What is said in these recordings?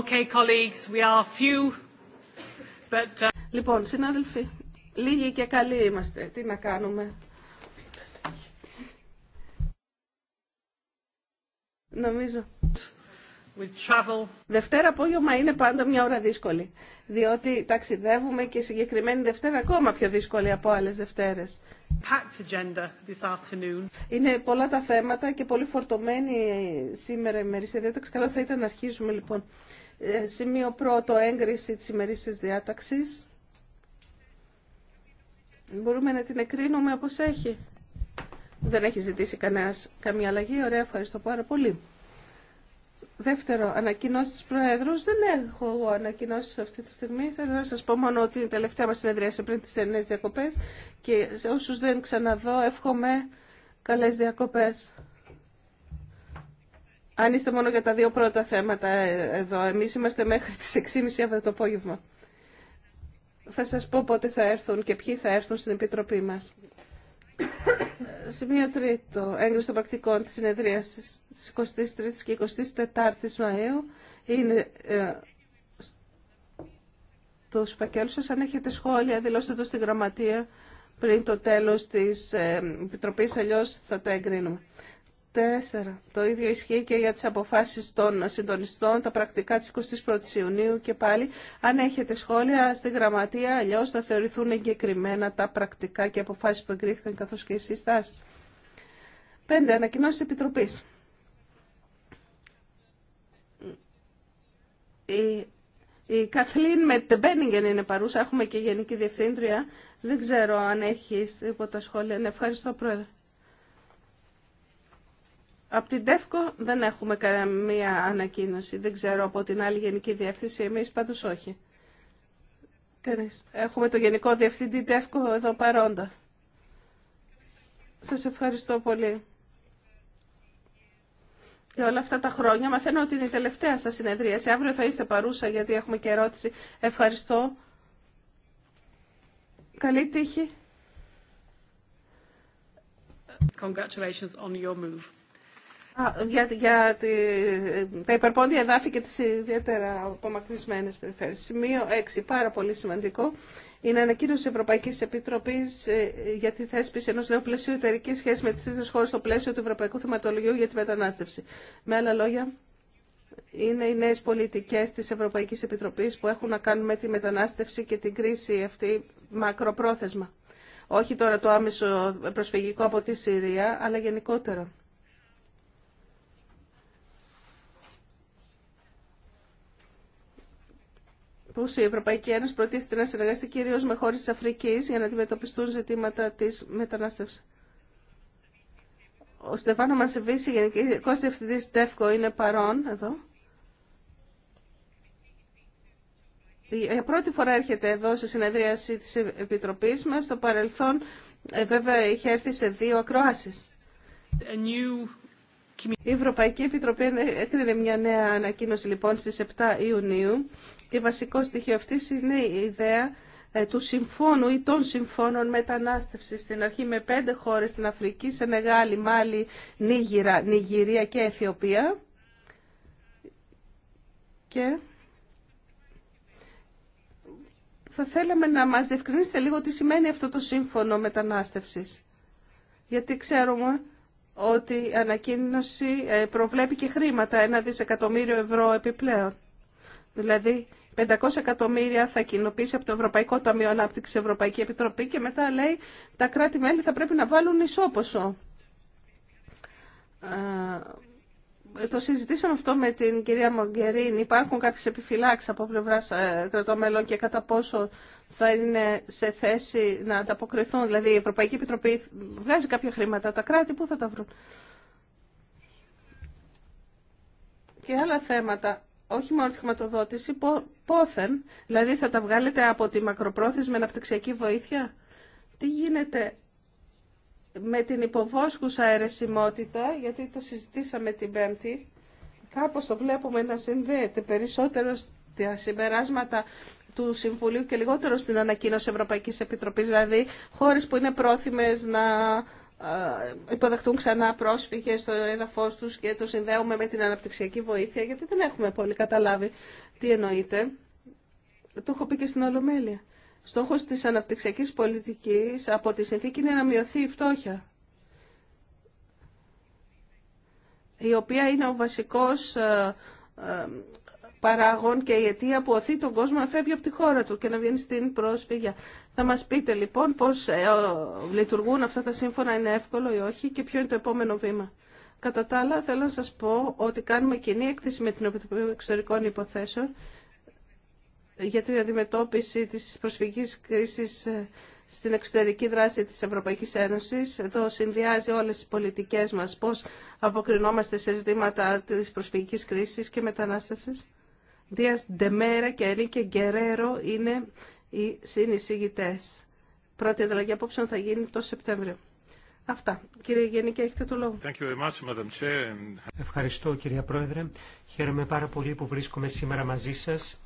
Okay, colleagues, we are few, but... Uh, λοιπόν, συνάδελφοι, λίγοι και καλοί είμαστε. Τι να κάνουμε. Νομίζω. With travel. Δευτέρα απόγευμα είναι πάντα μια ώρα δύσκολη, διότι ταξιδεύουμε και συγκεκριμένη Δευτέρα ακόμα πιο δύσκολη από άλλες Δευτέρες. Είναι πολλά τα θέματα και πολύ φορτωμένη σήμερα η μερίσια διάταξη. Καλό θα ήταν να αρχίσουμε λοιπόν. Ε, σημείο πρώτο, έγκριση της ημερήσιας διάταξης. Μπορούμε να την εκρίνουμε όπως έχει. Δεν έχει ζητήσει κανένας καμία αλλαγή. Ωραία, ευχαριστώ πάρα πολύ. Δεύτερο, ανακοινώσει τη Προέδρου. Δεν έχω εγώ ανακοινώσει αυτή τη στιγμή. Θέλω να σα πω μόνο ότι η τελευταία μα σε πριν τι εννέε διακοπέ και σε όσου δεν ξαναδώ, εύχομαι καλέ διακοπέ. Αν είστε μόνο για τα δύο πρώτα θέματα ε, εδώ, εμείς είμαστε μέχρι τις 6.30 αύριο το απόγευμα. Θα σας πω πότε θα έρθουν και ποιοι θα έρθουν στην Επιτροπή μας. Σημείο τρίτο, έγκριση των πρακτικών της συνεδρίασης της 23ης και 24ης Μαΐου είναι ε, στους φακέλους σας. Αν έχετε σχόλια, δηλώστε το στην γραμματεία πριν το τέλος της ε, Επιτροπής, αλλιώς θα τα εγκρίνουμε. Τέσσερα. Το ίδιο ισχύει και για τις αποφάσεις των συντονιστών, τα πρακτικά της 21ης Ιουνίου και πάλι. Αν έχετε σχόλια στη γραμματεία, αλλιώς θα θεωρηθούν εγκεκριμένα τα πρακτικά και αποφάσεις που εγκρίθηκαν καθώς και οι συστάσεις. Πέντε. Ανακοινώσεις Επιτροπής. Η, η Καθλίν με είναι παρούσα. Έχουμε και Γενική Διευθύντρια. Δεν ξέρω αν έχει τίποτα σχόλια. Ναι, ευχαριστώ, Πρόεδρε. Από την ΤΕΦΚΟ δεν έχουμε καμία ανακοίνωση. Δεν ξέρω από την άλλη Γενική Διεύθυνση, εμείς πάντως όχι. Έχουμε το Γενικό Διευθυντή ΤΕΦΚΟ εδώ παρόντα. Σας ευχαριστώ πολύ. Για ε, όλα αυτά τα χρόνια μαθαίνω ότι είναι η τελευταία σας συνεδρίαση. Αύριο θα είστε παρούσα γιατί έχουμε και ερώτηση. Ευχαριστώ. Καλή τύχη. Congratulations on your move για, για τη, τα υπερπόντια εδάφη και τις ιδιαίτερα απομακρυσμένες περιφέρειες. Σημείο 6, πάρα πολύ σημαντικό, είναι ανακοίνωση της Ευρωπαϊκής Επιτροπής ε, για τη θέσπιση ενός νέου πλαισίου εταιρικής σχέσης με τις τρίτες χώρες στο πλαίσιο του Ευρωπαϊκού Θεματολογίου για τη μετανάστευση. Με άλλα λόγια, είναι οι νέες πολιτικές της Ευρωπαϊκής Επιτροπής που έχουν να κάνουν με τη μετανάστευση και την κρίση αυτή μακροπρόθεσμα. Όχι τώρα το άμεσο προσφυγικό από τη Συρία, αλλά γενικότερα. η Ευρωπαϊκή Ένωση προτίθεται να συνεργαστεί κυρίω με χώρε τη Αφρική για να αντιμετωπιστούν ζητήματα τη μετανάστευση. Ο Στεφάνο Μασεβίση, Γενικό Διευθυντή ΤΕΦΚΟ, είναι παρόν εδώ. Για πρώτη φορά έρχεται εδώ σε συνεδρίαση τη επιτροπή μα. Στο παρελθόν ε, βέβαια είχε έρθει σε δύο ακρόασει η Ευρωπαϊκή Επιτροπή έκρινε μια νέα ανακοίνωση λοιπόν στις 7 Ιουνίου και βασικό στοιχείο αυτής είναι η ιδέα ε, του συμφώνου ή των συμφώνων μετανάστευσης στην αρχή με πέντε χώρες στην Αφρική, σε Μεγάλη, Μάλι, Νίγηρα, Νιγηρία και Αιθιοπία. Και θα θέλαμε να μας διευκρινίσετε λίγο τι σημαίνει αυτό το σύμφωνο μετανάστευσης. Γιατί ξέρουμε ότι η ανακοίνωση ε, προβλέπει και χρήματα, ένα δισεκατομμύριο ευρώ επιπλέον. Δηλαδή, 500 εκατομμύρια θα κοινοποιήσει από το Ευρωπαϊκό Ταμείο Ανάπτυξη Ευρωπαϊκή Επιτροπή και μετά λέει τα κράτη-μέλη θα πρέπει να βάλουν ισόποσο. Ε, το συζητήσαμε αυτό με την κυρία Μογκερίνη. Υπάρχουν κάποιε επιφυλάξει από πλευρά ε, κρατών μελών και κατά πόσο θα είναι σε θέση να ανταποκριθούν. Δηλαδή η Ευρωπαϊκή Επιτροπή βγάζει κάποια χρήματα, τα κράτη πού θα τα βρουν. Και άλλα θέματα, όχι μόνο τη χρηματοδότηση, πό, δηλαδή θα τα βγάλετε από τη μακροπρόθεσμη αναπτυξιακή βοήθεια. Τι γίνεται με την υποβόσκουσα αιρεσιμότητα, γιατί το συζητήσαμε την Πέμπτη, κάπως το βλέπουμε να συνδέεται περισσότερο στα συμπεράσματα του Συμβουλίου και λιγότερο στην ανακοίνωση Ευρωπαϊκή Επιτροπή, δηλαδή χώρε που είναι πρόθυμε να ε, υποδεχτούν ξανά πρόσφυγε στο έδαφο του και το συνδέουμε με την αναπτυξιακή βοήθεια, γιατί δεν έχουμε πολύ καταλάβει τι εννοείται. Το έχω πει και στην Ολομέλεια. Στόχος της αναπτυξιακής πολιτικής από τη συνθήκη είναι να μειωθεί η φτώχεια. η οποία είναι ο βασικός ε, ε, παράγων και η αιτία που οθεί τον κόσμο να φεύγει από τη χώρα του και να βγαίνει στην πρόσφυγια. Θα μας πείτε λοιπόν πώς ε, λειτουργούν αυτά τα σύμφωνα, είναι εύκολο ή όχι και ποιο είναι το επόμενο βήμα. Κατά τα άλλα θέλω να σας πω ότι κάνουμε κοινή έκθεση με την Επιτροπή Εξωτερικών Υποθέσεων για την αντιμετώπιση της προσφυγικής κρίσης ε, στην εξωτερική δράση της Ευρωπαϊκής Ένωσης. Εδώ συνδυάζει όλες τις πολιτικές μας πώς αποκρινόμαστε σε ζητήματα της προσφυγικής κρίσης και μετανάστευσης. Δίας Ντεμέρα και ερίκε Γκερέρο είναι οι συνεισηγητές. Πρώτη ανταλλαγή απόψεων θα γίνει το Σεπτέμβριο. Αυτά. Κύριε Γενική, έχετε το λόγο. Thank you very much, Madam Chair. Ευχαριστώ, κυρία Πρόεδρε. Χαίρομαι πάρα πολύ που βρίσκομαι σήμερα μαζί σας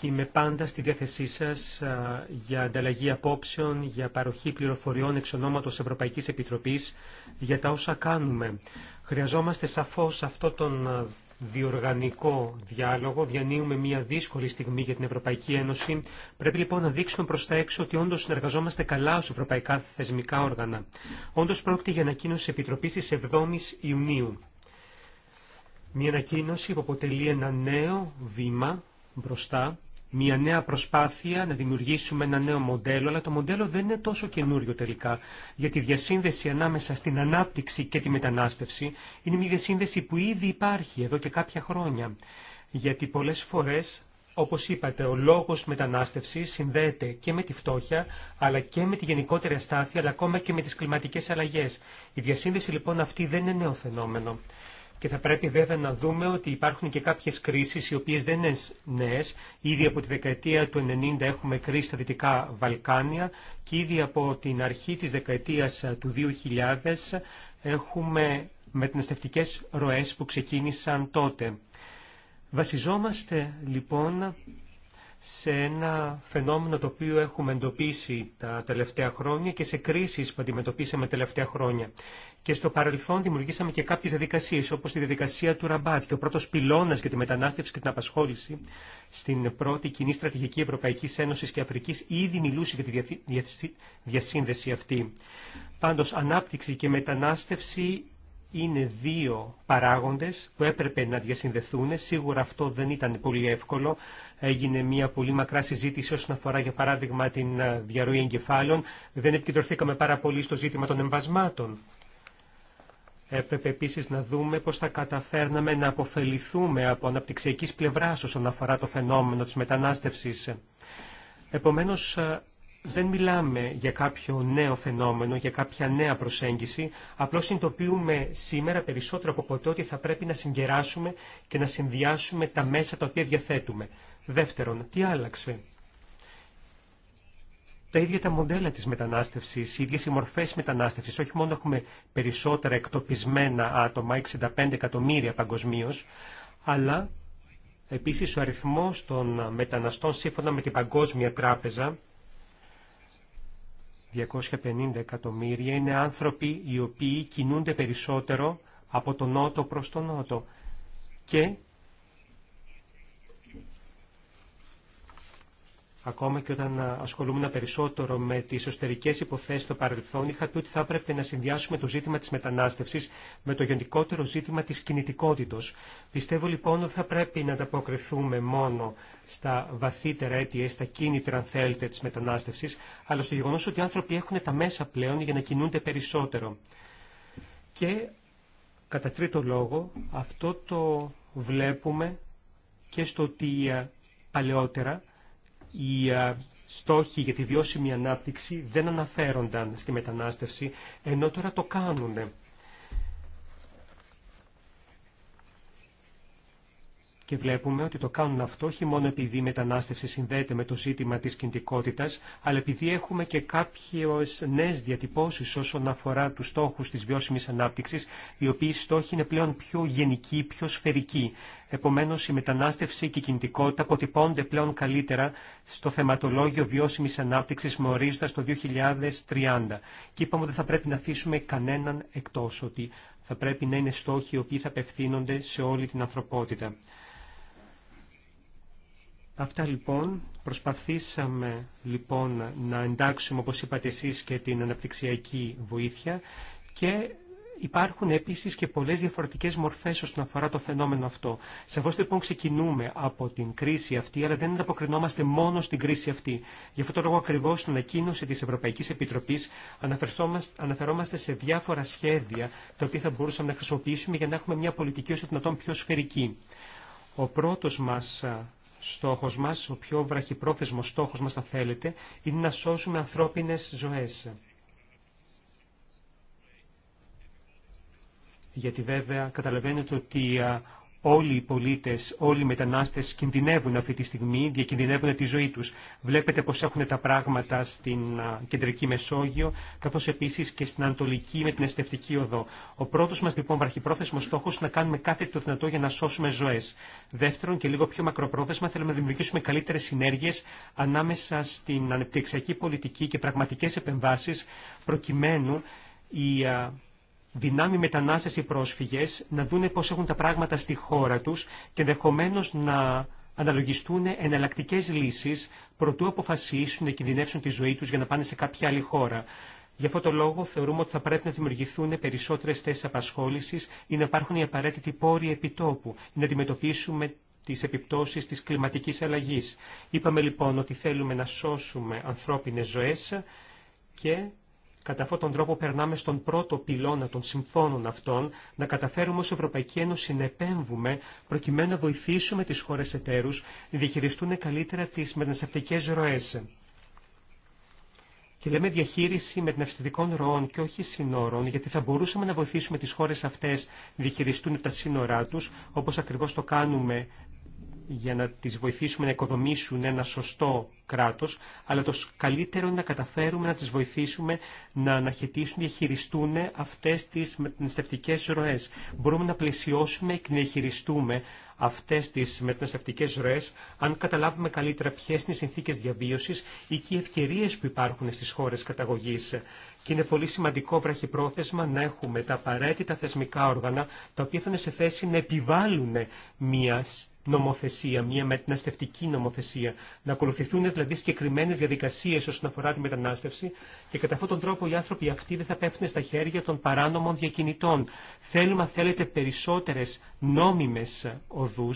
και είμαι πάντα στη διάθεσή σας για ανταλλαγή απόψεων, για παροχή πληροφοριών εξ ονόματος Ευρωπαϊκής Επιτροπής, για τα όσα κάνουμε. Χρειαζόμαστε σαφώς αυτό τον διοργανικό διάλογο. Διανύουμε μια δύσκολη στιγμή για την Ευρωπαϊκή Ένωση. Πρέπει λοιπόν να δείξουμε προ τα έξω ότι όντω συνεργαζόμαστε καλά ω ευρωπαϊκά θεσμικά όργανα. Όντω πρόκειται για ανακοίνωση τη Επιτροπή τη 7η Ιουνίου. Μια ανακοίνωση που αποτελεί ένα νέο βήμα μπροστά μια νέα προσπάθεια να δημιουργήσουμε ένα νέο μοντέλο, αλλά το μοντέλο δεν είναι τόσο καινούριο τελικά, γιατί η διασύνδεση ανάμεσα στην ανάπτυξη και τη μετανάστευση είναι μια διασύνδεση που ήδη υπάρχει εδώ και κάποια χρόνια. Γιατί πολλές φορές, όπως είπατε, ο λόγος μετανάστευσης συνδέεται και με τη φτώχεια, αλλά και με τη γενικότερη αστάθεια, αλλά ακόμα και με τις κλιματικές αλλαγές. Η διασύνδεση λοιπόν αυτή δεν είναι νέο φαινόμενο. Και θα πρέπει βέβαια να δούμε ότι υπάρχουν και κάποιες κρίσεις οι οποίες δεν είναι νέες. Ήδη από τη δεκαετία του 90 έχουμε κρίση στα Δυτικά Βαλκάνια και ήδη από την αρχή της δεκαετίας του 2000 έχουμε μεταναστευτικές ροές που ξεκίνησαν τότε. Βασιζόμαστε λοιπόν σε ένα φαινόμενο το οποίο έχουμε εντοπίσει τα τελευταία χρόνια και σε κρίσεις που αντιμετωπίσαμε τα τελευταία χρόνια. Και στο παρελθόν δημιουργήσαμε και κάποιε διαδικασίε, όπω τη διαδικασία του Ραμπάτ και ο πρώτο πυλώνα για τη μετανάστευση και την απασχόληση στην πρώτη κοινή στρατηγική Ευρωπαϊκή Ένωση και Αφρική ήδη μιλούσε για τη διασύνδεση αυτή. Πάντω, ανάπτυξη και μετανάστευση είναι δύο παράγοντε που έπρεπε να διασυνδεθούν. Σίγουρα αυτό δεν ήταν πολύ εύκολο. Έγινε μια πολύ μακρά συζήτηση όσον αφορά για παράδειγμα την ε, διαρροή εγκεφάλων. Δεν επικεντρωθήκαμε πάρα πολύ στο ζήτημα των εμβασμάτων Έπρεπε επίσης να δούμε πώς θα καταφέρναμε να αποφεληθούμε από αναπτυξιακής πλευράς όσον αφορά το φαινόμενο της μετανάστευσης. Επομένως, ε, δεν μιλάμε για κάποιο νέο φαινόμενο, για κάποια νέα προσέγγιση, απλώς συνειδητοποιούμε σήμερα περισσότερο από ποτέ ότι θα πρέπει να συγκεράσουμε και να συνδυάσουμε τα μέσα τα οποία διαθέτουμε. Δεύτερον, τι άλλαξε τα ίδια τα μοντέλα της μετανάστευσης, οι ίδιες οι μορφές μετανάστευσης. Όχι μόνο έχουμε περισσότερα εκτοπισμένα άτομα, 65 εκατομμύρια παγκοσμίω, αλλά επίσης ο αριθμός των μεταναστών σύμφωνα με την Παγκόσμια Τράπεζα 250 εκατομμύρια είναι άνθρωποι οι οποίοι κινούνται περισσότερο από τον νότο προς τον νότο. Και Ακόμα και όταν ε, ασχολούμουν περισσότερο με τι εσωτερικέ υποθέσει στο παρελθόν, είχα πει ότι θα έπρεπε να συνδυάσουμε το ζήτημα τη μετανάστευση με το γενικότερο ζήτημα τη κινητικότητα. Πιστεύω λοιπόν ότι θα πρέπει να ανταποκριθούμε μόνο στα βαθύτερα αίτια, στα κίνητρα, αν θέλετε, τη μετανάστευση, αλλά στο γεγονό ότι οι άνθρωποι έχουν τα μέσα πλέον για να κινούνται περισσότερο. Και κατά τρίτο λόγο, αυτό το βλέπουμε και στο ότι ε, παλαιότερα οι ε, στόχοι για τη βιώσιμη ανάπτυξη δεν αναφέρονταν στη μετανάστευση, ενώ τώρα το κάνουν. και βλέπουμε ότι το κάνουν αυτό όχι μόνο επειδή η μετανάστευση συνδέεται με το ζήτημα της κινητικότητας, αλλά επειδή έχουμε και κάποιες νέες διατυπώσεις όσον αφορά τους στόχους της βιώσιμης ανάπτυξης, οι οποίοι στόχοι είναι πλέον πιο γενικοί, πιο σφαιρικοί. Επομένως, η μετανάστευση και η κινητικότητα αποτυπώνται πλέον καλύτερα στο θεματολόγιο βιώσιμης ανάπτυξης με ορίζοντα το 2030. Και είπαμε ότι θα πρέπει να αφήσουμε κανέναν εκτός, ότι θα πρέπει να είναι στόχοι οι οποίοι θα απευθύνονται σε όλη την ανθρωπότητα. Αυτά λοιπόν προσπαθήσαμε λοιπόν να εντάξουμε όπως είπατε εσείς και την αναπτυξιακή βοήθεια και υπάρχουν επίσης και πολλές διαφορετικές μορφές όσον αφορά το φαινόμενο αυτό. Σαφώς λοιπόν ξεκινούμε από την κρίση αυτή, αλλά δεν ανταποκρινόμαστε μόνο στην κρίση αυτή. Γι' αυτό το λόγο ακριβώς στην ανακοίνωση της Ευρωπαϊκής Επιτροπής αναφερόμαστε σε διάφορα σχέδια τα οποία θα μπορούσαμε να χρησιμοποιήσουμε για να έχουμε μια πολιτική όσο δυνατόν πιο σφαιρική. Ο πρώτος μας στόχος μας, ο πιο βραχυπρόθεσμος στόχος μας, θα θέλετε, είναι να σώσουμε ανθρώπινες ζωές. Γιατί βέβαια καταλαβαίνετε ότι Όλοι οι πολίτε, όλοι οι μετανάστε κινδυνεύουν αυτή τη στιγμή, διακινδυνεύουν τη ζωή του. Βλέπετε πώ έχουν τα πράγματα στην κεντρική Μεσόγειο, καθώ επίση και στην Ανατολική με την Εστευτική Οδό. Ο πρώτο μα λοιπόν στόχος στόχο να κάνουμε κάθε το δυνατό για να σώσουμε ζωέ. Δεύτερον και λίγο πιο μακροπρόθεσμα θέλουμε να δημιουργήσουμε καλύτερε συνέργειε ανάμεσα στην ανεπτυξιακή πολιτική και πραγματικέ επεμβάσει προκειμένου η δυνάμει μετανάστες ή πρόσφυγες να δούνε πώς έχουν τα πράγματα στη χώρα τους και ενδεχομένω να αναλογιστούν εναλλακτικέ λύσεις προτού αποφασίσουν να κινδυνεύσουν τη ζωή τους για να πάνε σε κάποια άλλη χώρα. Γι' αυτό το λόγο θεωρούμε ότι θα πρέπει να δημιουργηθούν περισσότερε θέσει απασχόληση ή να υπάρχουν οι απαραίτητοι πόροι επιτόπου ή να αντιμετωπίσουμε τι επιπτώσει τη κλιματική αλλαγή. Είπαμε λοιπόν ότι θέλουμε να σώσουμε ανθρώπινε ζωέ και Κατά αυτόν τον τρόπο περνάμε στον πρώτο πυλώνα των συμφώνων αυτών, να καταφέρουμε ως Ευρωπαϊκή Ένωση να επέμβουμε, προκειμένου να βοηθήσουμε τις χώρες εταίρους να διαχειριστούν καλύτερα τις μεταναστευτικές ροές. Και λέμε διαχείριση με την ροών και όχι συνόρων, γιατί θα μπορούσαμε να βοηθήσουμε τις χώρες αυτές να διαχειριστούν τα σύνορά τους, όπως ακριβώς το κάνουμε για να τις βοηθήσουμε να οικοδομήσουν ένα σωστό κράτος, αλλά το καλύτερο είναι να καταφέρουμε να τις βοηθήσουμε να αναχαιτήσουν και χειριστούν αυτές τις μεταναστευτικές ροές. Μπορούμε να πλαισιώσουμε και να χειριστούμε αυτές τις μεταναστευτικές ροές, αν καταλάβουμε καλύτερα ποιες είναι οι συνθήκες διαβίωσης ή και οι ευκαιρίες που υπάρχουν στις χώρες καταγωγής. Και είναι πολύ σημαντικό βραχυπρόθεσμα να έχουμε τα απαραίτητα θεσμικά όργανα, τα οποία θα είναι σε θέση να επιβάλλουν μια νομοθεσία, μια μεταναστευτική νομοθεσία. Να ακολουθηθούν δηλαδή συγκεκριμένε διαδικασίε όσον αφορά τη μετανάστευση και κατά αυτόν τον τρόπο οι άνθρωποι αυτοί δεν θα πέφτουν στα χέρια των παράνομων διακινητών. Θέλουμε, θέλετε, περισσότερε νόμιμε οδού.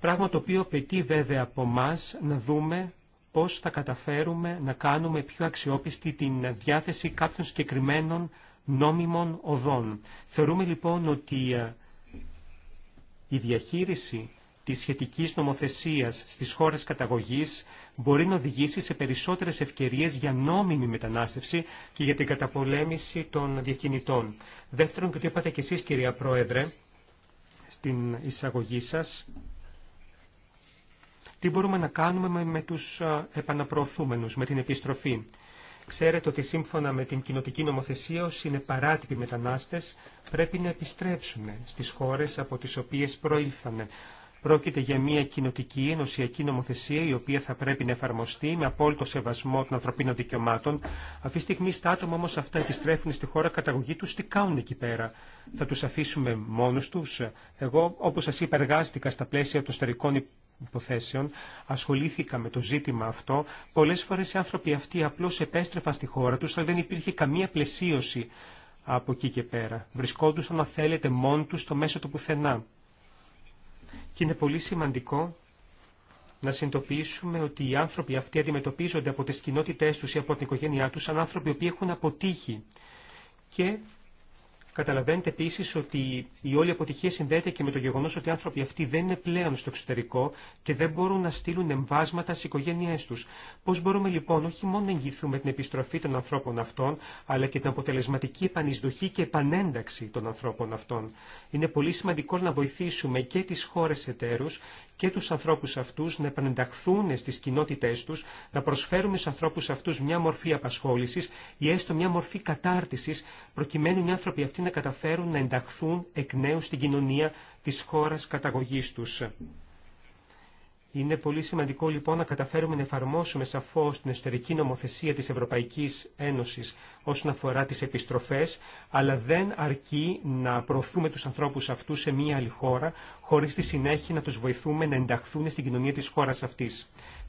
Πράγμα το οποίο απαιτεί βέβαια από εμά να δούμε πώς θα καταφέρουμε να κάνουμε πιο αξιόπιστη την διάθεση κάποιων συγκεκριμένων νόμιμων οδών. Θεωρούμε λοιπόν ότι ε, η διαχείριση της σχετικής νομοθεσίας στις χώρες καταγωγής μπορεί να οδηγήσει σε περισσότερες ευκαιρίες για νόμιμη μετανάστευση και για την καταπολέμηση των διακινητών. Δεύτερον, και το είπατε και εσείς κυρία Πρόεδρε, στην εισαγωγή σας, τι μπορούμε να κάνουμε με τους επαναπροωθούμενους, με την επιστροφή. Ξέρετε ότι σύμφωνα με την κοινοτική νομοθεσία όσοι είναι παράτυποι μετανάστες πρέπει να επιστρέψουν στις χώρες από τις οποίες προήλθανε. Πρόκειται για μια κοινοτική ενωσιακή νομοθεσία η οποία θα πρέπει να εφαρμοστεί με απόλυτο σεβασμό των ανθρωπίνων δικαιωμάτων. Αυτή τη στιγμή στα άτομα όμω αυτά επιστρέφουν στη χώρα καταγωγή του, τι κάνουν εκεί πέρα. Θα του αφήσουμε μόνους του. Εγώ, όπω σα είπα, εργάστηκα στα πλαίσια των στερικών υποθέσεων ασχολήθηκα με το ζήτημα αυτό. Πολλές φορές οι άνθρωποι αυτοί απλώς επέστρεφαν στη χώρα τους, αλλά δεν υπήρχε καμία πλαισίωση από εκεί και πέρα. Βρισκόντουσαν, αν θέλετε, μόνοι τους στο μέσο του πουθενά. Και είναι πολύ σημαντικό να συνειδητοποιήσουμε ότι οι άνθρωποι αυτοί αντιμετωπίζονται από τις κοινότητές τους ή από την οικογένειά τους σαν άνθρωποι οποίοι έχουν αποτύχει. Και Καταλαβαίνετε επίση ότι η όλη αποτυχία συνδέεται και με το γεγονό ότι οι άνθρωποι αυτοί δεν είναι πλέον στο εξωτερικό και δεν μπορούν να στείλουν εμβάσματα στι οικογένειέ του. Πώ μπορούμε λοιπόν όχι μόνο να εγγυηθούμε την επιστροφή των ανθρώπων αυτών, αλλά και την αποτελεσματική επανεισδοχή και επανένταξη των ανθρώπων αυτών. Είναι πολύ σημαντικό να βοηθήσουμε και τι χώρε εταίρου και τους ανθρώπους αυτούς να επανενταχθούν στις κοινότητές τους, να προσφέρουμε στους ανθρώπους αυτούς μια μορφή απασχόλησης ή έστω μια μορφή κατάρτισης, προκειμένου οι άνθρωποι αυτοί να καταφέρουν να ενταχθούν εκ νέου στην κοινωνία της χώρας καταγωγής τους. Είναι πολύ σημαντικό λοιπόν να καταφέρουμε να εφαρμόσουμε σαφώ την εσωτερική νομοθεσία τη Ευρωπαϊκή Ένωση όσον αφορά τι επιστροφέ, αλλά δεν αρκεί να προωθούμε του ανθρώπου αυτού σε μία άλλη χώρα, χωρί στη συνέχεια να του βοηθούμε να ενταχθούν στην κοινωνία τη χώρα αυτή.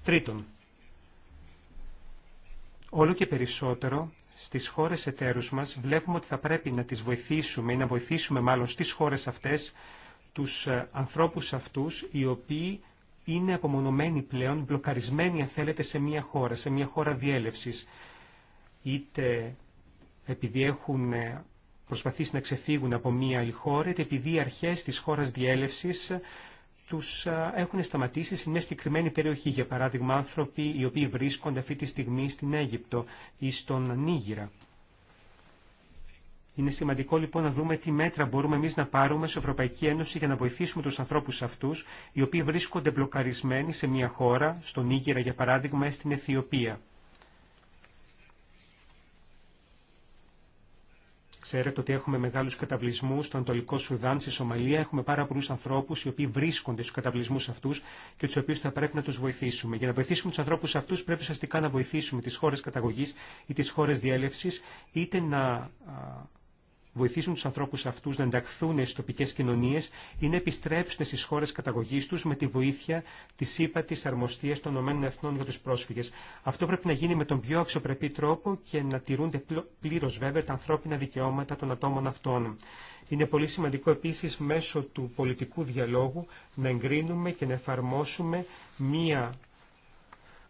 Τρίτον, όλο και περισσότερο στι χώρε εταίρου μα, βλέπουμε ότι θα πρέπει να τι βοηθήσουμε ή να βοηθήσουμε μάλλον στι χώρε αυτέ, του ε, ανθρώπου αυτού οι οποίοι είναι απομονωμένοι πλέον, μπλοκαρισμένοι αν θέλετε σε μια χώρα, σε μια χώρα διέλευσης. Είτε επειδή έχουν ε, προσπαθήσει να ξεφύγουν από μια άλλη χώρα, είτε επειδή οι αρχές της χώρας διέλευσης ε, τους ε, έχουν σταματήσει σε μια συγκεκριμένη περιοχή. Για παράδειγμα, άνθρωποι οι οποίοι βρίσκονται αυτή τη στιγμή στην Αίγυπτο ή στον Νίγηρα. Είναι σημαντικό λοιπόν να δούμε τι μέτρα μπορούμε εμεί να πάρουμε σε Ευρωπαϊκή Ένωση για να βοηθήσουμε του ανθρώπου αυτού, οι οποίοι βρίσκονται μπλοκαρισμένοι σε μια χώρα, στον Νίγηρα για παράδειγμα, ή στην Αιθιοπία. Ξέρετε ότι έχουμε μεγάλου καταβλισμού στο Ανατολικό Σουδάν, στη Σομαλία. Έχουμε πάρα πολλού ανθρώπου οι οποίοι βρίσκονται στου καταβλισμού αυτού και του οποίου θα πρέπει να του βοηθήσουμε. Για να βοηθήσουμε του ανθρώπου αυτού, πρέπει ουσιαστικά να βοηθήσουμε τι χώρε καταγωγή ή τι χώρε διέλευση, είτε να βοηθήσουν τους ανθρώπους αυτούς να ενταχθούν στις τοπικές κοινωνίες ή να επιστρέψουν στις χώρες καταγωγής τους με τη βοήθεια της ΥΠΑ της Αρμοστίας των ΗΕ για τους πρόσφυγες. Αυτό πρέπει να γίνει με τον πιο αξιοπρεπή τρόπο και να τηρούνται πλήρως βέβαια τα ανθρώπινα δικαιώματα των ατόμων αυτών. Είναι πολύ σημαντικό επίσης μέσω του πολιτικού διαλόγου να εγκρίνουμε και να εφαρμόσουμε μία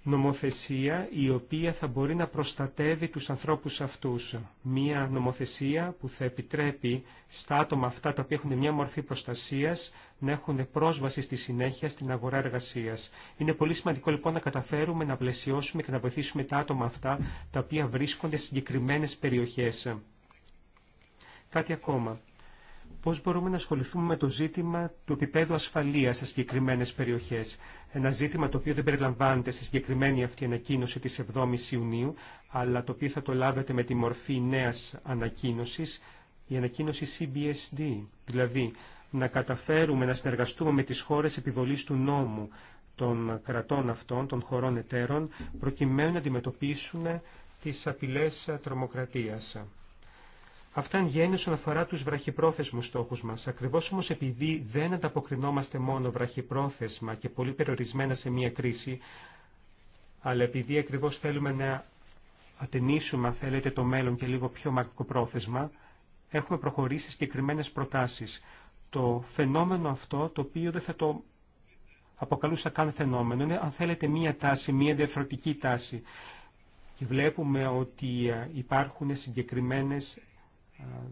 νομοθεσία η οποία θα μπορεί να προστατεύει τους ανθρώπους αυτούς. Μία νομοθεσία που θα επιτρέπει στα άτομα αυτά τα οποία έχουν μια μορφή προστασίας να έχουν πρόσβαση στη συνέχεια στην αγορά εργασίας. Είναι πολύ σημαντικό λοιπόν να καταφέρουμε να πλαισιώσουμε και να βοηθήσουμε τα άτομα αυτά τα οποία βρίσκονται σε συγκεκριμένες περιοχές. Κάτι ακόμα πώς μπορούμε να ασχοληθούμε με το ζήτημα του επίπεδου ασφαλείας σε συγκεκριμένες περιοχές. Ένα ζήτημα το οποίο δεν περιλαμβάνεται στη συγκεκριμένη αυτή ανακοίνωση της 7ης Ιουνίου, αλλά το οποίο θα το λάβετε με τη μορφή νέας ανακοίνωσης, η ανακοίνωση CBSD. Δηλαδή, να καταφέρουμε να συνεργαστούμε με τις χώρες επιβολής του νόμου των κρατών αυτών, των χωρών εταίρων, προκειμένου να αντιμετωπίσουν τις απειλές τρομοκρατίας. Αυτά εν γέννη όσον αφορά του βραχυπρόθεσμου στόχου μα. Ακριβώς όμως επειδή δεν ανταποκρινόμαστε μόνο βραχυπρόθεσμα και πολύ περιορισμένα σε μία κρίση, αλλά επειδή ακριβώ θέλουμε να ατενίσουμε, αν θέλετε, το μέλλον και λίγο πιο μακροπρόθεσμα, έχουμε προχωρήσει συγκεκριμένε προτάσει. Το φαινόμενο αυτό, το οποίο δεν θα το αποκαλούσα καν φαινόμενο, είναι, αν θέλετε, μία τάση, μία διαφορετική τάση. Και βλέπουμε ότι ε, υπάρχουν συγκεκριμένες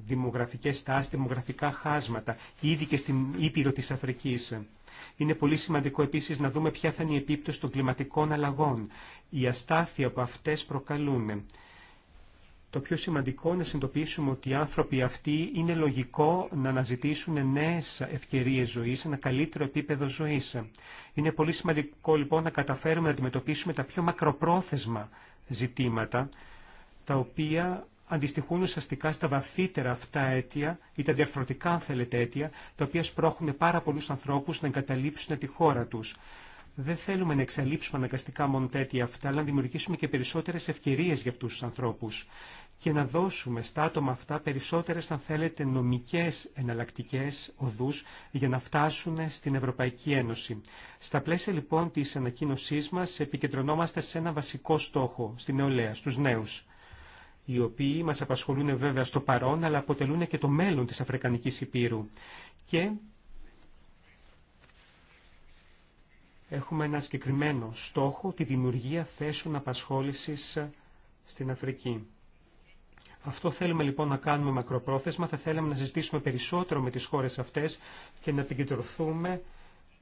δημογραφικές τάσεις, δημογραφικά χάσματα, ήδη και στην Ήπειρο της Αφρικής. Είναι πολύ σημαντικό επίσης να δούμε ποια θα είναι η επίπτωση των κλιματικών αλλαγών, η αστάθεια που αυτές προκαλούν. Το πιο σημαντικό είναι να συνειδητοποιήσουμε ότι οι άνθρωποι αυτοί είναι λογικό να αναζητήσουν νέες ευκαιρίες ζωής, ένα καλύτερο επίπεδο ζωής. Είναι πολύ σημαντικό λοιπόν να καταφέρουμε να αντιμετωπίσουμε τα πιο μακροπρόθεσμα ζητήματα, τα οποία αντιστοιχούν ουσιαστικά στα βαθύτερα αυτά αίτια ή τα διαρθρωτικά αν θέλετε αίτια, τα οποία σπρώχνουν πάρα πολλούς ανθρώπους να εγκαταλείψουν τη χώρα τους. Δεν θέλουμε να εξαλείψουμε αναγκαστικά μόνο τα αίτια αυτά, αλλά να δημιουργήσουμε και περισσότερες ευκαιρίες για αυτούς τους ανθρώπους και να δώσουμε στα άτομα αυτά περισσότερες, αν θέλετε, νομικές εναλλακτικές οδούς για να φτάσουν στην Ευρωπαϊκή Ένωση. Στα πλαίσια λοιπόν τη ανακοίνωσής μα, επικεντρωνόμαστε σε ένα βασικό στόχο, στην νεολαία, στους νέους οι οποίοι μας απασχολούν βέβαια στο παρόν, αλλά αποτελούν και το μέλλον της Αφρικανικής Υπήρου. Και έχουμε ένα συγκεκριμένο στόχο, τη δημιουργία θέσεων απασχόλησης στην Αφρική. Αυτό θέλουμε λοιπόν να κάνουμε μακροπρόθεσμα, θα θέλαμε να συζητήσουμε περισσότερο με τις χώρες αυτές και να επικεντρωθούμε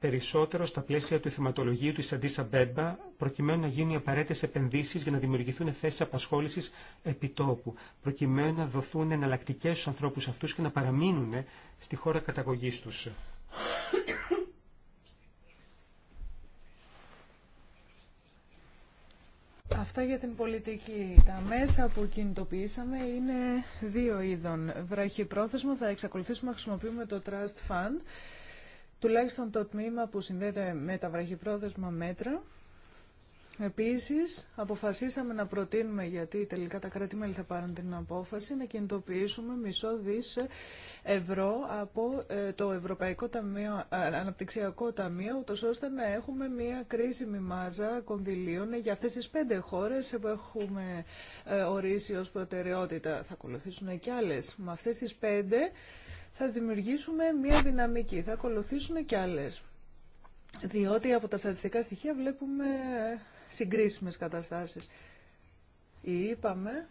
περισσότερο στα πλαίσια του θεματολογίου της Αντίσα Μπέμπα, προκειμένου να γίνουν οι απαραίτητες επενδύσεις για να δημιουργηθούν θέσεις απασχόλησης επιτόπου, προκειμένου να δοθούν εναλλακτικέ στους ανθρώπους αυτούς και να παραμείνουν στη χώρα καταγωγής τους. Αυτά για την πολιτική. Τα μέσα που κινητοποιήσαμε είναι δύο είδων. Βραχυπρόθεσμα θα εξακολουθήσουμε να χρησιμοποιούμε το Trust Fund τουλάχιστον το τμήμα που συνδέεται με τα βραχυπρόθεσμα μέτρα. Επίσης, αποφασίσαμε να προτείνουμε, γιατί τελικά τα κράτη-μέλη θα πάρουν την απόφαση, να κινητοποιήσουμε μισό δις ευρώ από ε, το Ευρωπαϊκό Ταμείο, ε, Αναπτυξιακό Ταμείο, ούτως ώστε να έχουμε μια κρίσιμη μάζα κονδυλίων για αυτές τις πέντε χώρες που έχουμε ε, ορίσει ως προτεραιότητα. Θα ακολουθήσουν και άλλες. Με αυτές τις πέντε θα δημιουργήσουμε μία δυναμική. Θα ακολουθήσουν και άλλες. Διότι από τα στατιστικά στοιχεία βλέπουμε συγκρίσιμες καταστάσεις. Είπαμε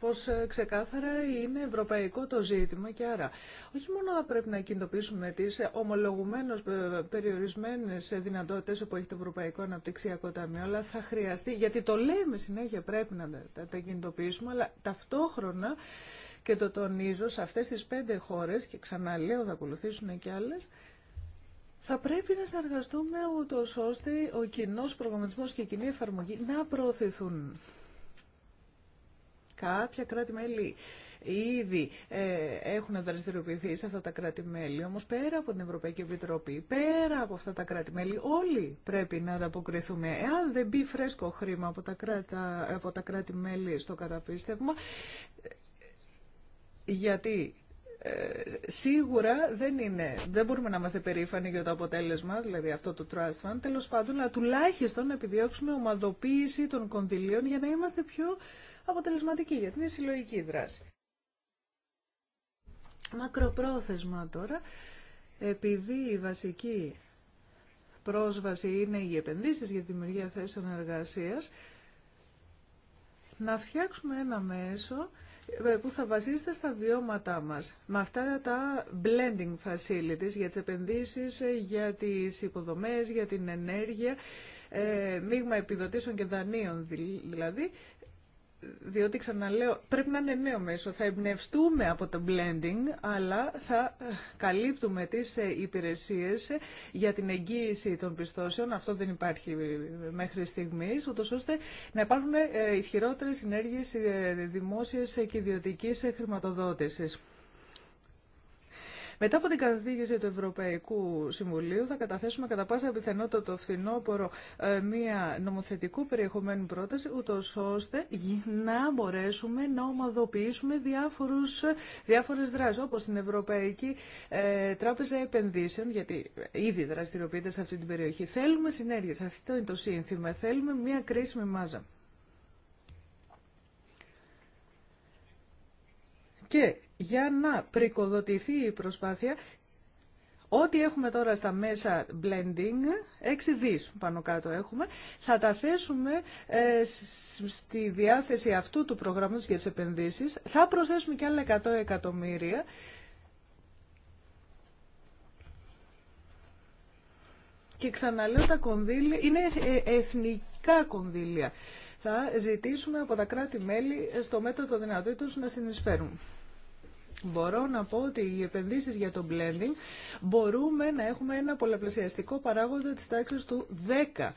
πως ε, ξεκάθαρα είναι ευρωπαϊκό το ζήτημα και άρα όχι μόνο πρέπει να κινητοποιήσουμε τις ομολογουμένως ε, περιορισμένες δυνατότητες που έχει το Ευρωπαϊκό Αναπτυξιακό Ταμείο, αλλά θα χρειαστεί, γιατί το λέμε συνέχεια πρέπει να τα κινητοποιήσουμε, αλλά ταυτόχρονα και το τονίζω σε αυτές τις πέντε χώρες και ξαναλέω θα ακολουθήσουν και άλλες θα πρέπει να συνεργαστούμε ούτως ώστε ο κοινό προγραμματισμό και η κοινή εφαρμογή να προωθηθούν. Κάποια κράτη-μέλη ήδη ε, έχουν δραστηριοποιηθεί σε αυτά τα κράτη-μέλη, όμως πέρα από την Ευρωπαϊκή Επιτροπή, πέρα από αυτά τα κράτη-μέλη, όλοι πρέπει να ανταποκριθούμε. Εάν δεν μπει φρέσκο χρήμα από τα, από τα κράτη-μέλη στο καταπίστευμα, γιατί ε, σίγουρα δεν είναι, δεν μπορούμε να είμαστε περήφανοι για το αποτέλεσμα, δηλαδή αυτό το Trust Fund, τέλος πάντων, αλλά τουλάχιστον να επιδιώξουμε ομαδοποίηση των κονδυλίων για να είμαστε πιο αποτελεσματικοί, γιατί είναι συλλογική δράση. Μακροπρόθεσμα τώρα, επειδή η βασική πρόσβαση είναι οι επενδύσεις για τη δημιουργία θέσεων εργασίας, να φτιάξουμε ένα μέσο ε, που θα βασίζεται στα βιώματά μας. Με αυτά τα blending facilities για τις επενδύσεις, ε, για τις υποδομές, για την ενέργεια, ε, μείγμα επιδοτήσεων και δανείων δηλαδή, διότι ξαναλέω πρέπει να είναι νέο μέσο. Θα εμπνευστούμε από το blending, αλλά θα ε, καλύπτουμε τις ε, υπηρεσίες ε, για την εγγύηση των πιστώσεων. Αυτό δεν υπάρχει μέχρι στιγμής, ούτως ώστε να υπάρχουν ισχυρότερες συνέργειες δημόσιας και ιδιωτικής χρηματοδότησης. Μετά από την καθήγηση του Ευρωπαϊκού Συμβουλίου θα καταθέσουμε κατά πάσα πιθανότητα το φθινόπωρο ε, μία νομοθετικού περιεχομένου πρόταση, ούτω ώστε να μπορέσουμε να ομαδοποιήσουμε διαφορε διάφορες δράσεις, όπως την Ευρωπαϊκή ε, Τράπεζα Επενδύσεων, γιατί ήδη δραστηριοποιείται σε αυτή την περιοχή. Θέλουμε συνέργειε. αυτό είναι το σύνθημα, θέλουμε μία κρίσιμη μάζα. Και για να πρικοδοτηθεί η προσπάθεια. Ό,τι έχουμε τώρα στα μέσα blending, 6 δις πάνω κάτω έχουμε, θα τα θέσουμε ε, στη διάθεση αυτού του προγράμματος για τις επενδύσεις. Θα προσθέσουμε και άλλα 100 εκατομμύρια. Και ξαναλέω τα κονδύλια, είναι ε, εθνικά κονδύλια. Θα ζητήσουμε από τα κράτη-μέλη στο μέτρο των δυνατότητων να συνεισφέρουν. Μπορώ να πω ότι οι επενδύσεις για το blending μπορούμε να έχουμε ένα πολλαπλασιαστικό παράγοντα της τάξης του 10.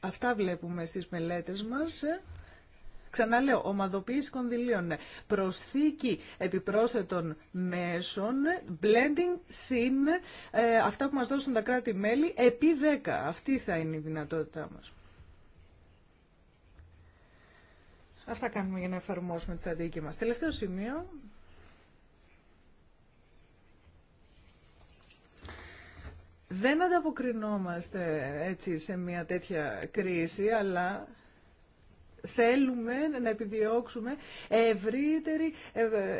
Αυτά βλέπουμε στις μελέτες μας. Ξαναλέω, ομαδοποίηση κονδυλίων, προσθήκη επιπρόσθετων μέσων, blending συν ε, αυτά που μας δώσουν τα κράτη-μέλη επί 10. Αυτή θα είναι η δυνατότητά μας. Αυτά κάνουμε για να εφαρμόσουμε τη στρατηγική μας. Τελευταίο σημείο, Δεν ανταποκρινόμαστε έτσι σε μια τέτοια κρίση, αλλά θέλουμε να επιδιώξουμε ευρύτερη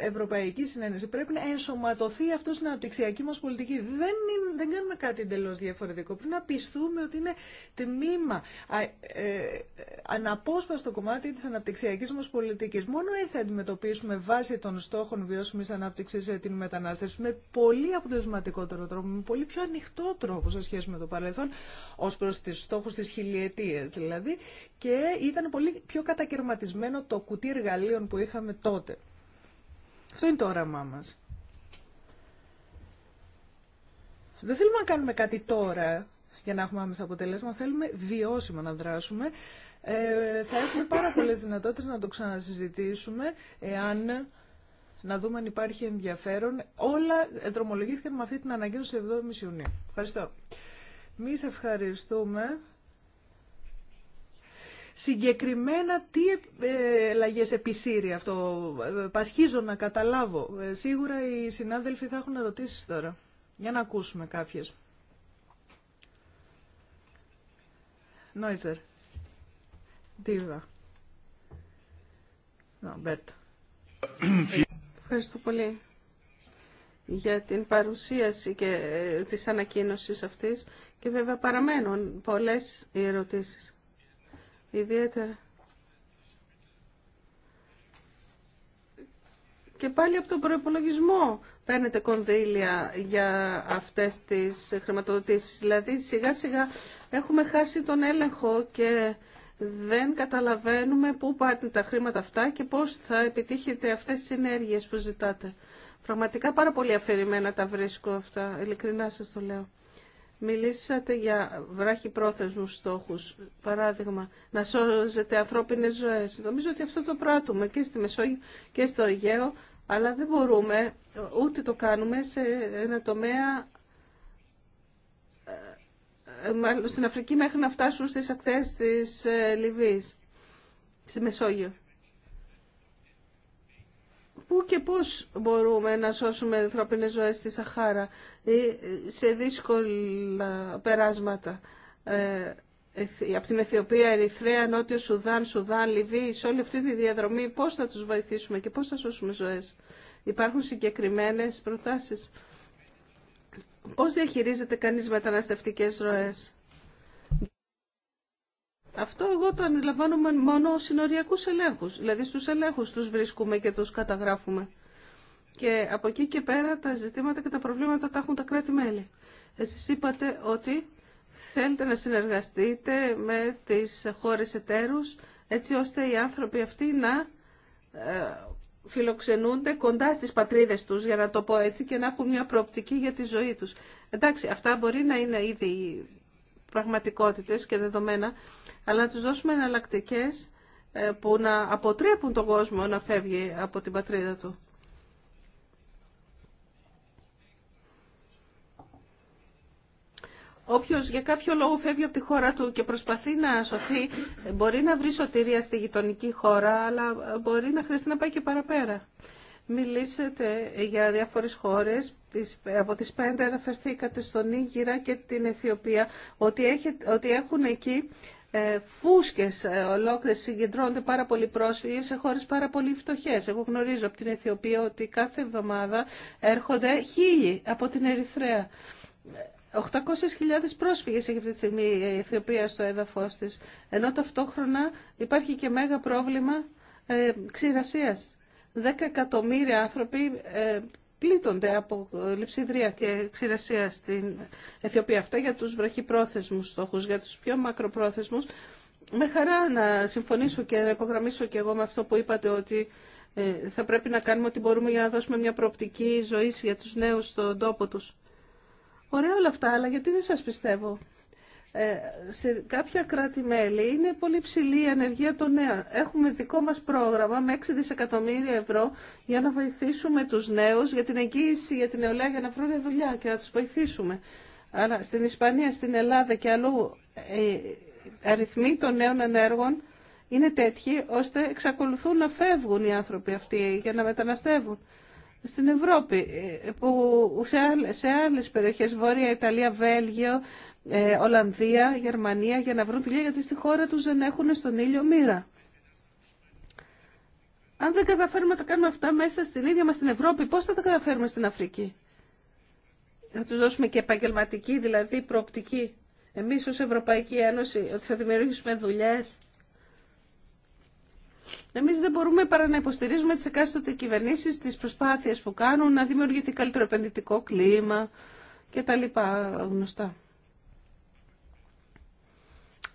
ευρωπαϊκή συνένεση. Πρέπει να ενσωματωθεί αυτό στην αναπτυξιακή μα πολιτική. Δεν, δεν κάνουμε κάτι εντελώ διαφορετικό. Πρέπει να πιστούμε ότι είναι τμήμα, ε, αναπόσπαστο κομμάτι τη αναπτυξιακή μα πολιτική. Μόνο έτσι θα αντιμετωπίσουμε βάσει των στόχων βιώσιμη ανάπτυξη ε, την μετανάστευση με πολύ αποτελεσματικότερο τρόπο, με πολύ πιο ανοιχτό τρόπο σε σχέση με το παρελθόν ω προ του στόχου τη χιλιετία δηλαδή και ήταν πολύ πιο κατακαιρματισμένο το κουτί εργαλείων που είχαμε τότε. Αυτό είναι το όραμά μας. Δεν θέλουμε να κάνουμε κάτι τώρα για να έχουμε άμεσα αποτελέσματα. Θέλουμε βιώσιμα να δράσουμε. Ε, θα έχουμε πάρα πολλές δυνατότητες να το ξανασυζητήσουμε εάν να δούμε αν υπάρχει ενδιαφέρον. Όλα δρομολογήθηκαν με αυτή την ανακοίνωση 7 Ιουνίου. Ευχαριστώ. Εμεί ευχαριστούμε συγκεκριμένα τι ε, αλλαγέ επισύρει αυτό. Πασχίζω να καταλάβω. Ε, σίγουρα οι συνάδελφοι θα έχουν ερωτήσει τώρα. Για να ακούσουμε κάποιες. Νόιζερ. Ντίβα. Νομπέρτ. Ευχαριστώ πολύ για την παρουσίαση και ε, της ανακοίνωσης αυτής και βέβαια παραμένουν πολλές ερωτήσεις ιδιαίτερα. Και πάλι από τον προπολογισμό παίρνετε κονδύλια για αυτές τις χρηματοδοτήσεις. Δηλαδή σιγά σιγά έχουμε χάσει τον έλεγχο και δεν καταλαβαίνουμε πού πάνε τα χρήματα αυτά και πώς θα επιτύχετε αυτές τις συνέργειες που ζητάτε. Πραγματικά πάρα πολύ αφηρημένα τα βρίσκω αυτά, ειλικρινά σας το λέω. Μιλήσατε για βράχη πρόθεσμους στόχους, παράδειγμα, να σώζετε ανθρώπινες ζωές. Νομίζω ότι αυτό το πράττουμε και στη Μεσόγειο και στο Αιγαίο, αλλά δεν μπορούμε, ούτε το κάνουμε σε ένα τομέα, ε, ε, στην Αφρική μέχρι να φτάσουν στις ακτές της ε, Λιβύης, στη Μεσόγειο πού και πώς μπορούμε να σώσουμε ανθρώπινες ζωές στη Σαχάρα ή σε δύσκολα περάσματα ε, από την Αιθιοπία, Ερυθρέα, Νότιο Σουδάν, Σουδάν, Λιβύη, σε όλη αυτή τη διαδρομή πώς θα τους βοηθήσουμε και πώς θα σώσουμε ζωές. Υπάρχουν συγκεκριμένες προτάσεις. Πώς διαχειρίζεται κανείς μεταναστευτικές ροές. Αυτό εγώ το αντιλαμβάνομαι μόνο ως συνοριακούς ελέγχους. Δηλαδή στους ελέγχους τους βρίσκουμε και τους καταγράφουμε. Και από εκεί και πέρα τα ζητήματα και τα προβλήματα τα έχουν τα κράτη-μέλη. Εσείς είπατε ότι θέλετε να συνεργαστείτε με τις χώρες εταίρους έτσι ώστε οι άνθρωποι αυτοί να ε, φιλοξενούνται κοντά στις πατρίδες τους, για να το πω έτσι, και να έχουν μια προοπτική για τη ζωή τους. Εντάξει, αυτά μπορεί να είναι ήδη πραγματικότητες και δεδομένα, αλλά να τους δώσουμε εναλλακτικέ ε, που να αποτρέπουν τον κόσμο να φεύγει από την πατρίδα του. Όποιο για κάποιο λόγο φεύγει από τη χώρα του και προσπαθεί να σωθεί, μπορεί να βρει σωτηρία στη γειτονική χώρα, αλλά ε, μπορεί να χρειαστεί να πάει και παραπέρα. Μιλήσετε για διάφορες χώρες από τις πέντε αναφερθήκατε στον Ήγυρα και την Αιθιοπία ότι, ότι έχουν εκεί ε, φούσκες ε, ολόκληρες συγκεντρώνονται πάρα πολλοί πρόσφυγες σε χώρες πάρα πολύ φτωχές. Εγώ γνωρίζω από την Αιθιοπία ότι κάθε εβδομάδα έρχονται χίλιοι από την Ερυθρέα. 800.000 πρόσφυγες έχει αυτή τη στιγμή η Αιθιοπία στο έδαφος της, ενώ ταυτόχρονα υπάρχει και μέγα πρόβλημα ε, ξηρασίας. 10 εκατομμύρια άνθρωποι ε, πλήττονται από ε, λειψιδρία και ξηρασία στην Αιθιοπία. Αυτά για τους βραχυπρόθεσμους στόχους, για τους πιο μακροπρόθεσμους. Με χαρά να συμφωνήσω και να υπογραμμίσω και εγώ με αυτό που είπατε ότι ε, θα πρέπει να κάνουμε ό,τι μπορούμε για να δώσουμε μια προοπτική ζωή για τους νέους στον τόπο τους. Ωραία όλα αυτά, αλλά γιατί δεν σας πιστεύω. Ε, σε κάποια κράτη-μέλη είναι πολύ ψηλή η ανεργία των νέων. Έχουμε δικό μας πρόγραμμα με 6 δισεκατομμύρια ευρώ για να βοηθήσουμε τους νέους για την εγγύηση για την νεολαία για να βρουν δουλειά και να τους βοηθήσουμε. Αλλά στην Ισπανία, στην Ελλάδα και αλλού ε, οι αριθμοί των νέων ανέργων είναι τέτοιοι ώστε εξακολουθούν να φεύγουν οι άνθρωποι αυτοί για να μεταναστεύουν. Στην Ευρώπη, ε, που σε άλλες περιοχές, Βόρεια Ιταλία, Βέλγιο, ε, Ολλανδία, Γερμανία για να βρουν δουλειά γιατί στη χώρα τους δεν έχουν στον ήλιο μοίρα. Αν δεν καταφέρουμε να τα κάνουμε αυτά μέσα στην ίδια μας την Ευρώπη, πώς θα τα καταφέρουμε στην Αφρική. Θα τους δώσουμε και επαγγελματική, δηλαδή προοπτική. Εμείς ως Ευρωπαϊκή Ένωση, ότι θα δημιουργήσουμε δουλειές. Εμείς δεν μπορούμε παρά να υποστηρίζουμε τις εκάστοτε κυβερνήσεις, τις προσπάθειες που κάνουν να δημιουργηθεί καλύτερο επενδυτικό κλίμα και τα λοιπά γνωστά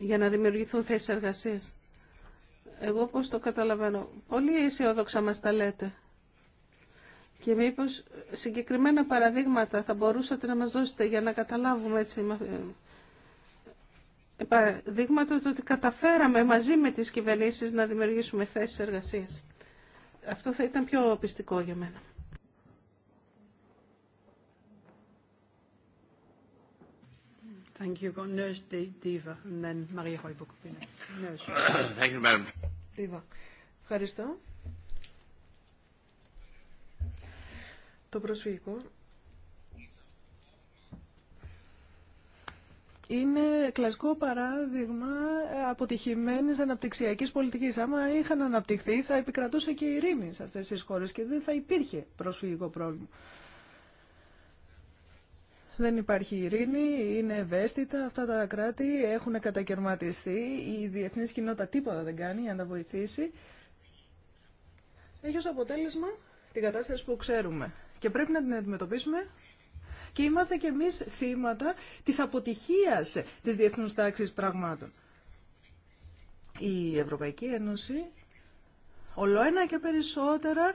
για να δημιουργηθούν θέσεις εργασίας. Εγώ πώς το καταλαβαίνω. Πολύ αισιόδοξα μας τα λέτε. Και μήπως συγκεκριμένα παραδείγματα θα μπορούσατε να μας δώσετε για να καταλάβουμε έτσι παραδείγματα ότι καταφέραμε μαζί με τις κυβερνήσεις να δημιουργήσουμε θέσεις εργασίας. Αυτό θα ήταν πιο πιστικό για μένα. Ευχαριστώ. Το προσφυγικό είναι κλασικό παράδειγμα αποτυχημένης αναπτυξιακής πολιτικής. Άμα είχαν αναπτυχθεί θα επικρατούσε και η ειρήνη σε αυτές τις χώρες και δεν θα υπήρχε προσφυγικό πρόβλημα. Δεν υπάρχει ειρήνη, είναι ευαίσθητα αυτά τα κράτη, έχουν κατακαιρματιστεί, η διεθνή κοινότητα τίποτα δεν κάνει για να τα βοηθήσει. Έχει ως αποτέλεσμα την κατάσταση που ξέρουμε και πρέπει να την αντιμετωπίσουμε και είμαστε κι εμείς θύματα της αποτυχίας της διεθνούς τάξης πραγμάτων. Η Ευρωπαϊκή Ένωση ολοένα και περισσότερα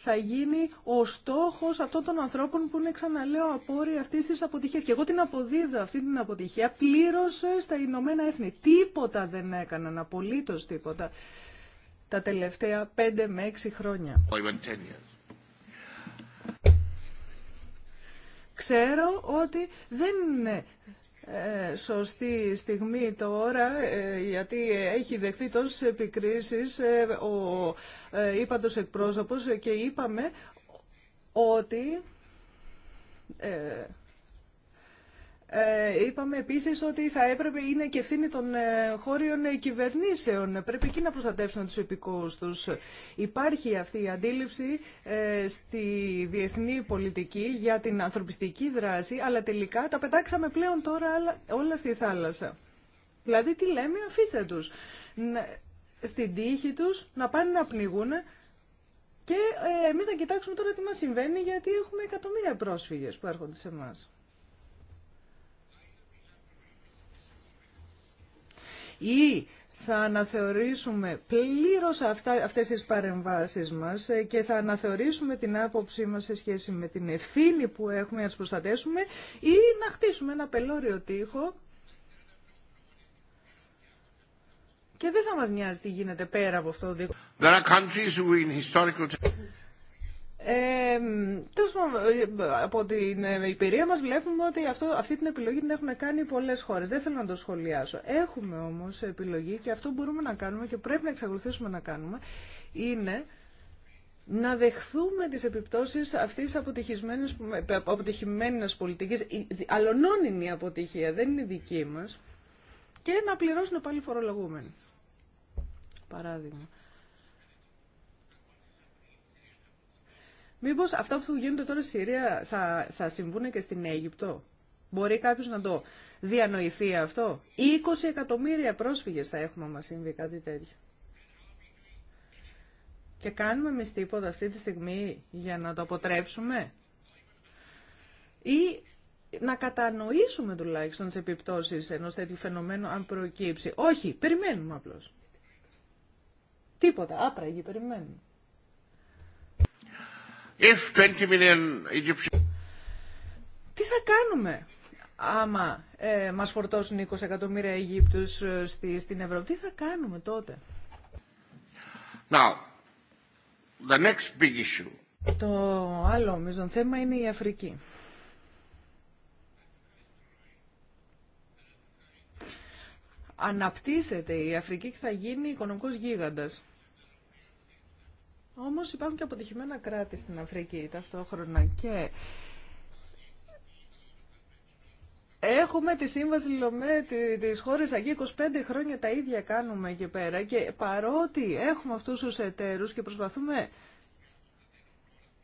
θα γίνει ο στόχος αυτών των ανθρώπων που είναι ξαναλέω απόρριοι αυτής της αποτυχίας. Και εγώ την αποδίδω αυτή την αποτυχία πλήρως στα Ηνωμένα Έθνη. Τίποτα δεν έκαναν, απολύτως τίποτα, τα τελευταία πέντε με 6 χρόνια. Ξέρω ότι δεν είναι ε, σωστή στιγμή τώρα, ε, γιατί έχει δεχθεί τόσες επικρίσεις ε, ο ύπατος εκπρόσωπος και είπαμε ότι ε, είπαμε επίση ότι θα έπρεπε, είναι και ευθύνη των ε, χώριων ε, κυβερνήσεων. Πρέπει εκεί να προστατεύσουν του επικόστου. Υπάρχει αυτή η αντίληψη στη διεθνή πολιτική για την ανθρωπιστική δράση, αλλά τελικά τα πετάξαμε πλέον τώρα όλα στη θάλασσα. Δηλαδή τι λέμε, αφήστε του. Στην τύχη τους να πάνε να πνιγούν και εμεί να κοιτάξουμε τώρα τι μα συμβαίνει γιατί έχουμε εκατομμύρια πρόσφυγε που έρχονται σε εμά. ή θα αναθεωρήσουμε πλήρως αυτά, αυτές τις παρεμβάσεις μας ε, και θα αναθεωρήσουμε την άποψή μας σε σχέση με την ευθύνη που έχουμε να τις προστατεύσουμε ή να χτίσουμε ένα πελώριο τείχο και δεν θα μας νοιάζει τι γίνεται πέρα από αυτό. There ε, ε, από την ε, εμπειρία μας βλέπουμε ότι αυτό, αυτή την επιλογή την έχουν κάνει πολλές χώρες. Δεν θέλω να το σχολιάσω. Έχουμε όμως επιλογή και αυτό μπορούμε να κάνουμε και πρέπει να εξακολουθήσουμε να κάνουμε είναι να δεχθούμε τις επιπτώσεις αυτής της αποτυχημένης, αποτυχημένης πολιτικής, αλλονών η αποτυχία, δεν είναι δική μας, και να πληρώσουν πάλι φορολογούμενοι. Παράδειγμα. Μήπω αυτά που γίνονται τώρα στη Συρία θα, θα συμβούν και στην Αίγυπτο. Μπορεί κάποιο να το διανοηθεί αυτό. 20 εκατομμύρια πρόσφυγες θα έχουμε άμα συμβεί κάτι τέτοιο. Και κάνουμε εμεί τίποτα αυτή τη στιγμή για να το αποτρέψουμε. Ή να κατανοήσουμε τουλάχιστον τι επιπτώσει ενός τέτοιου φαινομένου αν προκύψει. Όχι, περιμένουμε απλώ. Τίποτα, άπραγοι, περιμένουμε. Τι θα κάνουμε άμα ε, μας φορτώσουν 20 εκατομμύρια Αιγύπτους ε, στην Ευρώπη. Τι θα κάνουμε τότε. Now, the next big issue. Το άλλο μείζον θέμα είναι η Αφρική. Αναπτύσσεται η Αφρική και θα γίνει οικονομικός γίγαντας. Όμως υπάρχουν και αποτυχημένα κράτη στην Αφρική ταυτόχρονα και Έχουμε τη σύμβαση ΛΟΜΕ τη χώρες εκεί 25 χρόνια τα ίδια κάνουμε εκεί πέρα και παρότι έχουμε αυτούς τους εταίρους και προσπαθούμε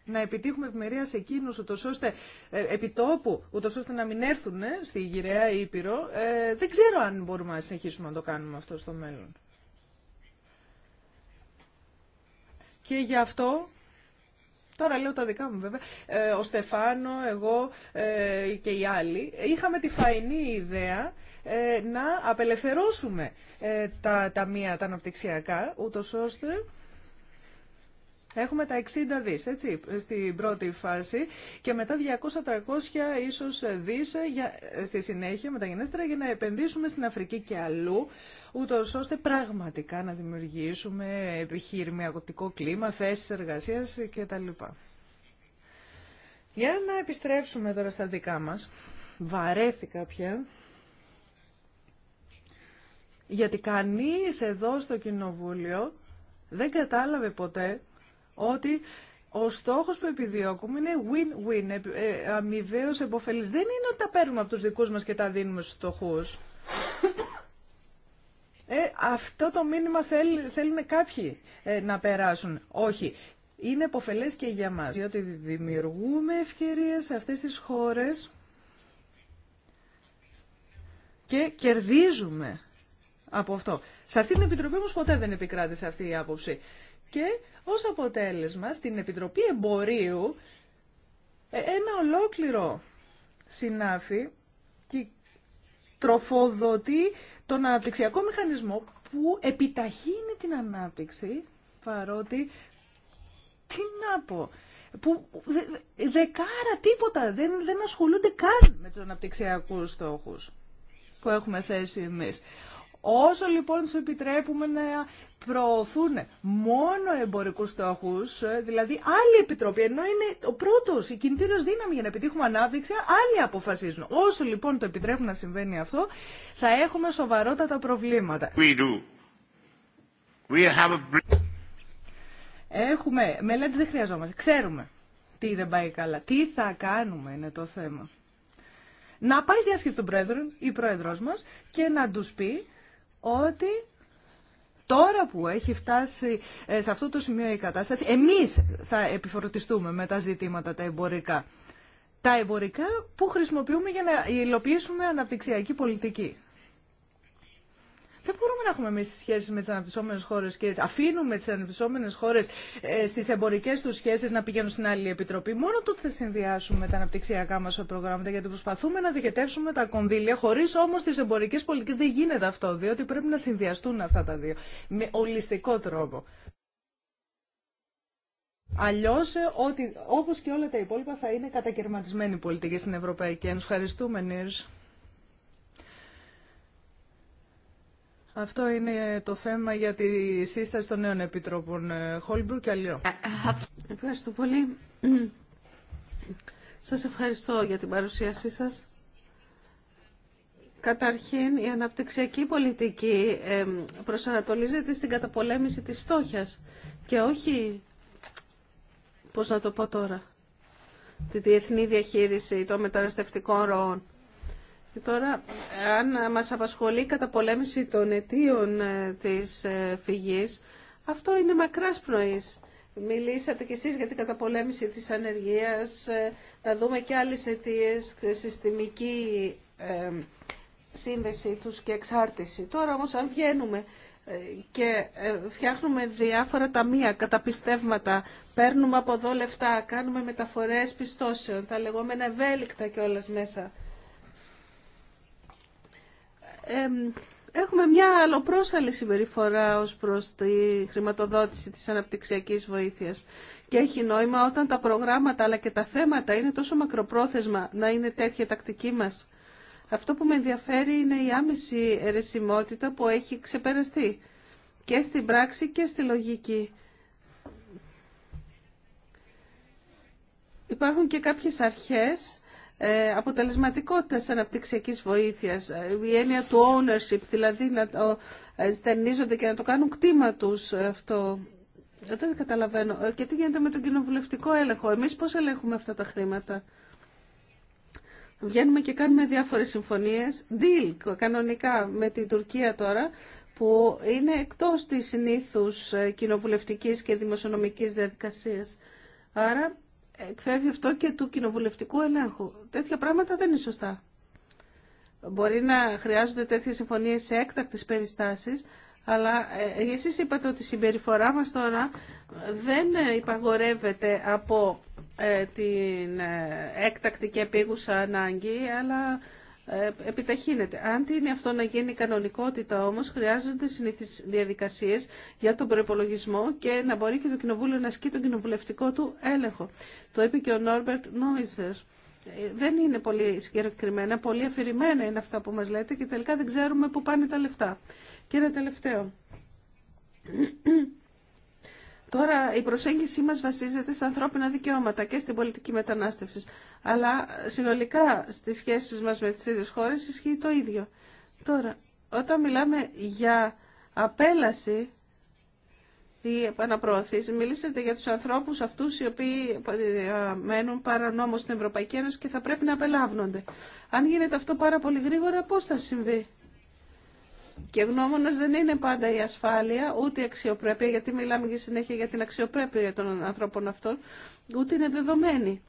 να επιτύχουμε ευημερία σε εκείνους, ούτως ώστε, ε, επιτόπου, ούτως ώστε να μην έρθουν στη γυραιά Ήπειρο. Ε, δεν ξέρω αν μπορούμε να συνεχίσουμε να το κάνουμε αυτό στο μέλλον. Και γι' αυτό Τώρα λέω τα δικά μου βέβαια. Ε, ο Στεφάνο, εγώ ε, και οι άλλοι είχαμε τη φαϊνή ιδέα ε, να απελευθερώσουμε τα ταμεία τα αναπτυξιακά, ούτω ώστε Έχουμε τα 60 δις, έτσι, στην πρώτη φάση και μετά 200-300 ίσως δις για, στη συνέχεια μεταγενέστερα για να επενδύσουμε στην Αφρική και αλλού ούτω ώστε πραγματικά να δημιουργήσουμε επιχειρηματικό κλίμα, θέσεις εργασίας κτλ. Για να επιστρέψουμε τώρα στα δικά μας. Βαρέθηκα πια. Γιατί κανείς εδώ στο κοινοβούλιο δεν κατάλαβε ποτέ ότι ο στόχος που επιδιώκουμε είναι win-win, ε, ε, αμοιβαίω επωφελής. Δεν είναι ότι τα παίρνουμε από τους δικούς μας και τα δίνουμε στους στοχούς. Ε, αυτό το μήνυμα θέλ, θέλουν κάποιοι ε, να περάσουν. Όχι. Είναι επωφελές και για μα. διότι δημιουργούμε ευκαιρίες σε αυτές τις χώρες και κερδίζουμε από αυτό. Σε αυτή την Επιτροπή όμω ποτέ δεν επικράτησε αυτή η άποψη και ως αποτέλεσμα στην Επιτροπή Εμπορίου ε, ένα ολόκληρο συνάφι και τροφοδοτεί τον αναπτυξιακό μηχανισμό που επιταχύνει την ανάπτυξη παρότι τι να πω που δεκάρα τίποτα δεν, δεν ασχολούνται καν με τους αναπτυξιακούς στόχους που έχουμε θέσει εμείς. Όσο λοιπόν σου επιτρέπουμε να προωθούν μόνο εμπορικούς στόχους, δηλαδή άλλη επιτροπή, ενώ είναι ο πρώτος, η κινητήριος δύναμη για να επιτύχουμε ανάπτυξη, άλλοι αποφασίζουν. Όσο λοιπόν το επιτρέπουν να συμβαίνει αυτό, θα έχουμε σοβαρότατα προβλήματα. Έχουμε, μελέτη δεν χρειαζόμαστε, ξέρουμε τι δεν πάει καλά, τι θα κάνουμε είναι το θέμα. Να πάει διάσκεψη των πρόεδρων ή πρόεδρος μας και να τους πει ότι τώρα που έχει φτάσει ε, σε αυτό το σημείο η κατάσταση, εμείς θα επιφορτιστούμε με τα ζητήματα τα εμπορικά. Τα εμπορικά που χρησιμοποιούμε για να υλοποιήσουμε αναπτυξιακή πολιτική. Δεν μπορούμε να έχουμε εμεί σχέσει με τι αναπτυσσόμενε χώρε και αφήνουμε τι αναπτυσσόμενε χώρε ε, στι εμπορικέ του σχέσει να πηγαίνουν στην άλλη επιτροπή. Μόνο τότε θα συνδυάσουμε τα αναπτυξιακά μα προγράμματα, γιατί προσπαθούμε να διοικητεύσουμε τα κονδύλια, χωρί όμω τι εμπορικέ πολιτικέ. Δεν γίνεται αυτό, διότι πρέπει να συνδυαστούν αυτά τα δύο με ολιστικό τρόπο. Αλλιώ, ε, όπω και όλα τα υπόλοιπα, θα είναι κατακαιρματισμένη η πολιτική στην Ευρωπαϊκή Ένωση. Ευχαριστούμε, Νίρ. Αυτό είναι το θέμα για τη σύσταση των νέων επιτρόπων ε, Χόλμπρου και Αλλιώ. Ευχαριστώ πολύ. Σας ευχαριστώ για την παρουσίασή σας. Καταρχήν, η αναπτυξιακή πολιτική ε, προσανατολίζεται στην καταπολέμηση της φτώχειας και όχι, πώς να το πω τώρα, τη διεθνή διαχείριση των μεταναστευτικών ροών. Και τώρα, αν μας απασχολεί η καταπολέμηση των αιτίων ε, της ε, φυγής, αυτό είναι μακράς πνοής. Μιλήσατε κι εσείς για την καταπολέμηση της ανεργίας, ε, να δούμε και άλλες αιτίες, συστημική σύνδεση τους και εξάρτηση. Τώρα όμως αν βγαίνουμε και φτιάχνουμε διάφορα ταμεία, καταπιστεύματα, παίρνουμε από εδώ λεφτά, κάνουμε μεταφορές πιστώσεων, τα λεγόμενα ευέλικτα κιόλας μέσα έχουμε μια αλλοπρόσαλη συμπεριφορά ως προς τη χρηματοδότηση της αναπτυξιακής βοήθειας. Και έχει νόημα όταν τα προγράμματα αλλά και τα θέματα είναι τόσο μακροπρόθεσμα να είναι τέτοια τακτική μας. Αυτό που με ενδιαφέρει είναι η άμεση ερεσιμότητα που έχει ξεπεραστεί και στην πράξη και στη λογική. Υπάρχουν και κάποιες αρχές ε, αποτελεσματικότητα αναπτυξιακή βοήθεια, βοήθειας, ε, η έννοια του ownership, δηλαδή να το ε, στενίζονται και να το κάνουν κτήμα τους αυτό. Δεν καταλαβαίνω. Και τι γίνεται με τον κοινοβουλευτικό έλεγχο. Εμείς πώς ελέγχουμε αυτά τα χρήματα. Βγαίνουμε και κάνουμε διάφορες συμφωνίες, deal κανονικά με την Τουρκία τώρα, που είναι εκτό τη συνήθους κοινοβουλευτική και δημοσιονομική διαδικασία. Άρα εκφεύγει αυτό και του κοινοβουλευτικού ελέγχου. Τέτοια πράγματα δεν είναι σωστά. Μπορεί να χρειάζονται τέτοιε συμφωνίε σε έκτακτες περιστάσεις, αλλά ε, εσεί είπατε ότι η συμπεριφορά μας τώρα δεν ε, υπαγορεύεται από ε, την έκτακτη και επίγουσα ανάγκη, αλλά ε, επιταχύνεται. Αν είναι αυτό να γίνει κανονικότητα όμως, χρειάζονται συνήθεις διαδικασίες για τον προπολογισμό και να μπορεί και το Κοινοβούλιο να ασκεί τον κοινοβουλευτικό του έλεγχο. Το είπε και ο Νόρμπερτ Νόιζερ. Ε, δεν είναι πολύ συγκεκριμένα, πολύ αφηρημένα είναι αυτά που μας λέτε και τελικά δεν ξέρουμε πού πάνε τα λεφτά. Και ένα τελευταίο. Τώρα η προσέγγιση μας βασίζεται στα ανθρώπινα δικαιώματα και στην πολιτική μετανάστευση. Αλλά συνολικά στις σχέσεις μας με τις ίδιες χώρες ισχύει το ίδιο. Τώρα, όταν μιλάμε για απέλαση ή επαναπροωθήση, μιλήσατε για τους ανθρώπους αυτούς οι οποίοι ε, μένουν παρανόμως στην Ευρωπαϊκή Ένωση και θα πρέπει να απελάβνονται. Αν γίνεται αυτό πάρα πολύ γρήγορα, πώς θα συμβεί. Και γνώμονα δεν είναι πάντα η ασφάλεια, ούτε η αξιοπρέπεια, γιατί μιλάμε για συνέχεια για την αξιοπρέπεια των ανθρώπων αυτών, ούτε είναι δεδομένη.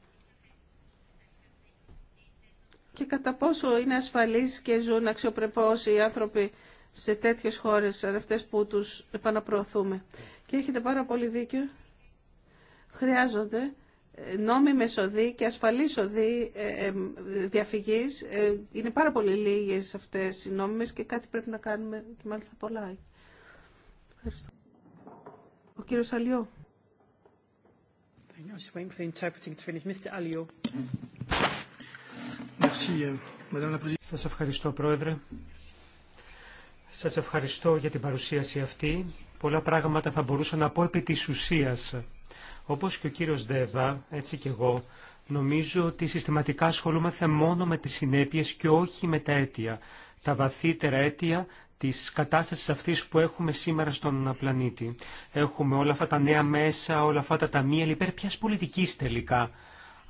Και κατά πόσο είναι ασφαλείς και ζουν αξιοπρεπώς οι άνθρωποι σε τέτοιες χώρες, σε αυτές που τους επαναπροωθούμε. Και έχετε πάρα πολύ δίκιο. Χρειάζονται νόμιμες οδοί και ασφαλείς οδοί ε, ε, διαφυγής. Ε, είναι πάρα πολύ λίγες αυτές οι νόμιμες και κάτι πρέπει να κάνουμε και μάλιστα πολλά. Ευχαριστώ. Ο κύριος Αλιό. Euh, Σας ευχαριστώ, Πρόεδρε. Σας ευχαριστώ για την παρουσίαση αυτή. Πολλά πράγματα θα μπορούσα να πω επί της ουσίας όπως και ο κύριος Δέβα, έτσι και εγώ, νομίζω ότι συστηματικά ασχολούμαστε μόνο με τις συνέπειες και όχι με τα αίτια, τα βαθύτερα αίτια της κατάστασης αυτής που έχουμε σήμερα στον πλανήτη. Έχουμε όλα αυτά τα νέα μέσα, όλα αυτά τα ταμεία, λοιπόν, ποιας πολιτικής τελικά.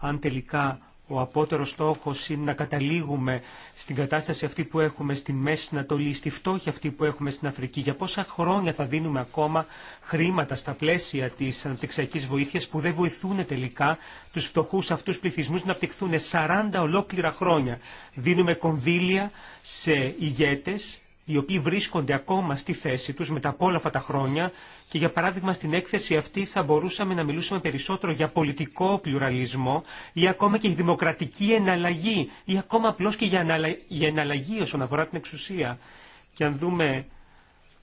Αν τελικά ο απότερος στόχος είναι να καταλήγουμε στην κατάσταση αυτή που έχουμε στη Μέση Ανατολή, στη φτώχεια αυτή που έχουμε στην Αφρική. Για πόσα χρόνια θα δίνουμε ακόμα χρήματα στα πλαίσια της αναπτυξιακής βοήθειας που δεν βοηθούν τελικά τους φτωχούς αυτούς πληθυσμούς να απτυχθούν 40 ολόκληρα χρόνια. Δίνουμε κονδύλια σε ηγέτες οι οποίοι βρίσκονται ακόμα στη θέση τους μετά από όλα αυτά τα χρόνια και για παράδειγμα στην έκθεση αυτή θα μπορούσαμε να μιλούσαμε περισσότερο για πολιτικό πλουραλισμό ή ακόμα και για δημοκρατική εναλλαγή ή ακόμα απλώς και για εναλλαγή όσον αφορά την εξουσία. Και αν δούμε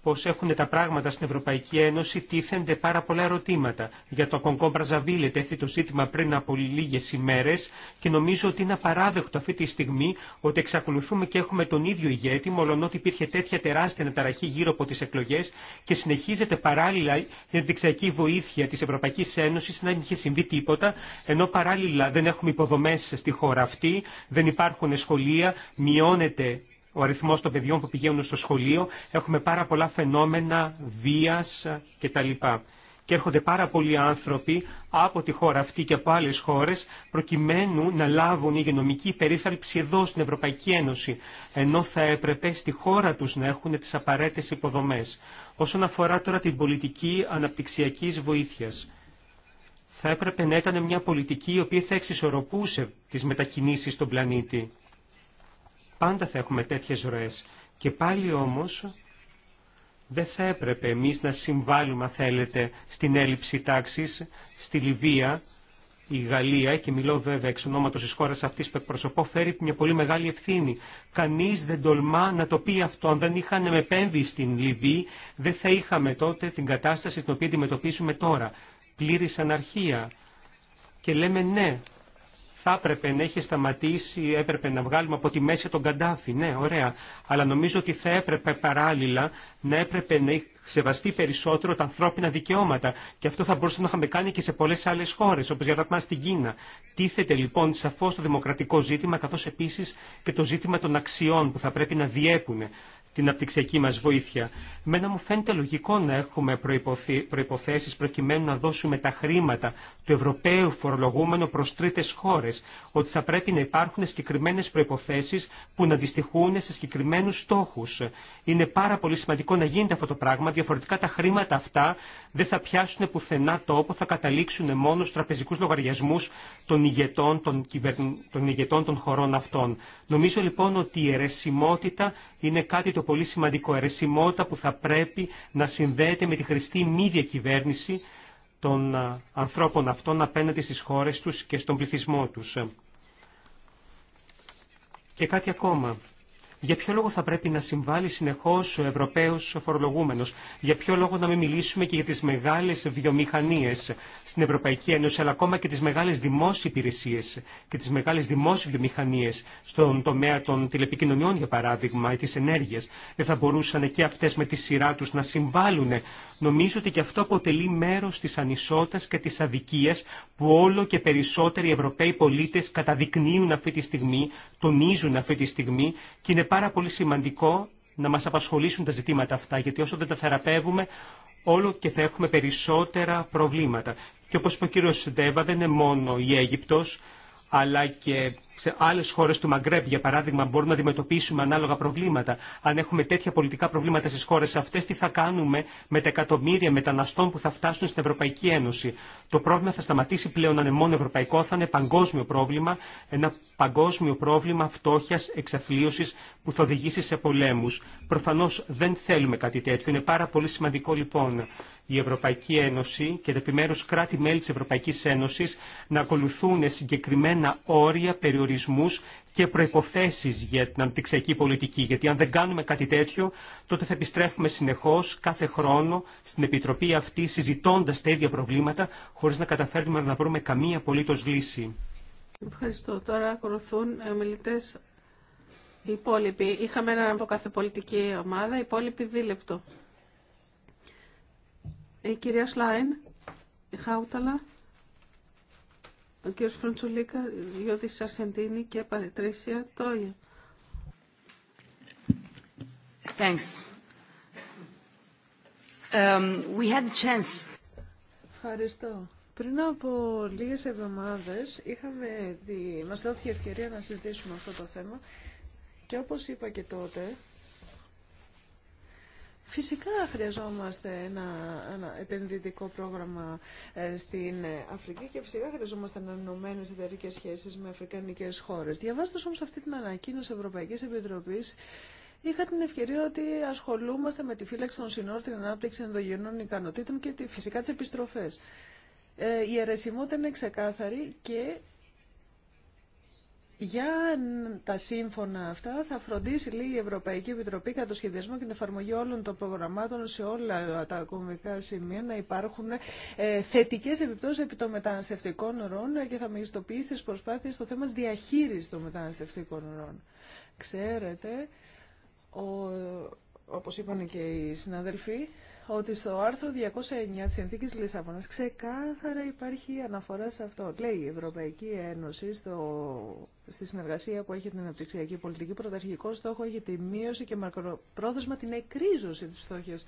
πώς έχουν τα πράγματα στην Ευρωπαϊκή Ένωση, τίθενται πάρα πολλά ερωτήματα. Για το Κονκό Μπραζαβίλη τέθη το ζήτημα πριν από λίγες ημέρες και νομίζω ότι είναι απαράδεκτο αυτή τη στιγμή ότι εξακολουθούμε και έχουμε τον ίδιο ηγέτη, μόλον ότι υπήρχε τέτοια τεράστια αναταραχή γύρω από τις εκλογές και συνεχίζεται παράλληλα η ενδειξιακή βοήθεια της Ευρωπαϊκής Ένωσης να μην είχε συμβεί τίποτα, ενώ παράλληλα δεν έχουμε υποδομές στη χώρα αυτή, δεν υπάρχουν σχολεία, μειώνεται ο αριθμός των παιδιών που πηγαίνουν στο σχολείο, έχουμε πάρα πολλά φαινόμενα βίας κτλ. Και έρχονται πάρα πολλοί άνθρωποι από τη χώρα αυτή και από άλλες χώρες προκειμένου να λάβουν υγειονομική υπερίθαλψη εδώ στην Ευρωπαϊκή Ένωση, ενώ θα έπρεπε στη χώρα τους να έχουν τις απαραίτητες υποδομές. Όσον αφορά τώρα την πολιτική αναπτυξιακής βοήθειας θα έπρεπε να ήταν μια πολιτική η οποία θα εξισορροπούσε τις μετακινήσεις στον πλανήτη. Πάντα θα έχουμε τέτοιες ροές. Και πάλι όμως δεν θα έπρεπε εμείς να συμβάλλουμε, αν θέλετε, στην έλλειψη τάξης, στη Λιβύα, η Γαλλία, και μιλώ βέβαια εξ ονόματος της χώρας αυτής που εκπροσωπώ, φέρει μια πολύ μεγάλη ευθύνη. Κανείς δεν τολμά να το πει αυτό. Αν δεν είχαν επέμβει στην Λιβύη, δεν θα είχαμε τότε την κατάσταση την οποία αντιμετωπίζουμε τώρα. Πλήρης αναρχία. Και λέμε ναι, θα έπρεπε να έχει σταματήσει, έπρεπε να βγάλουμε από τη μέση τον Καντάφη. Ναι, ωραία. Αλλά νομίζω ότι θα έπρεπε παράλληλα να έπρεπε να σεβαστεί περισσότερο τα ανθρώπινα δικαιώματα. Και αυτό θα μπορούσαμε να είχαμε κάνει και σε πολλέ άλλε χώρε, όπω για παράδειγμα στην Κίνα. Τίθεται λοιπόν σαφώ το δημοκρατικό ζήτημα, καθώ επίση και το ζήτημα των αξιών που θα πρέπει να διέπουν την απτυξιακή μας βοήθεια. Μένα μου φαίνεται λογικό να έχουμε προϋποθέσεις προκειμένου να δώσουμε τα χρήματα του Ευρωπαίου φορολογούμενου προς τρίτες χώρες, ότι θα πρέπει να υπάρχουν συγκεκριμένες προϋποθέσεις που να αντιστοιχούν σε συγκεκριμένους στόχους. Είναι πάρα πολύ σημαντικό να γίνεται αυτό το πράγμα, διαφορετικά τα χρήματα αυτά δεν θα πιάσουν πουθενά τόπο, θα καταλήξουν μόνο στους τραπεζικούς λογαριασμούς των ηγετών των, των ηγετών των χωρών αυτών. Νομίζω λοιπόν ότι η αιρεσιμότητα είναι κάτι το πολύ σημαντικό. Ερεσιμότητα που θα πρέπει να συνδέεται με τη χρηστή μη διακυβέρνηση των ανθρώπων αυτών απέναντι στις χώρες τους και στον πληθυσμό τους. Και κάτι ακόμα για ποιο λόγο θα πρέπει να συμβάλλει συνεχώς ο Ευρωπαίος φορολογούμενος, για ποιο λόγο να μην μιλήσουμε και για τις μεγάλες βιομηχανίες στην Ευρωπαϊκή Ένωση, αλλά ακόμα και τις μεγάλες δημόσιες υπηρεσίες και τις μεγάλες δημόσιες βιομηχανίες στον τομέα των τηλεπικοινωνιών, για παράδειγμα, ή της ενέργειας. Δεν θα μπορούσαν και αυτές με τη σειρά τους να συμβάλλουν. Νομίζω ότι και αυτό αποτελεί μέρος της ανισότητας και της αδικίας που όλο και περισσότεροι Ευρωπαίοι πολίτες καταδεικνύουν αυτή τη στιγμή, τονίζουν αυτή τη στιγμή πάρα πολύ σημαντικό να μας απασχολήσουν τα ζητήματα αυτά, γιατί όσο δεν τα θεραπεύουμε, όλο και θα έχουμε περισσότερα προβλήματα. Και όπως είπε ο κύριος Σεντέβα, δεν είναι μόνο η Αίγυπτος, αλλά και σε άλλε χώρε του Μαγκρέπ, για παράδειγμα, μπορούμε να αντιμετωπίσουμε ανάλογα προβλήματα. Αν έχουμε τέτοια πολιτικά προβλήματα στι χώρε αυτέ, τι θα κάνουμε με τα εκατομμύρια μεταναστών που θα φτάσουν στην Ευρωπαϊκή Ένωση. Το πρόβλημα θα σταματήσει πλέον να είναι μόνο ευρωπαϊκό, θα είναι παγκόσμιο πρόβλημα. Ένα παγκόσμιο πρόβλημα φτώχεια, εξαθλίωση που θα οδηγήσει σε πολέμου. Προφανώ δεν θέλουμε κάτι τέτοιο. Είναι πάρα πολύ σημαντικό λοιπόν η Ευρωπαϊκή Ένωση και τα επιμέρους κράτη-μέλη της Ευρωπαϊκής Ένωσης να ακολουθούν συγκεκριμένα όρια, περιορισμούς και προϋποθέσεις για την αντιξιακή πολιτική. Γιατί αν δεν κάνουμε κάτι τέτοιο, τότε θα επιστρέφουμε συνεχώς κάθε χρόνο στην Επιτροπή αυτή συζητώντας τα ίδια προβλήματα χωρίς να καταφέρνουμε να βρούμε καμία απολύτως λύση. Ευχαριστώ. Τώρα ακολουθούν μιλητές οι υπόλοιποι. Είχαμε έναν από κάθε πολιτική ομάδα, οι υπόλοιποι δίλεπτο. Ε, η κυρία Σλάιν, η Χάουταλα, ο κύριος Φροντσουλίκα, η Γιώδης Αρσεντίνη και η Πατρίσια Τόγια. Um, Ευχαριστώ. Πριν από λίγες εβδομάδες είχαμε δει, μας δόθηκε ευκαιρία να συζητήσουμε αυτό το θέμα και όπως είπα και τότε, Φυσικά χρειαζόμαστε ένα, ένα επενδυτικό πρόγραμμα ε, στην Αφρική και φυσικά χρειαζόμαστε ανανοημένε εταιρικέ σχέσει με αφρικανικέ χώρε. Διαβάζοντα όμω αυτή την ανακοίνωση Ευρωπαϊκή Επιτροπή, Είχα την ευκαιρία ότι ασχολούμαστε με τη φύλαξη των συνόρων, την ανάπτυξη ενδογενών ικανοτήτων και φυσικά τι επιστροφέ. Ε, η αιρεσιμότητα είναι ξεκάθαρη και για τα σύμφωνα αυτά θα φροντίσει λίγη η Ευρωπαϊκή Επιτροπή κατά το σχεδιασμό και την εφαρμογή όλων των προγραμμάτων σε όλα τα κομβικά σημεία να υπάρχουν ε, θετικέ επιπτώσει επί των μεταναστευτικών ροών και θα μεγιστοποιήσει τι προσπάθειε στο θέμα διαχείριση των μεταναστευτικών ροών. Ξέρετε, ο, όπως είπαν και οι συναδελφοί, ότι στο άρθρο 209 της Συνθήκης Λισαβόνας ξεκάθαρα υπάρχει αναφορά σε αυτό. Λέει η Ευρωπαϊκή Ένωση στο, στη συνεργασία που έχει την αναπτυξιακή πολιτική πρωταρχικό στόχο έχει τη μείωση και μακροπρόθεσμα την εκρίζωση της φτώχειας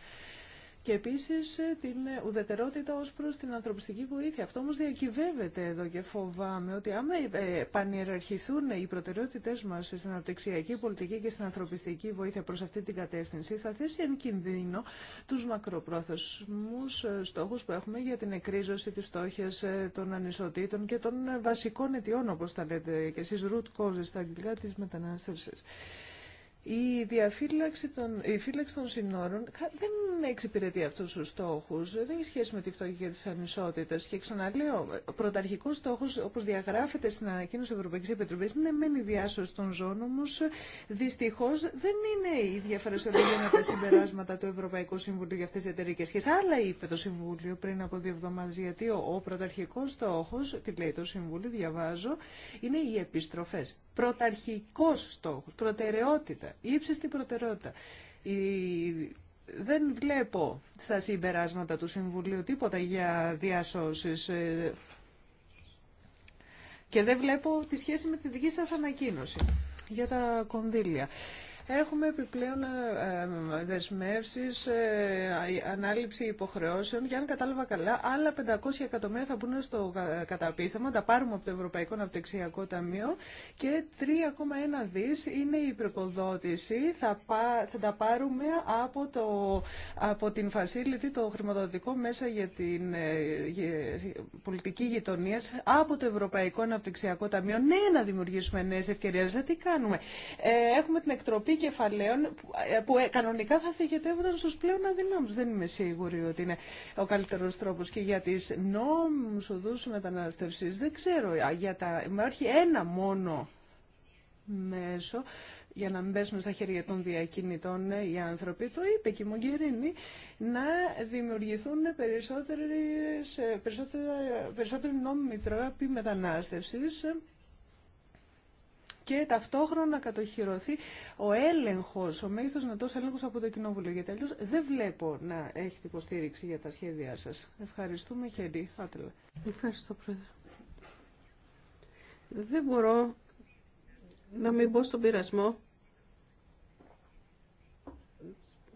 και επίσης ε, την ε, ουδετερότητα ως προς την ανθρωπιστική βοήθεια. Αυτό όμως διακυβεύεται εδώ και φοβάμαι ότι άμα ε, πανιεραρχηθούν οι προτεραιότητες μας στην αναπτυξιακή πολιτική και στην ανθρωπιστική βοήθεια προς αυτή την κατεύθυνση θα θέσει εν κινδύνο τους μακροπρόθεσμους στόχους που έχουμε για την εκρίζωση της φτώχειας των ανισοτήτων και των βασικών αιτιών όπως τα λέτε και εσείς root causes στα αγγλικά της μετανάστευσης. Η διαφύλαξη των, η φύλαξη των συνόρων δεν εξυπηρετεί αυτούς τους στόχους. Δεν έχει σχέση με τη φτώχεια και τις ανισότητες. Και ξαναλέω, ο πρωταρχικός στόχος, όπως διαγράφεται στην ανακοίνωση της Ευρωπαϊκής Επιτροπής, είναι μεν η διάσωση των ζώων, όμως δυστυχώς δεν είναι η σε με τα συμπεράσματα του Ευρωπαϊκού Συμβουλίου για αυτές τις εταιρικές σχέσεις. Άλλα είπε το Συμβούλιο πριν από δύο εβδομάδες, γιατί ο, ο πρωταρχικός στόχος, τι λέει το Συμβούλιο, διαβάζω, είναι οι επιστροφές πρωταρχικός στόχος, προτεραιότητα, ύψιστη προτεραιότητα. Δεν βλέπω στα συμπεράσματα του Συμβουλίου τίποτα για διασώσεις ε, και δεν βλέπω τη σχέση με τη δική σας ανακοίνωση για τα κονδύλια. Έχουμε επιπλέον ε, ε, δεσμεύσεις, ε, ανάληψη υποχρεώσεων και αν κατάλαβα καλά, άλλα 500 εκατομμύρια θα μπουν στο καταπίστευμα, τα πάρουμε από το Ευρωπαϊκό Αναπτυξιακό Ταμείο και 3,1 δις είναι η προποδότηση, θα, θα τα πάρουμε από, το, από την Facility, το χρηματοδοτικό μέσα για την πολιτική γειτονία από το Ευρωπαϊκό Αναπτυξιακό Ταμείο. Ναι, να δημιουργήσουμε νέες ευκαιρίες, δεν δηλαδή, τι κάνουμε. έχουμε την εκτροπή κεφαλαίων που ε, κανονικά θα θυγετεύονταν στους πλέον αδυνάμους. Δεν είμαι σίγουρη ότι είναι ο καλύτερος τρόπος και για τις νόμους οδούς μεταναστευσής. Δεν ξέρω, για τα... υπάρχει ένα μόνο μέσο για να μην πέσουν στα χέρια των διακινητών ε, οι άνθρωποι, το είπε και η Μογκερίνη, να δημιουργηθούν περισσότερες, ε, περισσότεροι νόμιμοι τρόποι μετανάστευσης και ταυτόχρονα κατοχυρωθεί ο έλεγχος, ο μέγιστος δυνατός έλεγχος από το Κοινοβούλιο. Γιατί αλλιώ δεν βλέπω να έχετε υποστήριξη για τα σχέδιά σα. Ευχαριστούμε, Χέντι. Ευχαριστώ, Πρόεδρε. Δεν μπορώ να μην μπω στον πειρασμό.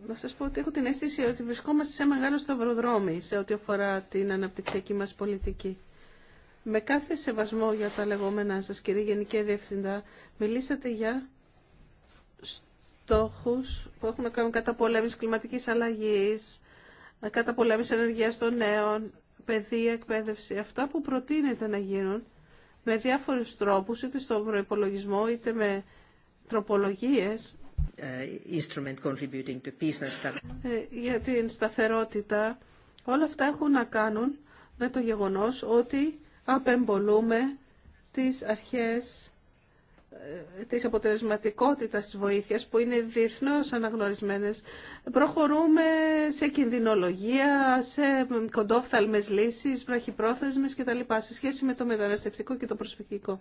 Να σας πω ότι έχω την αίσθηση ότι βρισκόμαστε σε μεγάλο σταυροδρόμι σε ό,τι αφορά την αναπτυξιακή μας πολιτική. Με κάθε σεβασμό για τα λεγόμενά σας, κύριε Γενική Διευθυντά, μιλήσατε για στόχους που έχουν να κάνουν κατά κλιματικής αλλαγής, κατά πολέμηση ενεργείας των νέων, παιδεία, εκπαίδευση. Αυτά που προτείνεται να γίνουν με διάφορους τρόπους, είτε στον προϋπολογισμό, είτε με τροπολογίες, ε, contributing to peace and ε, για την σταθερότητα, όλα αυτά έχουν να κάνουν με το γεγονός ότι απεμπολούμε τις αρχές ε, της αποτελεσματικότητας της βοήθειας που είναι διεθνώς αναγνωρισμένες. Προχωρούμε σε κινδυνολογία, σε κοντόφθαλμες λύσεις, βραχυπρόθεσμες κτλ. σε σχέση με το μεταναστευτικό και το προσφυγικό.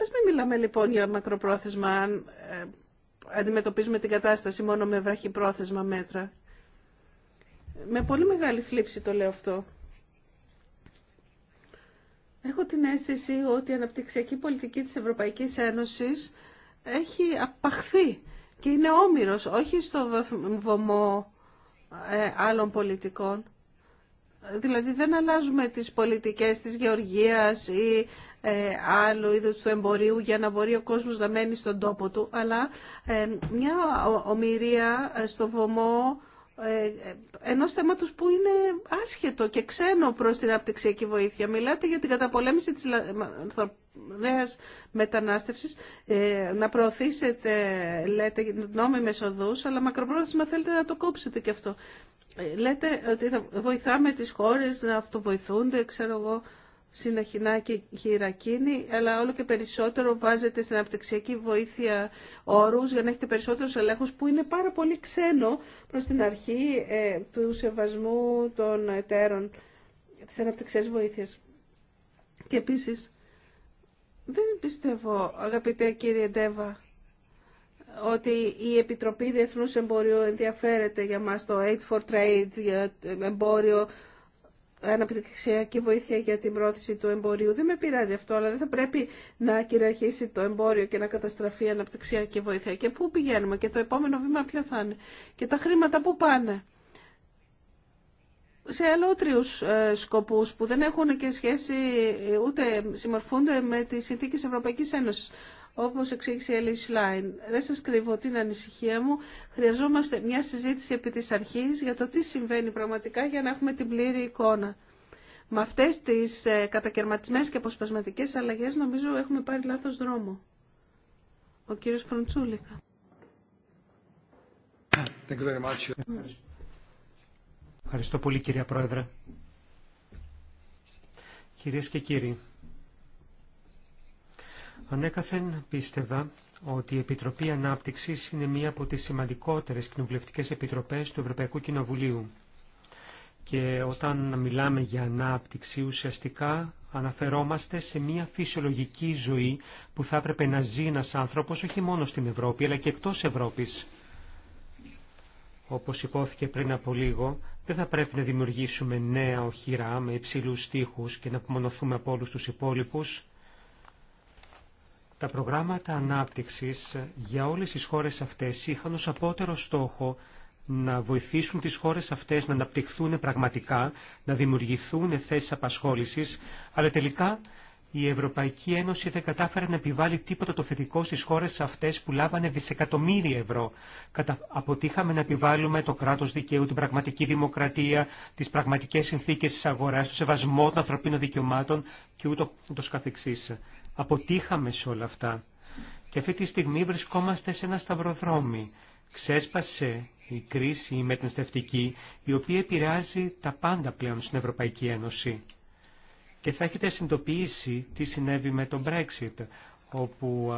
Ας μην μιλάμε λοιπόν για μακροπρόθεσμα αν ε, αντιμετωπίζουμε την κατάσταση μόνο με βραχυπρόθεσμα μέτρα. Με πολύ μεγάλη θλίψη το λέω αυτό. Έχω την αίσθηση ότι η αναπτυξιακή πολιτική της Ευρωπαϊκής Ένωσης έχει απαχθεί και είναι όμοιρος, όχι στο βωμό ε, άλλων πολιτικών. Δηλαδή δεν αλλάζουμε τις πολιτικές της γεωργίας ή ε, άλλου είδους του εμπορίου για να μπορεί ο κόσμος να μένει στον τόπο του, αλλά ε, μια ομοιρία στο βωμό ε, ε, ενός θέματος που είναι άσχετο και ξένο προς την απτυξιακή βοήθεια. Μιλάτε για την καταπολέμηση της νέας μετανάστευσης, ε, να προωθήσετε, λέτε, νόμιμες οδούς, αλλά μακροπρόθεσμα θέλετε να το κόψετε και αυτό. Λέτε ότι θα βοηθάμε τις χώρες να αυτοβοηθούνται, ξέρω εγώ, Συναχινά και Χειρακίνη, αλλά όλο και περισσότερο βάζετε στην αναπτυξιακή βοήθεια όρους για να έχετε περισσότερους ελέγχους που είναι πάρα πολύ ξένο προς την αρχή ε, του σεβασμού των εταίρων της αναπτυξιακής βοήθειας. Και επίσης, δεν πιστεύω, αγαπητέ κύριε Ντέβα, ότι η Επιτροπή Διεθνούς Εμπορίου ενδιαφέρεται για μας το Aid for Trade, για εμπόριο αναπτυξιακή βοήθεια για την πρόθεση του εμπορίου. Δεν με πειράζει αυτό, αλλά δεν θα πρέπει να κυριαρχήσει το εμπόριο και να καταστραφεί η αναπτυξιακή βοήθεια. Και πού πηγαίνουμε και το επόμενο βήμα ποιο θα είναι. Και τα χρήματα πού πάνε. Σε αλότριους ε, σκοπούς που δεν έχουν και σχέση, ούτε συμμορφούνται με τις συνθήκες Ευρωπαϊκής Ένωσης. Όπως εξήγησε η Έλλη Σλάιν, δεν σας κρύβω την ανησυχία μου. Χρειαζόμαστε μια συζήτηση επί τη αρχή για το τι συμβαίνει πραγματικά για να έχουμε την πλήρη εικόνα. Με αυτές τις ε, κατακαιρματισμένε και αποσπασματικέ αλλαγέ νομίζω έχουμε πάρει λάθος δρόμο. Ο κύριος Φροντσούλικα. Ευχαριστώ. πολύ κυρία Πρόεδρε. Κυρίες και κύριοι, Ανέκαθεν πίστευα ότι η Επιτροπή Ανάπτυξης είναι μία από τις σημαντικότερες κοινοβουλευτικές επιτροπές του Ευρωπαϊκού Κοινοβουλίου. Και όταν μιλάμε για ανάπτυξη, ουσιαστικά αναφερόμαστε σε μία φυσιολογική ζωή που θα έπρεπε να ζει ένας άνθρωπος όχι μόνο στην Ευρώπη, αλλά και εκτός Ευρώπης. Όπως υπόθηκε πριν από λίγο, δεν θα πρέπει να δημιουργήσουμε νέα οχυρά με υψηλούς στίχους και να απομονωθούμε από όλους τους υπόλοιπου. Τα προγράμματα ανάπτυξης για όλες τις χώρες αυτές είχαν ως απότερο στόχο να βοηθήσουν τις χώρες αυτές να αναπτυχθούν πραγματικά, να δημιουργηθούν θέσεις απασχόλησης, αλλά τελικά η Ευρωπαϊκή Ένωση δεν κατάφερε να επιβάλλει τίποτα το θετικό στις χώρες αυτές που λάβανε δισεκατομμύρια ευρώ. Κατα... Αποτύχαμε να επιβάλλουμε το κράτος δικαίου, την πραγματική δημοκρατία, τις πραγματικές συνθήκες της αγοράς, το σεβασμό των ανθρωπίνων δικαιωμάτων και ούτω, ούτως καθεξής αποτύχαμε σε όλα αυτά. Και αυτή τη στιγμή βρισκόμαστε σε ένα σταυροδρόμι. Ξέσπασε η κρίση η μεταναστευτική, η οποία επηρεάζει τα πάντα πλέον στην Ευρωπαϊκή Ένωση. Και θα έχετε συνειδητοποιήσει τι συνέβη με τον Brexit, όπου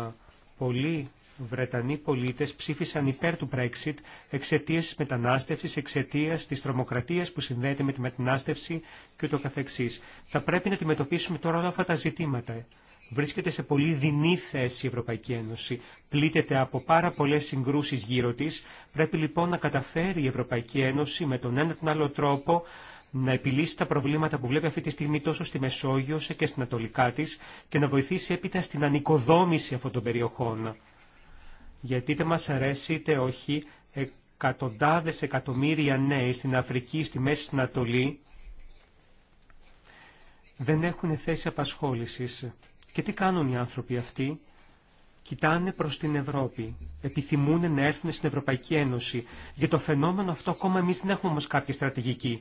πολλοί Βρετανοί πολίτες ψήφισαν υπέρ του Brexit εξαιτία τη μετανάστευσης, εξαιτία της τρομοκρατίας που συνδέεται με τη μετανάστευση και το καθεξής. Θα πρέπει να αντιμετωπίσουμε τώρα όλα αυτά τα ζητήματα βρίσκεται σε πολύ δεινή θέση η Ευρωπαϊκή Ένωση. Πλήττεται από πάρα πολλές συγκρούσεις γύρω της. Πρέπει λοιπόν να καταφέρει η Ευρωπαϊκή Ένωση με τον ένα τον άλλο τρόπο να επιλύσει τα προβλήματα που βλέπει αυτή τη στιγμή τόσο στη Μεσόγειο και στην Ανατολικά της και να βοηθήσει έπειτα στην ανοικοδόμηση αυτών των περιοχών. Γιατί είτε μας αρέσει είτε όχι, εκατοντάδες εκατομμύρια νέοι στην Αφρική, στη Μέση στην Ανατολή δεν έχουν θέση απασχόλησης. Και τι κάνουν οι άνθρωποι αυτοί. Κοιτάνε προς την Ευρώπη. Επιθυμούν να έρθουν στην Ευρωπαϊκή Ένωση. Για το φαινόμενο αυτό ακόμα εμείς δεν έχουμε όμως κάποια στρατηγική.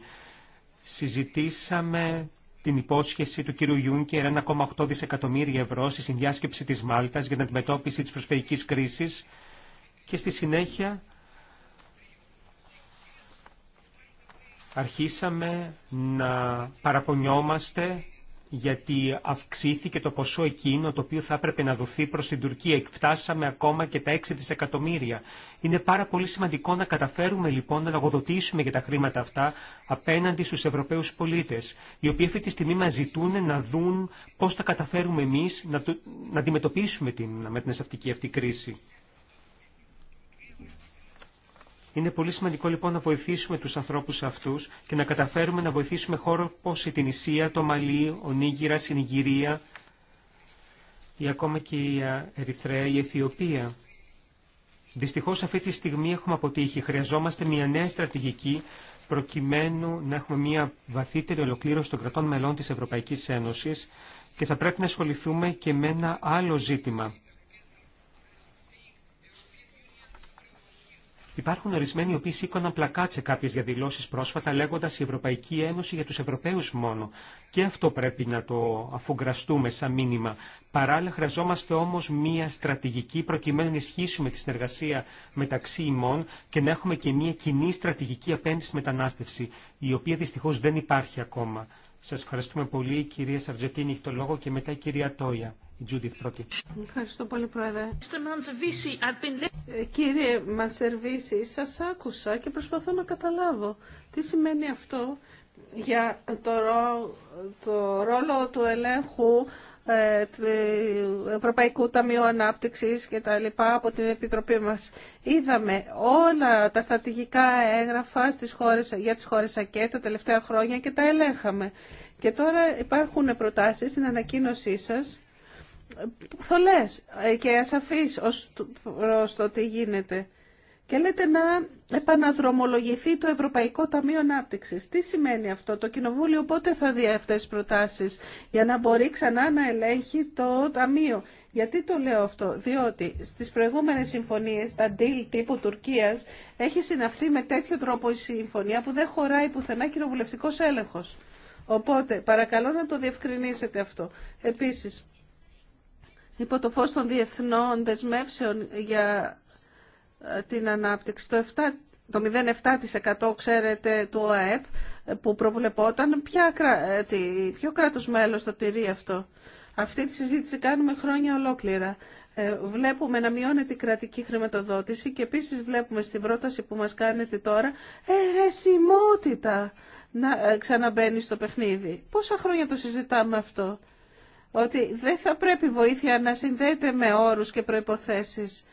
Συζητήσαμε την υπόσχεση του κύριου Γιούνκερ 1,8 δισεκατομμύρια ευρώ στη συνδιάσκεψη της Μάλτας για την αντιμετώπιση της προσφαιρικής κρίσης και στη συνέχεια αρχίσαμε να παραπονιόμαστε γιατί αυξήθηκε το ποσό εκείνο το οποίο θα έπρεπε να δοθεί προς την Τουρκία. Εκφτάσαμε ακόμα και τα 6 δισεκατομμύρια. Είναι πάρα πολύ σημαντικό να καταφέρουμε λοιπόν να λογοδοτήσουμε για τα χρήματα αυτά απέναντι στους Ευρωπαίους πολίτες, οι οποίοι αυτή τη στιγμή μας ζητούν να δουν πώς θα καταφέρουμε εμείς να, να αντιμετωπίσουμε την μεταναστευτική αυτή κρίση. Είναι πολύ σημαντικό λοιπόν να βοηθήσουμε τους ανθρώπους αυτούς και να καταφέρουμε να βοηθήσουμε χώρο όπως η Τινησία, το Μαλί, ο Νίγηρα, η Νιγηρία ή ακόμα και η Ερυθρέα, η Αιθιοπία. Δυστυχώς αυτή τη στιγμή έχουμε αποτύχει. Χρειαζόμαστε μια νέα στρατηγική προκειμένου να έχουμε μια βαθύτερη ολοκλήρωση των κρατών μελών της Ευρωπαϊκής Ένωσης και θα πρέπει να ασχοληθούμε και με ένα άλλο ζήτημα. Υπάρχουν ορισμένοι οι οποίοι σήκωναν πλακάτ σε κάποιε διαδηλώσει πρόσφατα λέγοντα η Ευρωπαϊκή Ένωση για του Ευρωπαίου μόνο. Και αυτό πρέπει να το αφουγκραστούμε σαν μήνυμα. Παράλληλα, χρειαζόμαστε όμω μία στρατηγική προκειμένου να ισχύσουμε τη συνεργασία μεταξύ ημών και να έχουμε και μία κοινή στρατηγική απέναντι στη μετανάστευση, η οποία δυστυχώ δεν υπάρχει ακόμα. Σα ευχαριστούμε πολύ. κυρία Σαρτζετίνη έχει το λόγο και μετά η κυρία Τόια πρώτη. Ευχαριστώ πολύ, Πρόεδρε. Ε, κύριε Μανσερβίση, σα άκουσα και προσπαθώ να καταλάβω τι σημαίνει αυτό για το, ρόλο του ελέγχου ε, του Ευρωπαϊκού Ταμείου Ανάπτυξης και τα λοιπά από την Επιτροπή μας. Είδαμε όλα τα στατηγικά έγγραφα στις χώρες, για τις χώρες ΑΚΕ τα τελευταία χρόνια και τα ελέγχαμε. Και τώρα υπάρχουν προτάσεις στην ανακοίνωσή σας θολές και ασαφείς ως προς το τι γίνεται. Και λέτε να επαναδρομολογηθεί το Ευρωπαϊκό Ταμείο Ανάπτυξη. Τι σημαίνει αυτό, το Κοινοβούλιο πότε θα δει αυτέ προτάσει για να μπορεί ξανά να ελέγχει το Ταμείο. Γιατί το λέω αυτό, διότι στι προηγούμενε συμφωνίε, τα deal τύπου Τουρκία, έχει συναυθεί με τέτοιο τρόπο η συμφωνία που δεν χωράει πουθενά κοινοβουλευτικό έλεγχο. Οπότε, παρακαλώ να το διευκρινίσετε αυτό. Επίση, υπό το φως των διεθνών δεσμεύσεων για ε, την ανάπτυξη. Το 7 το 0,7% ξέρετε του ΟΑΕΠ ε, που προβλεπόταν, ποια, ε, ποιο κράτος μέλος θα τηρεί αυτό. Αυτή τη συζήτηση κάνουμε χρόνια ολόκληρα. βλέπουμε να μειώνεται η κρατική χρηματοδότηση και επίσης βλέπουμε στην πρόταση που μας κάνετε τώρα ερεσιμότητα να ξαναμπαίνει στο παιχνίδι. Πόσα χρόνια το συζητάμε αυτό ότι δεν θα πρέπει βοήθεια να συνδέεται με όρους και προϋποθέσεις.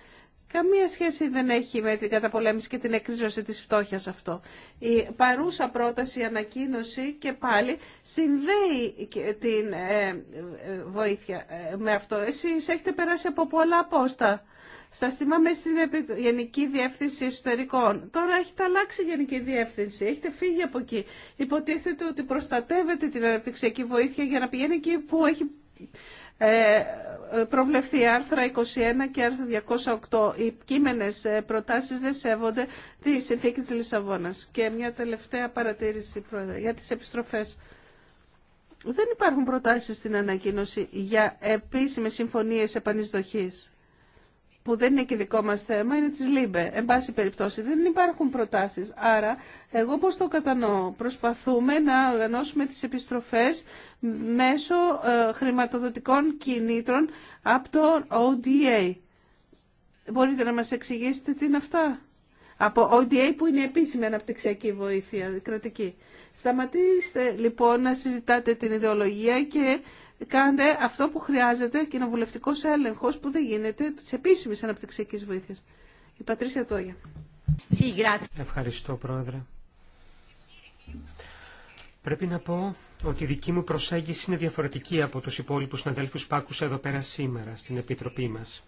Καμία σχέση δεν έχει με την καταπολέμηση και την εκρίζωση της φτώχειας αυτό. Η παρούσα πρόταση, η ανακοίνωση και πάλι συνδέει την ε, ε, βοήθεια ε, με αυτό. Εσείς έχετε περάσει από πολλά πόστα. Σα θυμάμαι στην Γενική Διεύθυνση Ιστορικών. Τώρα έχετε αλλάξει η Γενική Διεύθυνση, έχετε φύγει από εκεί. Υποτίθεται ότι προστατεύετε την αναπτυξιακή βοήθεια για να πηγαίνει εκεί που έχει ε, προβλεφθεί άρθρα 21 και άρθρα 208. Οι κείμενες ε, προτάσεις δεν σέβονται τη συνθήκη της Λισαβόνας. Και μια τελευταία παρατήρηση, για τις επιστροφές. Δεν υπάρχουν προτάσεις στην ανακοίνωση για επίσημες συμφωνίες επανεισδοχής που δεν είναι και δικό μας θέμα, είναι της ΛΥΜΠΕ. Εν πάση περιπτώσει, δεν υπάρχουν προτάσεις. Άρα, εγώ πώς το κατανοώ. Προσπαθούμε να οργανώσουμε τις επιστροφές μέσω ε, χρηματοδοτικών κινήτρων από το ODA. Μπορείτε να μας εξηγήσετε τι είναι αυτά. Από ODA που είναι επίσημη αναπτυξιακή βοήθεια κρατική. Σταματήστε λοιπόν να συζητάτε την ιδεολογία και κάντε αυτό που χρειάζεται, κοινοβουλευτικό έλεγχο που δεν γίνεται τη επίσημη αναπτυξιακή βοήθεια. Η Πατρίσια Τόγια. Ευχαριστώ, Πρόεδρε. Πρέπει να πω ότι η δική μου προσέγγιση είναι διαφορετική από τους υπόλοιπους συναδέλφους που άκουσα εδώ πέρα σήμερα στην Επιτροπή μας.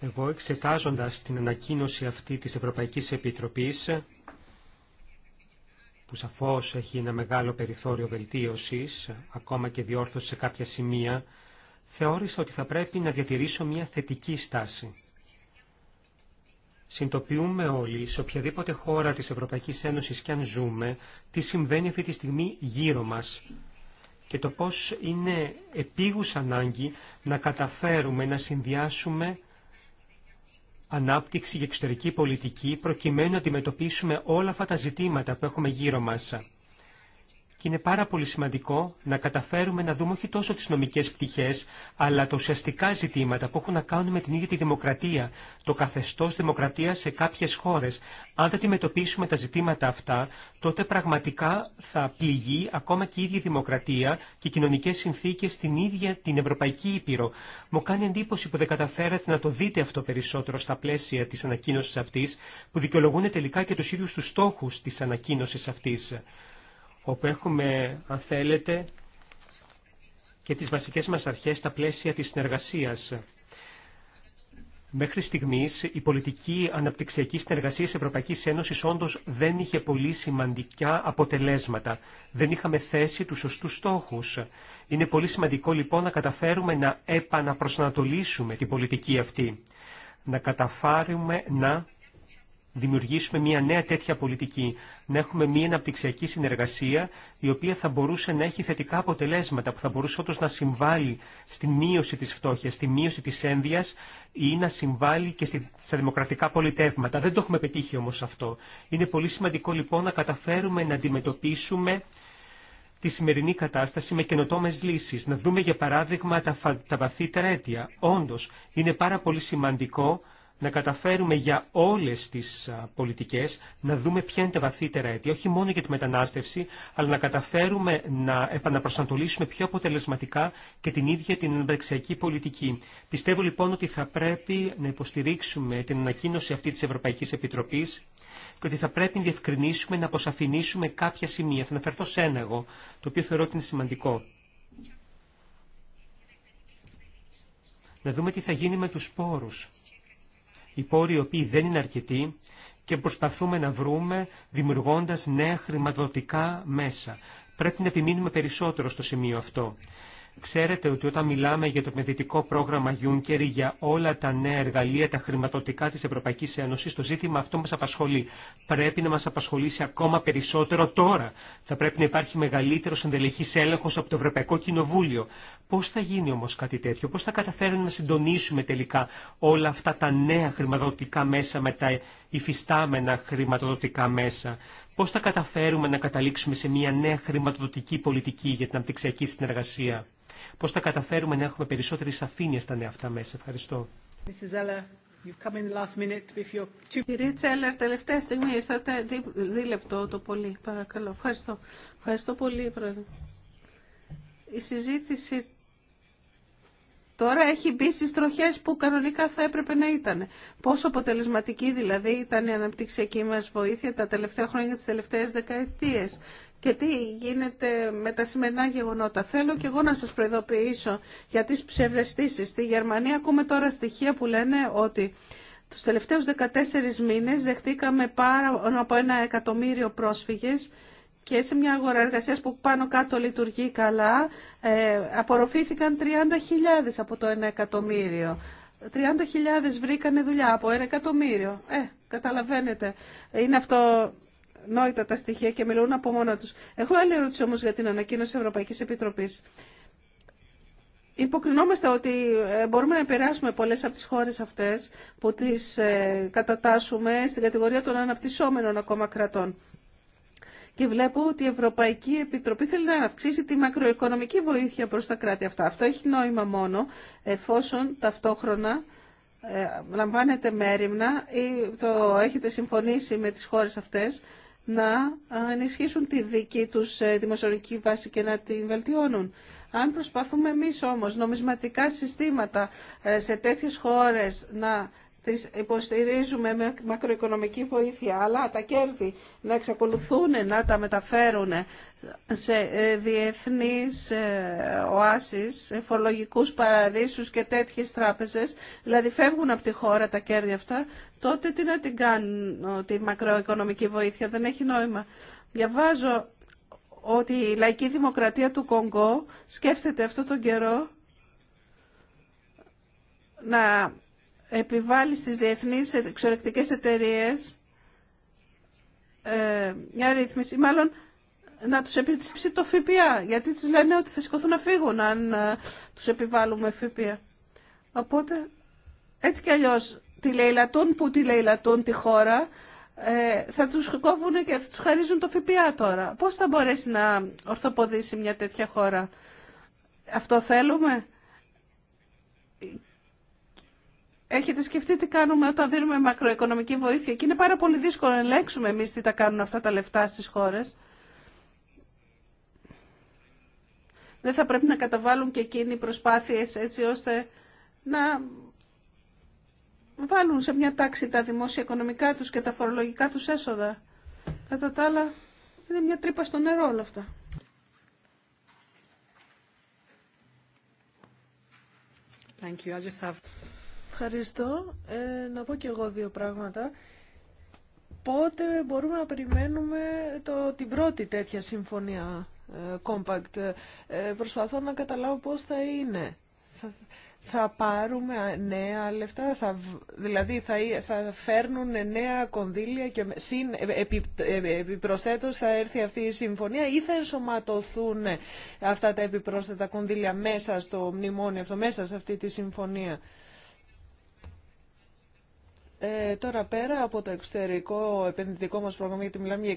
Εγώ εξετάζοντας την ανακοίνωση αυτή της Ευρωπαϊκής Επιτροπής που σαφώς έχει ένα μεγάλο περιθώριο βελτίωσης, ακόμα και διόρθωση σε κάποια σημεία, θεώρησα ότι θα πρέπει να διατηρήσω μια θετική στάση. Συντοποιούμε όλοι, σε οποιαδήποτε χώρα της Ευρωπαϊκής Ένωσης και αν ζούμε, τι συμβαίνει αυτή τη στιγμή γύρω μας και το πώς είναι επίγους ανάγκη να καταφέρουμε να συνδυάσουμε ανάπτυξη και εξωτερική πολιτική προκειμένου να αντιμετωπίσουμε όλα αυτά τα ζητήματα που έχουμε γύρω μας. Και είναι πάρα πολύ σημαντικό να καταφέρουμε να δούμε όχι τόσο τις νομικές πτυχές, αλλά τα ουσιαστικά ζητήματα που έχουν να κάνουν με την ίδια τη δημοκρατία, το καθεστώς δημοκρατίας σε κάποιες χώρες. Αν δεν αντιμετωπίσουμε τα ζητήματα αυτά, τότε πραγματικά θα πληγεί ακόμα και η ίδια η δημοκρατία και οι κοινωνικές συνθήκες στην ίδια την Ευρωπαϊκή Ήπειρο. Μου κάνει εντύπωση που δεν καταφέρατε να το δείτε αυτό περισσότερο στα πλαίσια της ανακοίνωσης αυτής, που δικαιολογούν τελικά και τους ίδιους τους στόχους της ανακοίνωσης αυτής όπου έχουμε, αν θέλετε, και τις βασικές μας αρχές στα πλαίσια της συνεργασίας. Μέχρι στιγμής, η πολιτική αναπτυξιακή συνεργασία της Ευρωπαϊκής Ένωση όντω δεν είχε πολύ σημαντικά αποτελέσματα. Δεν είχαμε θέσει του σωστού στόχους. Είναι πολύ σημαντικό λοιπόν να καταφέρουμε να επαναπροσανατολίσουμε την πολιτική αυτή. Να καταφέρουμε να δημιουργήσουμε μια νέα τέτοια πολιτική, να έχουμε μια αναπτυξιακή συνεργασία η οποία θα μπορούσε να έχει θετικά αποτελέσματα, που θα μπορούσε όντω να συμβάλλει στη μείωση τη φτώχεια, στη μείωση τη ένδυα ή να συμβάλλει και στα δημοκρατικά πολιτεύματα. Δεν το έχουμε πετύχει όμω αυτό. Είναι πολύ σημαντικό λοιπόν να καταφέρουμε να αντιμετωπίσουμε τη σημερινή κατάσταση με καινοτόμε λύσει. Να δούμε για παράδειγμα τα, βαθύτερα αίτια. Όντω, είναι πάρα πολύ σημαντικό να καταφέρουμε για όλες τις πολιτικές να δούμε ποια είναι τα βαθύτερα αίτια, όχι μόνο για τη μετανάστευση, αλλά να καταφέρουμε να επαναπροσανατολίσουμε πιο αποτελεσματικά και την ίδια την εμπρεξιακή πολιτική. Πιστεύω λοιπόν ότι θα πρέπει να υποστηρίξουμε την ανακοίνωση αυτή της Ευρωπαϊκής Επιτροπής και ότι θα πρέπει να διευκρινίσουμε, να αποσαφηνίσουμε κάποια σημεία. Θα αναφερθώ σε ένα εγώ, το οποίο θεωρώ ότι είναι σημαντικό. Να δούμε τι θα γίνει με τους σπόρους οι πόροι οι οποίοι δεν είναι αρκετοί και προσπαθούμε να βρούμε δημιουργώντας νέα χρηματοδοτικά μέσα. Πρέπει να επιμείνουμε περισσότερο στο σημείο αυτό. Ξέρετε ότι όταν μιλάμε για το επενδυτικό πρόγραμμα Juncker για όλα τα νέα εργαλεία, τα χρηματοδοτικά της Ευρωπαϊκής Ένωσης, το ζήτημα αυτό μας απασχολεί. Πρέπει να μας απασχολήσει ακόμα περισσότερο τώρα. Θα πρέπει να υπάρχει μεγαλύτερο ενδελεχής έλεγχος από το Ευρωπαϊκό Κοινοβούλιο. Πώς θα γίνει όμως κάτι τέτοιο, πώς θα καταφέρουμε να συντονίσουμε τελικά όλα αυτά τα νέα χρηματοδοτικά μέσα με τα υφιστάμενα χρηματοδοτικά μέσα. Πώς θα καταφέρουμε να καταλήξουμε σε μια νέα χρηματοδοτική πολιτική για την αναπτυξιακή συνεργασία. Πώ θα καταφέρουμε να έχουμε περισσότερη σαφήνεια στα νέα αυτά μέσα. Ευχαριστώ. Κύριε Τσέλλερ, τελευταία στιγμή ήρθατε δίλεπτο το πολύ. Παρακαλώ. Ευχαριστώ. Ευχαριστώ πολύ, Πρόεδρε. Η συζήτηση τώρα έχει μπει στι τροχέ που κανονικά θα έπρεπε να ήταν. Πόσο αποτελεσματική δηλαδή ήταν η αναπτυξιακή μα βοήθεια τα τελευταία χρόνια, τι τελευταίε δεκαετίε. Και τι γίνεται με τα σημερινά γεγονότα. Θέλω και εγώ να σας προειδοποιήσω για τις ψευδεστήσεις. Στη Γερμανία ακούμε τώρα στοιχεία που λένε ότι τους τελευταίους 14 μήνες δεχτήκαμε πάνω από ένα εκατομμύριο πρόσφυγες και σε μια αγορά εργασία που πάνω κάτω λειτουργεί καλά ε, απορροφήθηκαν 30.000 από το 1 εκατομμύριο. 30.000 βρήκανε δουλειά από 1 εκατομμύριο. Ε, καταλαβαίνετε. Είναι αυτό νόητα τα στοιχεία και μιλούν από μόνα τους. Έχω άλλη ερώτηση όμως για την ανακοίνωση Ευρωπαϊκής Επιτροπής. Υποκρινόμαστε ότι ε, μπορούμε να επηρεάσουμε πολλές από τις χώρες αυτές που τις ε, κατατάσσουμε στην κατηγορία των αναπτυσσόμενων ακόμα κρατών και βλέπω ότι η Ευρωπαϊκή Επιτροπή θέλει να αυξήσει τη μακροοικονομική βοήθεια προς τα κράτη αυτά. Αυτό έχει νόημα μόνο εφόσον ταυτόχρονα ε, λαμβάνετε μέρημνα ή το έχετε συμφωνήσει με τις χώρες αυτές να ενισχύσουν τη δική τους ε, δημοσιονομική βάση και να την βελτιώνουν. Αν προσπαθούμε εμείς όμως νομισματικά συστήματα ε, σε τέτοιες χώρες να τις υποστηρίζουμε με μακροοικονομική βοήθεια, αλλά τα κέρδη να εξακολουθούν να τα μεταφέρουν σε ε, διεθνείς ε, οάσεις, ε, φορολογικούς παραδείσους και τέτοιες τράπεζες, δηλαδή φεύγουν από τη χώρα τα κέρδη αυτά, τότε τι να την κάνουν τη μακροοικονομική βοήθεια, δεν έχει νόημα. Διαβάζω ότι η λαϊκή δημοκρατία του Κονγκό σκέφτεται αυτό τον καιρό να επιβάλλει στις διεθνείς εξορρεκτικές εταιρείες ε, μια ρύθμιση, μάλλον να τους επιτύψει το ΦΠΑ, γιατί τους λένε ότι θα σηκωθούν να φύγουν αν ε, τους επιβάλλουμε ΦΠΑ. Οπότε, έτσι κι αλλιώς, τη λαιλατούν που τη λαιλατούν τη χώρα, ε, θα τους κόβουν και θα τους χαρίζουν το ΦΠΑ τώρα. Πώς θα μπορέσει να ορθοποδήσει μια τέτοια χώρα. Αυτό θέλουμε. Έχετε σκεφτεί τι κάνουμε όταν δίνουμε μακροοικονομική βοήθεια και είναι πάρα πολύ δύσκολο να ελέγξουμε εμείς τι τα κάνουν αυτά τα λεφτά στις χώρες. Δεν θα πρέπει να καταβάλουν και εκείνοι προσπάθειες έτσι ώστε να βάλουν σε μια τάξη τα δημόσια οικονομικά τους και τα φορολογικά τους έσοδα. Κατά τα άλλα είναι μια τρύπα στο νερό όλα αυτά. Thank you. I just have... Ευχαριστώ. Ε, να πω και εγώ δύο πράγματα. Πότε μπορούμε να περιμένουμε το, την πρώτη τέτοια συμφωνία ε, compact. Ε, προσπαθώ να καταλάβω πώς θα είναι. Θα, πάρουμε νέα λεφτά, θα, δηλαδή θα, θα φέρνουν νέα κονδύλια και συν, ε, επιπροσθέτως θα έρθει αυτή η συμφωνία ή θα ενσωματωθούν αυτά τα επιπρόσθετα κονδύλια μέσα στο μνημόνιο, μέσα σε αυτή τη συμφωνία. Ε, τώρα πέρα από το εξωτερικό επενδυτικό μας πρόγραμμα, γιατί μιλάμε για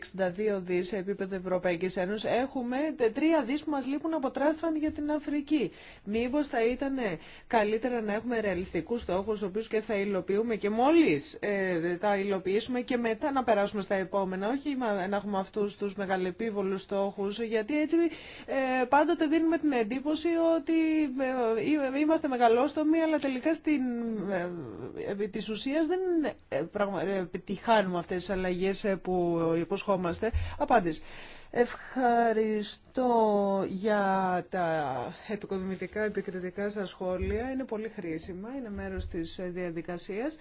62 δις σε επίπεδο Ευρωπαϊκής Ένωσης, έχουμε τρία δις που μας λείπουν από τράσφαν για την Αφρική. Μήπως θα ήταν καλύτερα να έχουμε ρεαλιστικούς στόχους, οποίους και θα υλοποιούμε και μόλις ε, τα υλοποιήσουμε και μετά να περάσουμε στα επόμενα, όχι να έχουμε αυτούς τους μεγαλεπίβολους στόχους, γιατί έτσι ε, πάντοτε δίνουμε την εντύπωση ότι ε, ε, είμαστε μεγαλόστομοι, αλλά τελικά στην, ε, ε δεν ε, επιτυχάνουμε αυτές τις αλλαγές ε, που υποσχόμαστε. Απάντης. Ευχαριστώ για τα επικοδομητικά, επικριτικά σας σχόλια. Είναι πολύ χρήσιμα, είναι μέρος της ε, διαδικασίας.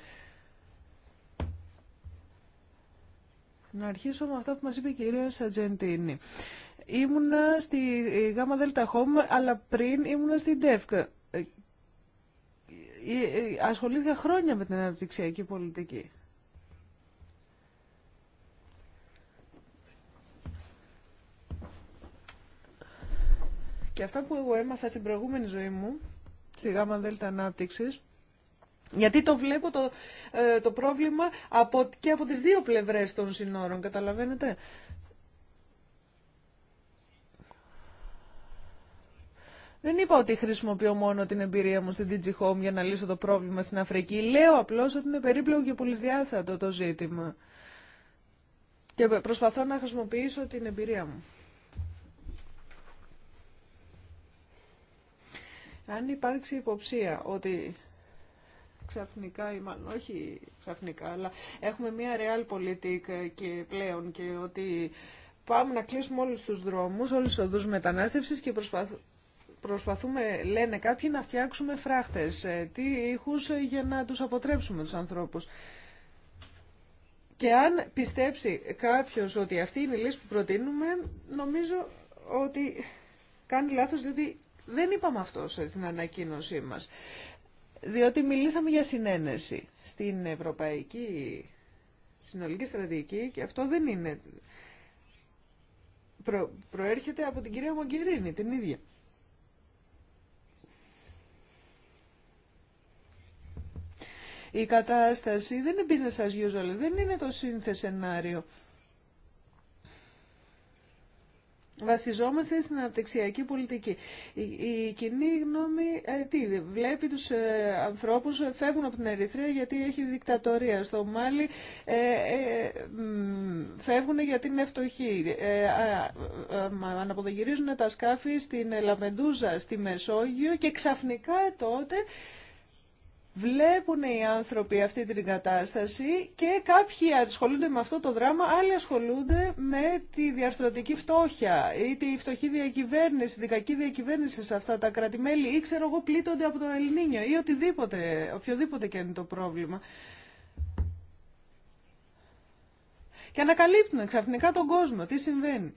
Να αρχίσω με αυτό που μας είπε η κυρία Σατζεντίνη. Ήμουνα στη ΔΕΛΤΑ αλλά πριν ήμουνα στην ΤΕΦΚ. Ε, ε, ασχολήθηκα χρόνια με την αναπτυξιακή πολιτική. Και αυτά που εγώ έμαθα στην προηγούμενη ζωή μου, στη ΓΑΜΑ ΔΕΛΤΑ Ανάπτυξης, γιατί το βλέπω το, ε, το πρόβλημα από, και από τις δύο πλευρές των συνόρων, καταλαβαίνετε. Δεν είπα ότι χρησιμοποιώ μόνο την εμπειρία μου στην DG Home για να λύσω το πρόβλημα στην Αφρική. Λέω απλώς ότι είναι περίπλοκο και πολυδιάστατο το ζήτημα. Και προσπαθώ να χρησιμοποιήσω την εμπειρία μου. Αν υπάρξει υποψία ότι ξαφνικά, ή μάλλον όχι ξαφνικά, αλλά έχουμε μια real politik και πλέον και ότι πάμε να κλείσουμε όλους τους δρόμους, όλους τους οδούς μετανάστευσης και προσπαθούμε προσπαθούμε, λένε κάποιοι, να φτιάξουμε φράχτες, ε, τι ήχους ε, για να τους αποτρέψουμε τους ανθρώπους. Και αν πιστέψει κάποιος ότι αυτή είναι η λύση που προτείνουμε, νομίζω ότι κάνει λάθος, διότι δεν είπαμε αυτό στην ανακοίνωσή μας. Διότι μιλήσαμε για συνένεση στην Ευρωπαϊκή Συνολική Στρατηγική και αυτό δεν είναι... Προ... προέρχεται από την κυρία Μογκερίνη την ίδια. Η κατάσταση δεν είναι business as usual, δεν είναι το σύνθε σενάριο. Βασιζόμαστε στην αναπτυξιακή πολιτική. Η, η κοινή γνώμη ε, τι, βλέπει τους ε, ανθρώπους ε, φεύγουν από την Ερυθρία γιατί έχει δικτατορία. Στο Μάλι ε, ε φεύγουν γιατί είναι φτωχοί. Αναποδογυρίζουν τα σκάφη στην Λαμπεντούζα, στη Μεσόγειο και ξαφνικά τότε Βλέπουν οι άνθρωποι αυτή την κατάσταση και κάποιοι ασχολούνται με αυτό το δράμα, άλλοι ασχολούνται με τη διαρθρωτική φτώχεια ή τη φτωχή διακυβέρνηση, την κακή διακυβέρνηση σε αυτά τα κρατημέλη ή ξέρω εγώ πλήττονται από το Ελληνίνιο ή οτιδήποτε, οποιοδήποτε και είναι το πρόβλημα. Και ανακαλύπτουν ξαφνικά τον κόσμο, τι συμβαίνει.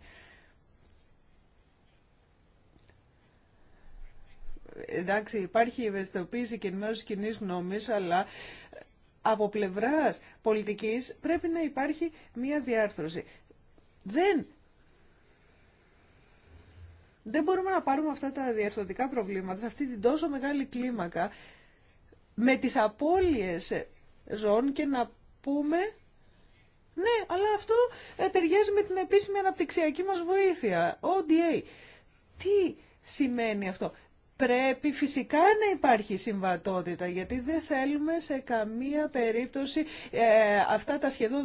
εντάξει υπάρχει η ευαισθητοποίηση και ενημέρωση κοινή γνώμη, αλλά από πλευρά πολιτικής πρέπει να υπάρχει μία διάρθρωση. Δεν δεν μπορούμε να πάρουμε αυτά τα διαρθρωτικά προβλήματα σε αυτή την τόσο μεγάλη κλίμακα με τις απώλειες ζώων και να πούμε ναι, αλλά αυτό ε, ταιριάζει με την επίσημη αναπτυξιακή μας βοήθεια, ODA. Τι σημαίνει αυτό πρέπει φυσικά να υπάρχει συμβατότητα, γιατί δεν θέλουμε σε καμία περίπτωση ε, αυτά τα σχεδόν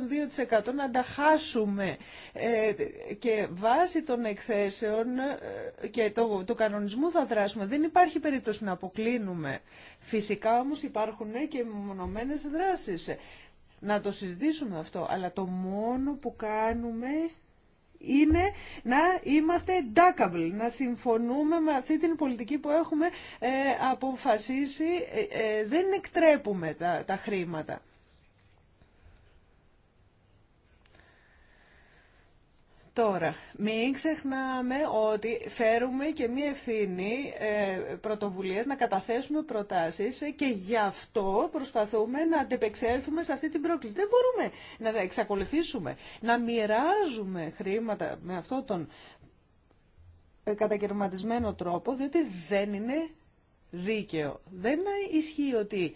2% να τα χάσουμε. Ε, και βάσει των εκθέσεων ε, και του το κανονισμού θα δράσουμε. Δεν υπάρχει περίπτωση να αποκλίνουμε. Φυσικά όμως υπάρχουν ναι, και μονομένες δράσεις. Να το συζητήσουμε αυτό, αλλά το μόνο που κάνουμε είναι να είμαστε duckable, να συμφωνούμε με αυτή την πολιτική που έχουμε ε, αποφασίσει, ε, ε, δεν εκτρέπουμε τα, τα χρήματα. Τώρα, μην ξεχνάμε ότι φέρουμε και μία ευθύνη ε, πρωτοβουλίες να καταθέσουμε προτάσεις και γι' αυτό προσπαθούμε να αντεπεξέλθουμε σε αυτή την πρόκληση. Δεν μπορούμε να εξακολουθήσουμε να μοιράζουμε χρήματα με αυτόν τον ε, κατακαιρματισμένο τρόπο, διότι δεν είναι δίκαιο. Δεν ισχύει ότι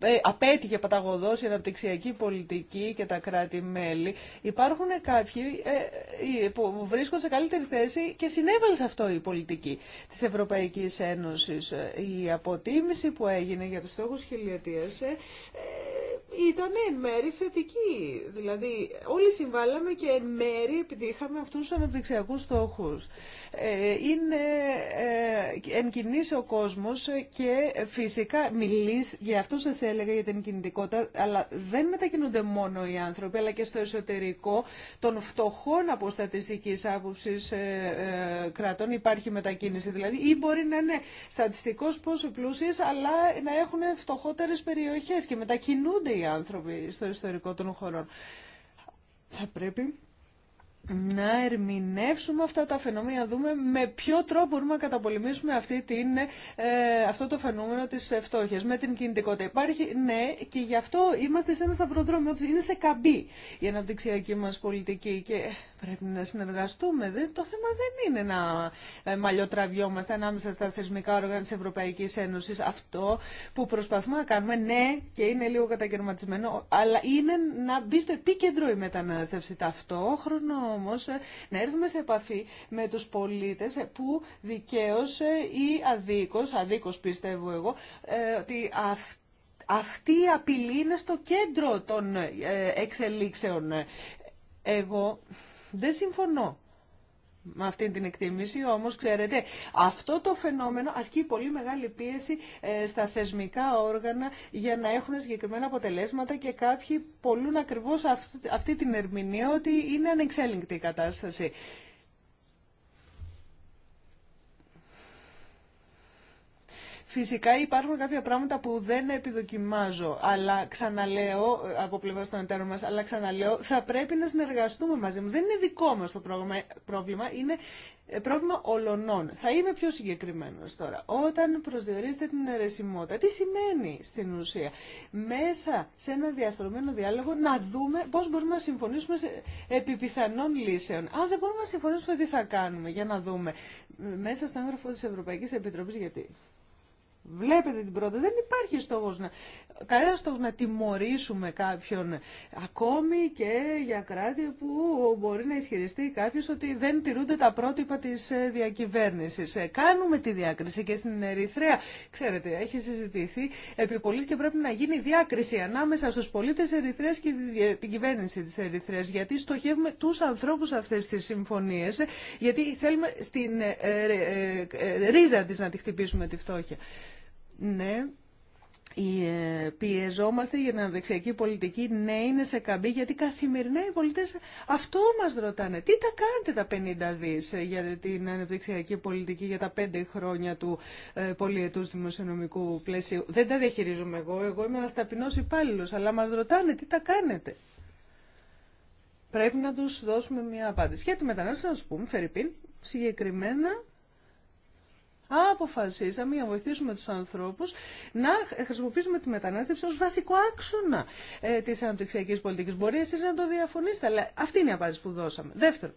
ε, απέτυχε παταγωδός η αναπτυξιακή πολιτική και τα κράτη-μέλη. Υπάρχουν κάποιοι ε, που βρίσκονται σε καλύτερη θέση και συνέβαλε σε αυτό η πολιτική της Ευρωπαϊκής Ένωσης. Η αποτίμηση που έγινε για τους στόχους χιλιετίας ε, ήταν εν μέρη θετική. Δηλαδή όλοι συμβάλαμε και εν μέρη επιτύχαμε αυτούς τους αναπτυξιακούς στόχους. Είναι εν ο κόσμος και φυσικά μιλήσει Γι' αυτό σας έλεγα για την κινητικότητα, αλλά δεν μετακινούνται μόνο οι άνθρωποι, αλλά και στο εσωτερικό των φτωχών από στατιστικής ε, ε, κρατών υπάρχει μετακίνηση. Δηλαδή, ή μπορεί να είναι στατιστικός πόσο πλούσιες, αλλά να έχουν φτωχότερες περιοχές και μετακινούνται οι άνθρωποι στο εσωτερικό των χωρών. Θα πρέπει να ερμηνεύσουμε αυτά τα φαινόμενα, δούμε με ποιο τρόπο μπορούμε να καταπολεμήσουμε αυτή την, ε, αυτό το φαινόμενο της φτώχεια, με την κινητικότητα. Υπάρχει, ναι, και γι' αυτό είμαστε σε ένα σταυροδρόμιο, είναι σε καμπή η αναπτυξιακή μας πολιτική και Πρέπει να συνεργαστούμε. Δεν, το θέμα δεν είναι να ε, μαλλιοτραβιόμαστε ανάμεσα στα θεσμικά όργανα της Ευρωπαϊκής Ένωσης. Αυτό που προσπαθούμε να κάνουμε, ναι, και είναι λίγο κατακαιρματισμένο, αλλά είναι να μπει στο επίκεντρο η μετανάστευση. Ταυτόχρονα όμως ε, να έρθουμε σε επαφή με τους πολίτες ε, που δικαίως ή αδίκως, αδίκως πιστεύω εγώ, ότι αυτό αυτή η απειλή αυτη η απειλη ειναι στο κέντρο των εξελίξεων. Εγώ δεν συμφωνώ με αυτή την εκτίμηση, όμως ξέρετε, αυτό το φαινόμενο ασκεί πολύ μεγάλη πίεση ε, στα θεσμικά όργανα για να έχουν συγκεκριμένα αποτελέσματα και κάποιοι πολλούν ακριβώς αυτή την ερμηνεία ότι είναι ανεξέλιγκτη η κατάσταση. Φυσικά υπάρχουν κάποια πράγματα που δεν επιδοκιμάζω, αλλά ξαναλέω από πλευρά των εταίρων μα, αλλά ξαναλέω θα πρέπει να συνεργαστούμε μαζί μου. Δεν είναι δικό μα το πρόβλημα, είναι ε, πρόβλημα ολονών. Θα είμαι πιο συγκεκριμένο τώρα. Όταν προσδιορίζετε την αιρεσιμότητα, τι σημαίνει στην ουσία μέσα σε ένα διαστρωμένο διάλογο να δούμε πώ μπορούμε να συμφωνήσουμε σε επί πιθανών λύσεων. Αν δεν μπορούμε να συμφωνήσουμε, τι θα κάνουμε για να δούμε. Μέσα στο έγγραφο τη Ευρωπαϊκή Επιτροπή, γιατί Βλέπετε την πρόταση. Δεν υπάρχει στόχος να... Κανένα στόχο να τιμωρήσουμε κάποιον. Ακόμη και για κράτη που μπορεί να ισχυριστεί κάποιο ότι δεν τηρούνται τα πρότυπα τη ε, διακυβέρνηση. Ε, κάνουμε τη διάκριση και στην Ερυθρέα. Ξέρετε, έχει συζητηθεί επί πολλή και πρέπει να γίνει διάκριση ανάμεσα στου πολίτε ερυθρέα και την κυβέρνηση τη Ερυθρέα. Γιατί στοχεύουμε του ανθρώπου αυτέ τι συμφωνίε, ε, Γιατί θέλουμε στην ρίζα τη να τη χτυπήσουμε τη φτώχεια ναι, ε, πιεζόμαστε για την αναδεξιακή πολιτική, ναι είναι σε καμπή, γιατί καθημερινά οι πολιτέ αυτό μας ρωτάνε. Τι τα κάνετε τα 50 δις ε, για την αναδεξιακή πολιτική για τα 5 χρόνια του ε, πολιετούς δημοσιονομικού πλαίσιου. Δεν τα διαχειρίζομαι εγώ, εγώ είμαι ένας ταπεινός υπάλληλο, αλλά μας ρωτάνε τι τα κάνετε. Πρέπει να τους δώσουμε μια απάντηση. Για τη μετανάστευση να σου πούμε, Φερρυπίν, συγκεκριμένα αποφασίσαμε για να βοηθήσουμε τους ανθρώπους να χρησιμοποιήσουμε τη μετανάστευση ως βασικό άξονα ε, της αναπτυξιακής πολιτικής. Μπορεί εσείς να το διαφωνήσετε, αλλά αυτή είναι η απάντηση που δώσαμε. Δεύτερον,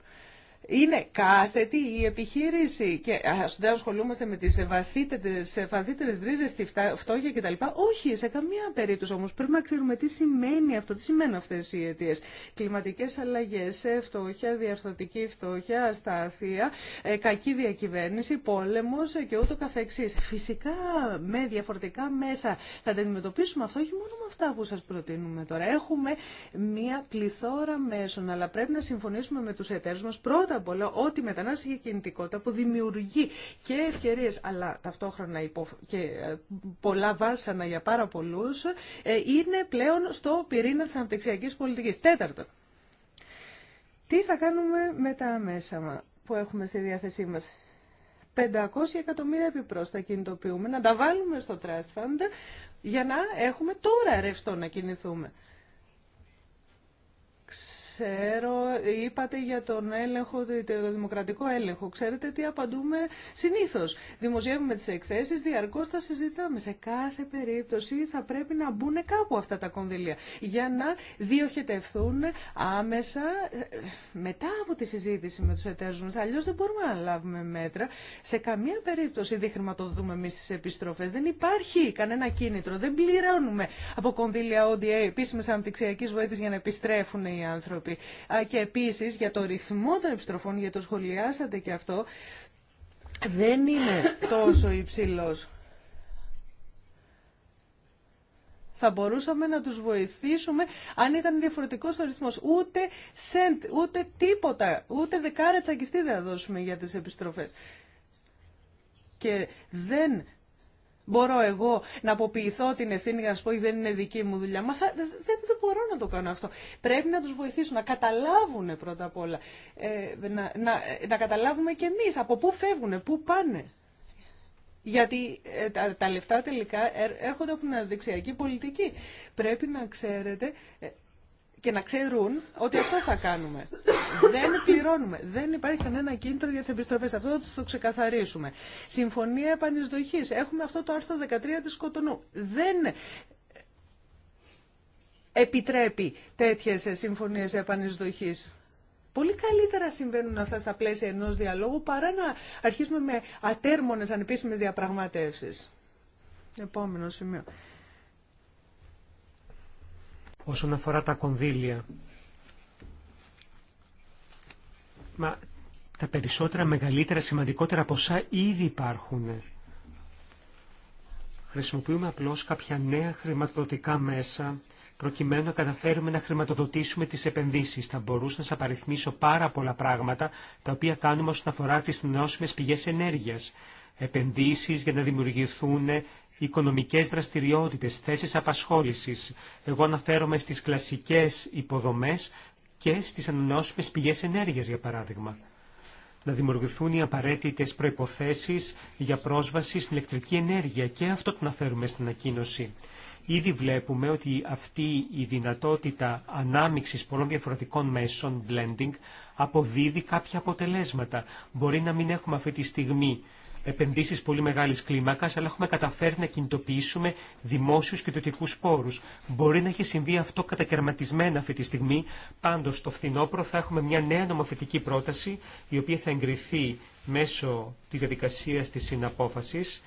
είναι κάθετη η επιχείρηση και ας δεν ασχολούμαστε με τις βαθύτερες, ρίζες, τη φτώχεια κτλ. Όχι, σε καμία περίπτωση όμως πρέπει να ξέρουμε τι σημαίνει αυτό, τι σημαίνουν αυτές οι αιτίες. Κλιματικές αλλαγές, ε, φτώχεια, διαρθωτική φτώχεια, αστάθεια, ε, κακή διακυβέρνηση, πόλεμος ε, και ούτω καθεξής. Φυσικά με διαφορετικά μέσα θα τα αντιμετωπίσουμε αυτό, όχι μόνο με αυτά που σας προτείνουμε τώρα. Έχουμε μία πληθώρα μέσων, αλλά πρέπει να συμφωνήσουμε με τους εταίρους μας πρώτα πρώτα ότι η μετανάστευση και κινητικότητα που δημιουργεί και ευκαιρίε αλλά ταυτόχρονα και ε, πολλά βάσανα για πάρα πολλού ε, είναι πλέον στο πυρήνα τη αναπτυξιακή πολιτική. Τέταρτο. τι θα κάνουμε με τα μέσα που έχουμε στη διάθεσή μα. 500 εκατομμύρια επιπρόσθετα κινητοποιούμε, να τα βάλουμε στο Trust Fund για να έχουμε τώρα ρευστό να κινηθούμε ξέρω, είπατε για τον έλεγχο, το δημοκρατικό έλεγχο. Ξέρετε τι απαντούμε συνήθως. Δημοσιεύουμε τις εκθέσεις, διαρκώς τα συζητάμε. Σε κάθε περίπτωση θα πρέπει να μπουν κάπου αυτά τα κονδυλία για να διοχετευθούν άμεσα μετά από τη συζήτηση με του εταίρους μας. Αλλιώς δεν μπορούμε να λάβουμε μέτρα. Σε καμία περίπτωση δεν χρηματοδοτούμε εμείς τις επιστροφές. Δεν υπάρχει κανένα κίνητρο. Δεν πληρώνουμε από κονδύλια ODA επίσημες αναπτυξιακή βοήθεια για να επιστρέφουν οι άνθρωποι. Και επίσης για το ρυθμό των επιστροφών, για το σχολιάσατε και αυτό, δεν είναι τόσο υψηλό. θα μπορούσαμε να τους βοηθήσουμε αν ήταν διαφορετικός ο ρυθμός. Ούτε σεντ, ούτε τίποτα, ούτε δεκάρα τσακιστή δεν θα δώσουμε για τις επιστροφές. Και δεν Μπορώ εγώ να αποποιηθώ την ευθύνη για να σου πω ότι δεν είναι δική μου δουλειά. Μα θα, δεν, μπορώ να το κάνω αυτό. Πρέπει να τους βοηθήσουν, να καταλάβουν πρώτα απ' όλα. Ε, να, να, να καταλάβουμε κι εμείς από πού φεύγουν, πού πάνε. Γιατί ε, τα, τα λεφτά τελικά ε, έρχονται από την δεξιακή πολιτική. Πρέπει να ξέρετε, ε, και να ξέρουν ότι αυτό θα κάνουμε. δεν πληρώνουμε. Δεν υπάρχει κανένα κίνητρο για τι επιστροφέ. Αυτό θα το ξεκαθαρίσουμε. Συμφωνία επανεισδοχή. Έχουμε αυτό το άρθρο 13 τη Κοτονού. Δεν επιτρέπει τέτοιε συμφωνίε επανεισδοχή. Πολύ καλύτερα συμβαίνουν αυτά στα πλαίσια ενός διαλόγου παρά να αρχίσουμε με ατέρμονε ανεπίσημες διαπραγματεύσει. Επόμενο σημείο όσον αφορά τα κονδύλια. Μα τα περισσότερα, μεγαλύτερα, σημαντικότερα ποσά ήδη υπάρχουν. Χρησιμοποιούμε απλώς κάποια νέα χρηματοδοτικά μέσα προκειμένου να καταφέρουμε να χρηματοδοτήσουμε τις επενδύσεις. Θα μπορούσα να σας απαριθμίσω πάρα πολλά πράγματα τα οποία κάνουμε όσον αφορά τις νεώσιμες πηγές ενέργειας. Επενδύσεις για να δημιουργηθούν οικονομικές δραστηριότητες, θέσεις απασχόλησης. Εγώ αναφέρομαι στις κλασικές υποδομές και στις ανανεώσιμες πηγές ενέργειας, για παράδειγμα. Να δημιουργηθούν οι απαραίτητες προϋποθέσεις για πρόσβαση στην ηλεκτρική ενέργεια και αυτό το αναφέρουμε στην ανακοίνωση. Ήδη βλέπουμε ότι αυτή η δυνατότητα ανάμιξης πολλών διαφορετικών μέσων, blending, αποδίδει κάποια αποτελέσματα. Μπορεί να μην έχουμε αυτή τη στιγμή επενδύσεις πολύ μεγάλης κλίμακας, αλλά έχουμε καταφέρει να κινητοποιήσουμε δημόσιους και ιδιωτικού πόρους. Μπορεί να έχει συμβεί αυτό κατακαιρματισμένα αυτή τη στιγμή, πάντως το φθινόπωρο θα έχουμε μια νέα νομοθετική πρόταση, η οποία θα εγκριθεί μέσω της διαδικασία της συναπόφασης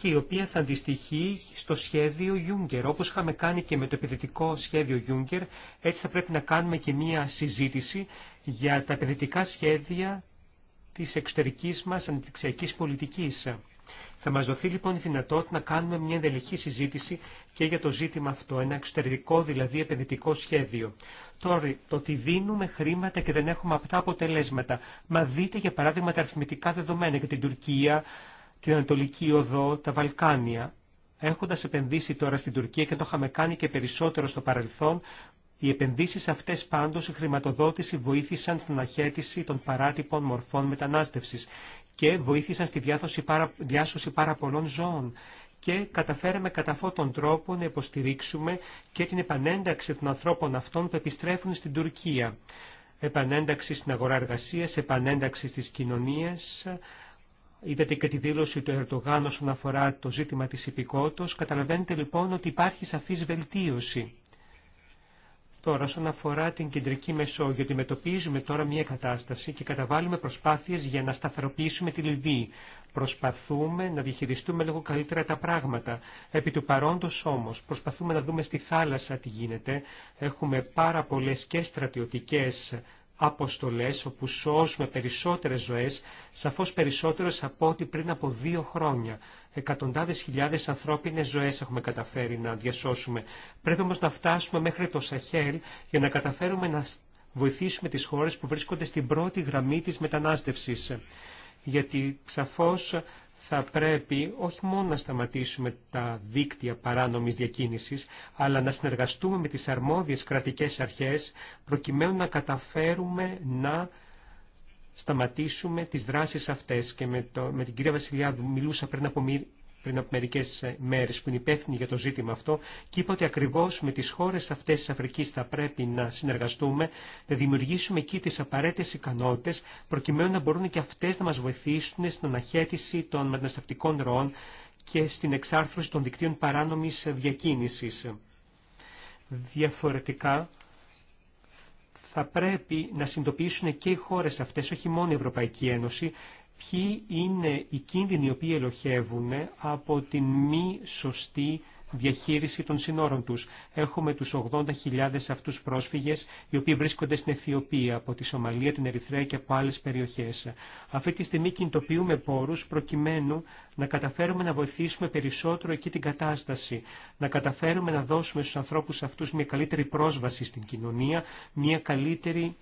και η οποία θα αντιστοιχεί στο σχέδιο Juncker. Όπως είχαμε κάνει και με το επιδετικό σχέδιο Juncker, έτσι θα πρέπει να κάνουμε και μία συζήτηση για τα επιδετικά σχέδια της εξωτερικής μας ανεπτυξιακής πολιτικής. Θα μας δοθεί λοιπόν η δυνατότητα να κάνουμε μια ενδελεχή συζήτηση και για το ζήτημα αυτό, ένα εξωτερικό δηλαδή επενδυτικό σχέδιο. Τώρα, το ότι δίνουμε χρήματα και δεν έχουμε απτά αποτελέσματα. Μα δείτε για παράδειγμα τα αριθμητικά δεδομένα για την Τουρκία, την Ανατολική Οδό, τα Βαλκάνια. Έχοντας επενδύσει τώρα στην Τουρκία και το είχαμε κάνει και περισσότερο στο παρελθόν, οι επενδύσεις αυτές πάντως η χρηματοδότηση βοήθησαν στην αχέτηση των παράτυπων μορφών μετανάστευσης και βοήθησαν στη πάρα, διάσωση πάρα πολλών ζώων και καταφέραμε κατά αυτόν τον τρόπο να υποστηρίξουμε και την επανένταξη των ανθρώπων αυτών που επιστρέφουν στην Τουρκία. Επανένταξη στην αγορά εργασίας, επανένταξη στις κοινωνίες, Είδατε και τη δήλωση του Ερτογάν όσον αφορά το ζήτημα της υπηκότητας. Καταλαβαίνετε λοιπόν ότι υπάρχει σαφής βελτίωση. Τώρα, όσον αφορά την κεντρική Μεσόγειο, αντιμετωπίζουμε τώρα μια κατάσταση και καταβάλουμε προσπάθειες για να σταθεροποιήσουμε τη Λιβύη. Προσπαθούμε να διαχειριστούμε λίγο καλύτερα τα πράγματα. Επί του παρόντος όμω, προσπαθούμε να δούμε στη θάλασσα τι γίνεται. Έχουμε πάρα πολλέ και στρατιωτικές αποστολές όπου σώσουμε περισσότερες ζωές, σαφώς περισσότερες από ό,τι πριν από δύο χρόνια. Εκατοντάδες χιλιάδες ανθρώπινες ζωές έχουμε καταφέρει να διασώσουμε. Πρέπει όμως να φτάσουμε μέχρι το Σαχέλ για να καταφέρουμε να βοηθήσουμε τις χώρες που βρίσκονται στην πρώτη γραμμή της μετανάστευσης. Γιατί σαφώς θα πρέπει όχι μόνο να σταματήσουμε τα δίκτυα παράνομης διακίνησης, αλλά να συνεργαστούμε με τις αρμόδιες κρατικές αρχές, προκειμένου να καταφέρουμε να σταματήσουμε τις δράσεις αυτές. Και με, το, με την κυρία Βασιλιάδου μιλούσα πριν από πριν από μερικέ ε, μέρε, που είναι υπεύθυνοι για το ζήτημα αυτό, και είπε ότι ακριβώ με τι χώρε αυτέ τη Αφρική θα πρέπει να συνεργαστούμε, να δημιουργήσουμε εκεί τι απαραίτητε ικανότητε, προκειμένου να μπορούν και αυτέ να μα βοηθήσουν στην αναχέτηση των μεταναστευτικών ροών και στην εξάρθρωση των δικτύων παράνομη διακίνηση. Διαφορετικά, θα πρέπει να συνειδητοποιήσουν και οι χώρε αυτέ, όχι μόνο η Ευρωπαϊκή Ένωση, ποιοι είναι οι κίνδυνοι οι οποίοι ελοχεύουν από την μη σωστή διαχείριση των συνόρων τους. Έχουμε τους 80.000 αυτούς πρόσφυγες οι οποίοι βρίσκονται στην Αιθιοπία, από τη Σομαλία, την Ερυθρέα και από άλλες περιοχές. Αυτή τη στιγμή κινητοποιούμε πόρους προκειμένου να καταφέρουμε να βοηθήσουμε περισσότερο εκεί την κατάσταση, να καταφέρουμε να δώσουμε στους ανθρώπους αυτούς μια καλύτερη πρόσβαση στην κοινωνία, μια καλύτερη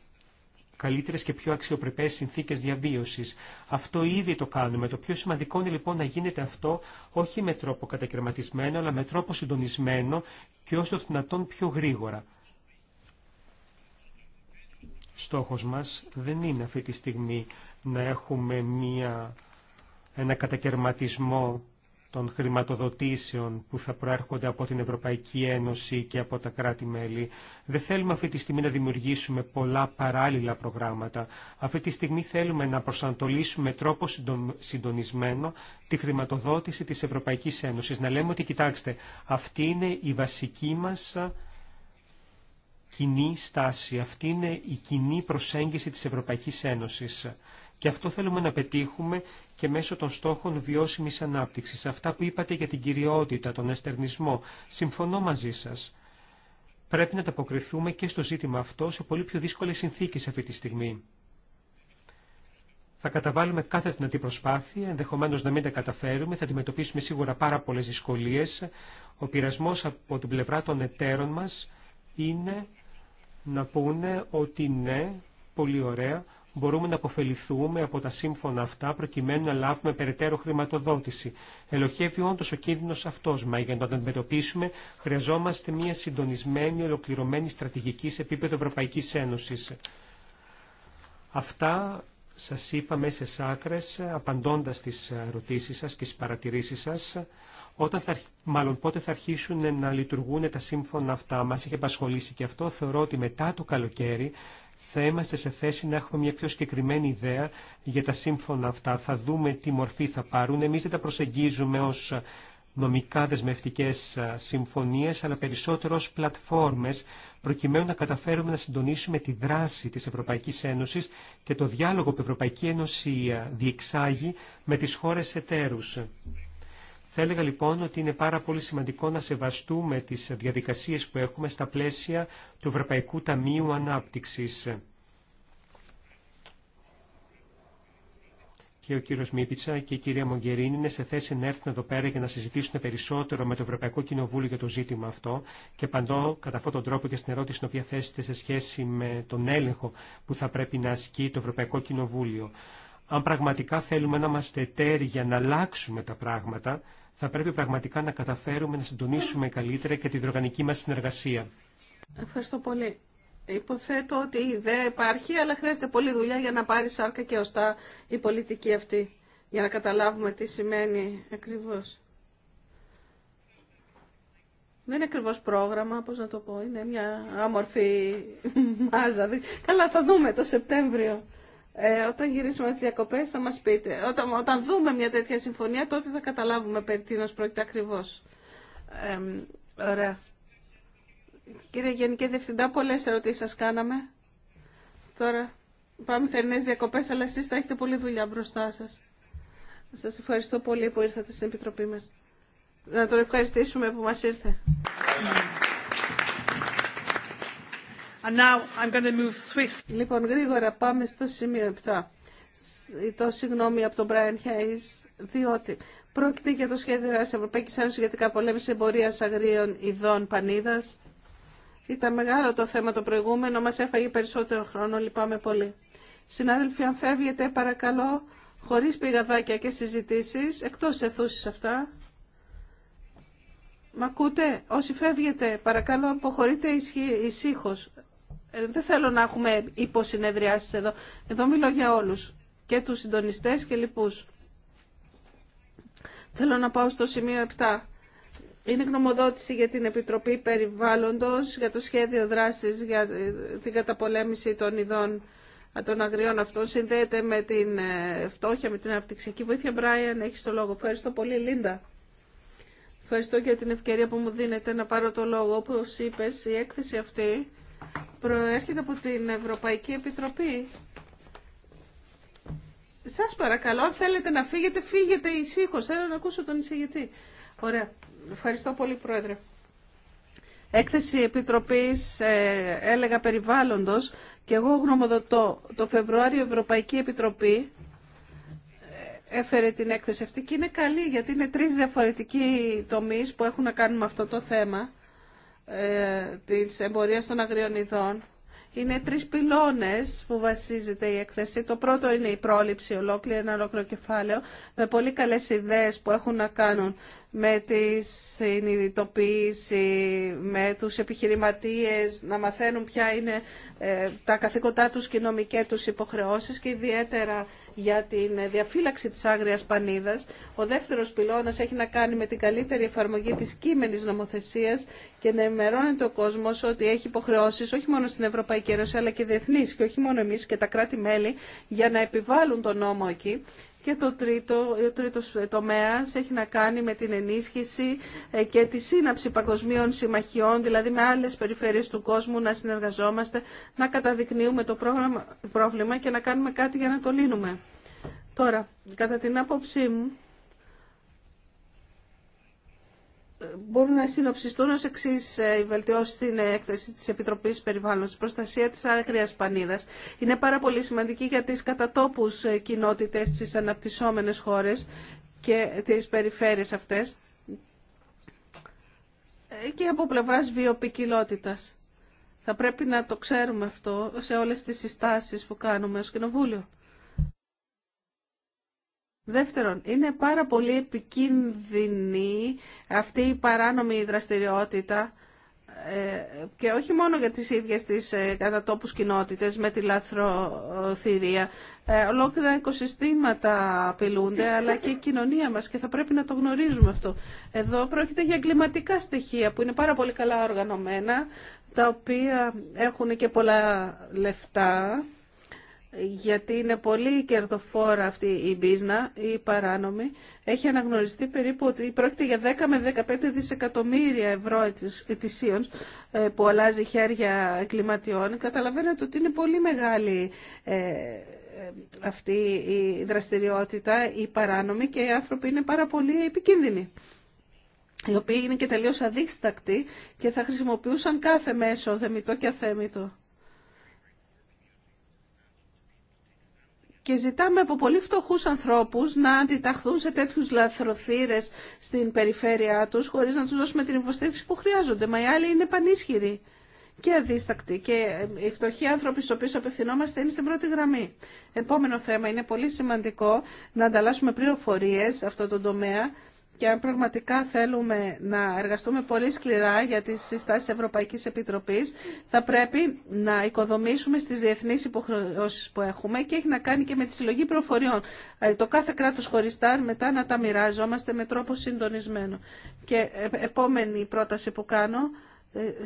καλύτερε και πιο αξιοπρεπέ συνθήκε διαβίωση. Αυτό ήδη το κάνουμε. Το πιο σημαντικό είναι λοιπόν να γίνεται αυτό όχι με τρόπο κατακαιρματισμένο, αλλά με τρόπο συντονισμένο και όσο το δυνατόν πιο γρήγορα. Στόχος μας δεν είναι αυτή τη στιγμή να έχουμε μία, ένα κατακαιρματισμό των χρηματοδοτήσεων που θα προέρχονται από την Ευρωπαϊκή Ένωση και από τα κράτη-μέλη. Δεν θέλουμε αυτή τη στιγμή να δημιουργήσουμε πολλά παράλληλα προγράμματα. Αυτή τη στιγμή θέλουμε να προσανατολίσουμε τρόπο συντονισμένο τη χρηματοδότηση της Ευρωπαϊκής Ένωσης. Να λέμε ότι, κοιτάξτε, αυτή είναι η βασική μας κοινή στάση, αυτή είναι η κοινή προσέγγιση της Ευρωπαϊκής Ένωσης. Και αυτό θέλουμε να πετύχουμε και μέσω των στόχων βιώσιμης ανάπτυξης. Αυτά που είπατε για την κυριότητα, τον εστερνισμό. Συμφωνώ μαζί σας. Πρέπει να ταποκριθούμε και στο ζήτημα αυτό σε πολύ πιο δύσκολες συνθήκες αυτή τη στιγμή. Θα καταβάλουμε κάθε δυνατή προσπάθεια, ενδεχομένω να μην τα καταφέρουμε, θα αντιμετωπίσουμε σίγουρα πάρα πολλέ δυσκολίε. Ο πειρασμό από την πλευρά των εταίρων μα είναι να πούνε ότι ναι, πολύ ωραία, μπορούμε να αποφεληθούμε από τα σύμφωνα αυτά προκειμένου να λάβουμε περαιτέρω χρηματοδότηση. Ελοχεύει όντω ο κίνδυνο αυτό, μα για να τον αντιμετωπίσουμε χρειαζόμαστε μια συντονισμένη, ολοκληρωμένη στρατηγική σε επίπεδο Ευρωπαϊκή Ένωση. Αυτά σα είπα μέσα σε άκρε απαντώντα στις ερωτήσει σα και στις παρατηρήσει σα, όταν θα, μάλλον πότε θα αρχίσουν να λειτουργούν τα σύμφωνα αυτά. Μας είχε απασχολήσει και αυτό. Θεωρώ ότι μετά το καλοκαίρι θα είμαστε σε θέση να έχουμε μια πιο συγκεκριμένη ιδέα για τα σύμφωνα αυτά. Θα δούμε τι μορφή θα πάρουν. Εμείς δεν τα προσεγγίζουμε ως νομικά δεσμευτικές συμφωνίες, αλλά περισσότερο ως πλατφόρμες, προκειμένου να καταφέρουμε να συντονίσουμε τη δράση της Ευρωπαϊκής Ένωσης και το διάλογο που η Ευρωπαϊκή Ένωση διεξάγει με τις χώρες εταίρους. Θα έλεγα λοιπόν ότι είναι πάρα πολύ σημαντικό να σεβαστούμε τις διαδικασίες που έχουμε στα πλαίσια του Ευρωπαϊκού Ταμείου Ανάπτυξης. και ο κύριος Μίπιτσα και η κυρία Μογκερίνη είναι σε θέση να έρθουν εδώ πέρα για να συζητήσουν περισσότερο με το Ευρωπαϊκό Κοινοβούλιο για το ζήτημα αυτό και παντώ κατά αυτόν τον τρόπο και στην ερώτηση την οποία θέσετε σε σχέση με τον έλεγχο που θα πρέπει να ασκεί το Ευρωπαϊκό Κοινοβούλιο. Αν πραγματικά θέλουμε να είμαστε εταίροι για να αλλάξουμε τα πράγματα, θα πρέπει πραγματικά να καταφέρουμε να συντονίσουμε καλύτερα και τη διοργανική μας συνεργασία. Ευχαριστώ πολύ. Υποθέτω ότι η ιδέα υπάρχει, αλλά χρειάζεται πολλή δουλειά για να πάρει σάρκα και ωστά η πολιτική αυτή, για να καταλάβουμε τι σημαίνει ακριβώς. Δεν είναι ακριβώς πρόγραμμα, πώς να το πω, είναι μια άμορφη μάζα. Καλά, θα δούμε το Σεπτέμβριο. Ε, όταν γυρίσουμε τι διακοπέ, θα μα πείτε. Όταν, όταν δούμε μια τέτοια συμφωνία τότε θα καταλάβουμε περί τίνο πρόκειται ακριβώ. ωραία. Κύριε Γενική Διευθυντά, πολλέ ερωτήσει σα κάναμε. Τώρα πάμε θερινέ διακοπέ, αλλά εσεί θα έχετε πολλή δουλειά μπροστά σα. Σα ευχαριστώ πολύ που ήρθατε στην Επιτροπή μα. Να τον ευχαριστήσουμε που μα ήρθε. Λοιπόν, γρήγορα πάμε στο σημείο 7. Το συγγνώμη από τον Brian Hayes, διότι πρόκειται για το σχέδιο της Ευρωπαϊκής Ένωσης για την καπολέμηση εμπορίας αγρίων ειδών πανίδας. Ήταν μεγάλο το θέμα το προηγούμενο, μας έφαγε περισσότερο χρόνο, λυπάμαι πολύ. Συνάδελφοι, αν φεύγετε, παρακαλώ, χωρίς πηγαδάκια και συζητήσεις, εκτός εθούσης αυτά. Μ' ακούτε, όσοι φεύγετε, παρακαλώ αποχωρείτε ησύχως. Ε, δεν θέλω να έχουμε υποσυνεδριάσεις εδώ. Εδώ μιλώ για όλους, και τους συντονιστές και λοιπούς. Θέλω να πάω στο σημείο 7. Είναι γνωμοδότηση για την Επιτροπή Περιβάλλοντος, για το σχέδιο δράσης για ε, την καταπολέμηση των ειδών των αγριών αυτών. Συνδέεται με την ε, φτώχεια, με την αναπτυξιακή βοήθεια. Μπράιαν, έχει το λόγο. Ευχαριστώ πολύ, Λίντα. Ευχαριστώ για την ευκαιρία που μου δίνετε να πάρω το λόγο. Όπως είπες, η έκθεση αυτή προέρχεται από την Ευρωπαϊκή Επιτροπή. Σας παρακαλώ, αν θέλετε να φύγετε, φύγετε ησύχω. Θέλω να ακούσω τον εισηγητή. Ωραία. Ευχαριστώ πολύ, Πρόεδρε. Έκθεση Επιτροπής, ε, έλεγα, περιβάλλοντος και εγώ γνωμοδοτώ. Το Φεβρουάριο Ευρωπαϊκή Επιτροπή ε, έφερε την έκθεση αυτή και είναι καλή γιατί είναι τρεις διαφορετικοί τομείς που έχουν να κάνουν με αυτό το θέμα ε, της εμπορίας των αγριών ειδών. Είναι τρεις πυλώνες που βασίζεται η έκθεση. Το πρώτο είναι η πρόληψη ολόκληρη, ένα ολόκληρο κεφάλαιο, με πολύ καλές ιδέες που έχουν να κάνουν με τη συνειδητοποίηση, με τους επιχειρηματίες, να μαθαίνουν ποια είναι ε, τα καθήκοντά τους και οι νομικές τους υποχρεώσεις και ιδιαίτερα για την διαφύλαξη της άγριας πανίδας. Ο δεύτερος πυλώνας έχει να κάνει με την καλύτερη εφαρμογή της κείμενης νομοθεσίας και να ενημερώνεται ο κόσμο ότι έχει υποχρεώσεις όχι μόνο στην Ευρωπαϊκή Ένωση αλλά και διεθνείς και όχι μόνο εμείς και τα κράτη-μέλη για να επιβάλλουν τον νόμο εκεί. Και το τρίτο, ο τρίτος έχει να κάνει με την ενίσχυση ε, και τη σύναψη παγκοσμίων συμμαχιών, δηλαδή με άλλες περιφέρειες του κόσμου να συνεργαζόμαστε, να καταδεικνύουμε το πρόβλημα και να κάνουμε κάτι για να το λύνουμε. Τώρα, κατά την άποψή μου, μπορούν να συνοψιστούν ως εξή ε, οι βελτιώσει στην έκθεση της Επιτροπής Περιβάλλοντος. Η προστασία της άγριας πανίδας είναι πάρα πολύ σημαντική για τις κατατόπους ε, κοινότητες στις αναπτυσσόμενες χώρες και τις περιφέρειες αυτές ε, και από πλευράς βιοπικιλότητας. Θα πρέπει να το ξέρουμε αυτό σε όλες τις συστάσεις που κάνουμε ως Κοινοβούλιο. Δεύτερον, είναι πάρα πολύ επικίνδυνη αυτή η παράνομη δραστηριότητα ε, και όχι μόνο για τις ίδιες τις ε, κατατόπους κοινότητες με τη λαθροθυρία. Ε, ολόκληρα οικοσυστήματα απειλούνται, αλλά και η κοινωνία μας και θα πρέπει να το γνωρίζουμε αυτό. Εδώ πρόκειται για εγκληματικά στοιχεία που είναι πάρα πολύ καλά οργανωμένα, τα οποία έχουν και πολλά λεφτά γιατί είναι πολύ κερδοφόρα αυτή η μπίζνα, η παράνομη, έχει αναγνωριστεί περίπου ότι πρόκειται για 10 με 15 δισεκατομμύρια ευρώ ετησίων ε, που αλλάζει χέρια κλιματιών. Καταλαβαίνετε ότι είναι πολύ μεγάλη ε, ε, αυτή η δραστηριότητα, η παράνομη και οι άνθρωποι είναι πάρα πολύ επικίνδυνοι οι οποίοι είναι και τελείως αδίστακτοι και θα χρησιμοποιούσαν κάθε μέσο, θεμητό και αθέμητο. και ζητάμε από πολύ φτωχούς ανθρώπους να αντιταχθούν σε τέτοιους λαθροθύρες στην περιφέρειά τους χωρίς να τους δώσουμε την υποστήριξη που χρειάζονται. Μα οι άλλοι είναι πανίσχυροι και αδίστακτοι και ε, οι φτωχοί άνθρωποι στους οποίους απευθυνόμαστε είναι στην πρώτη γραμμή. Επόμενο θέμα είναι πολύ σημαντικό να ανταλλάσσουμε πληροφορίες σε αυτό το τομέα και αν πραγματικά θέλουμε να εργαστούμε πολύ σκληρά για τις συστάσεις Ευρωπαϊκής Επιτροπής, θα πρέπει να οικοδομήσουμε στις διεθνείς υποχρεώσεις που έχουμε και έχει να κάνει και με τη συλλογή προφοριών. Ε, το κάθε κράτος χωριστά μετά να τα μοιράζομαστε με τρόπο συντονισμένο. Και ε, επόμενη πρόταση που κάνω ε,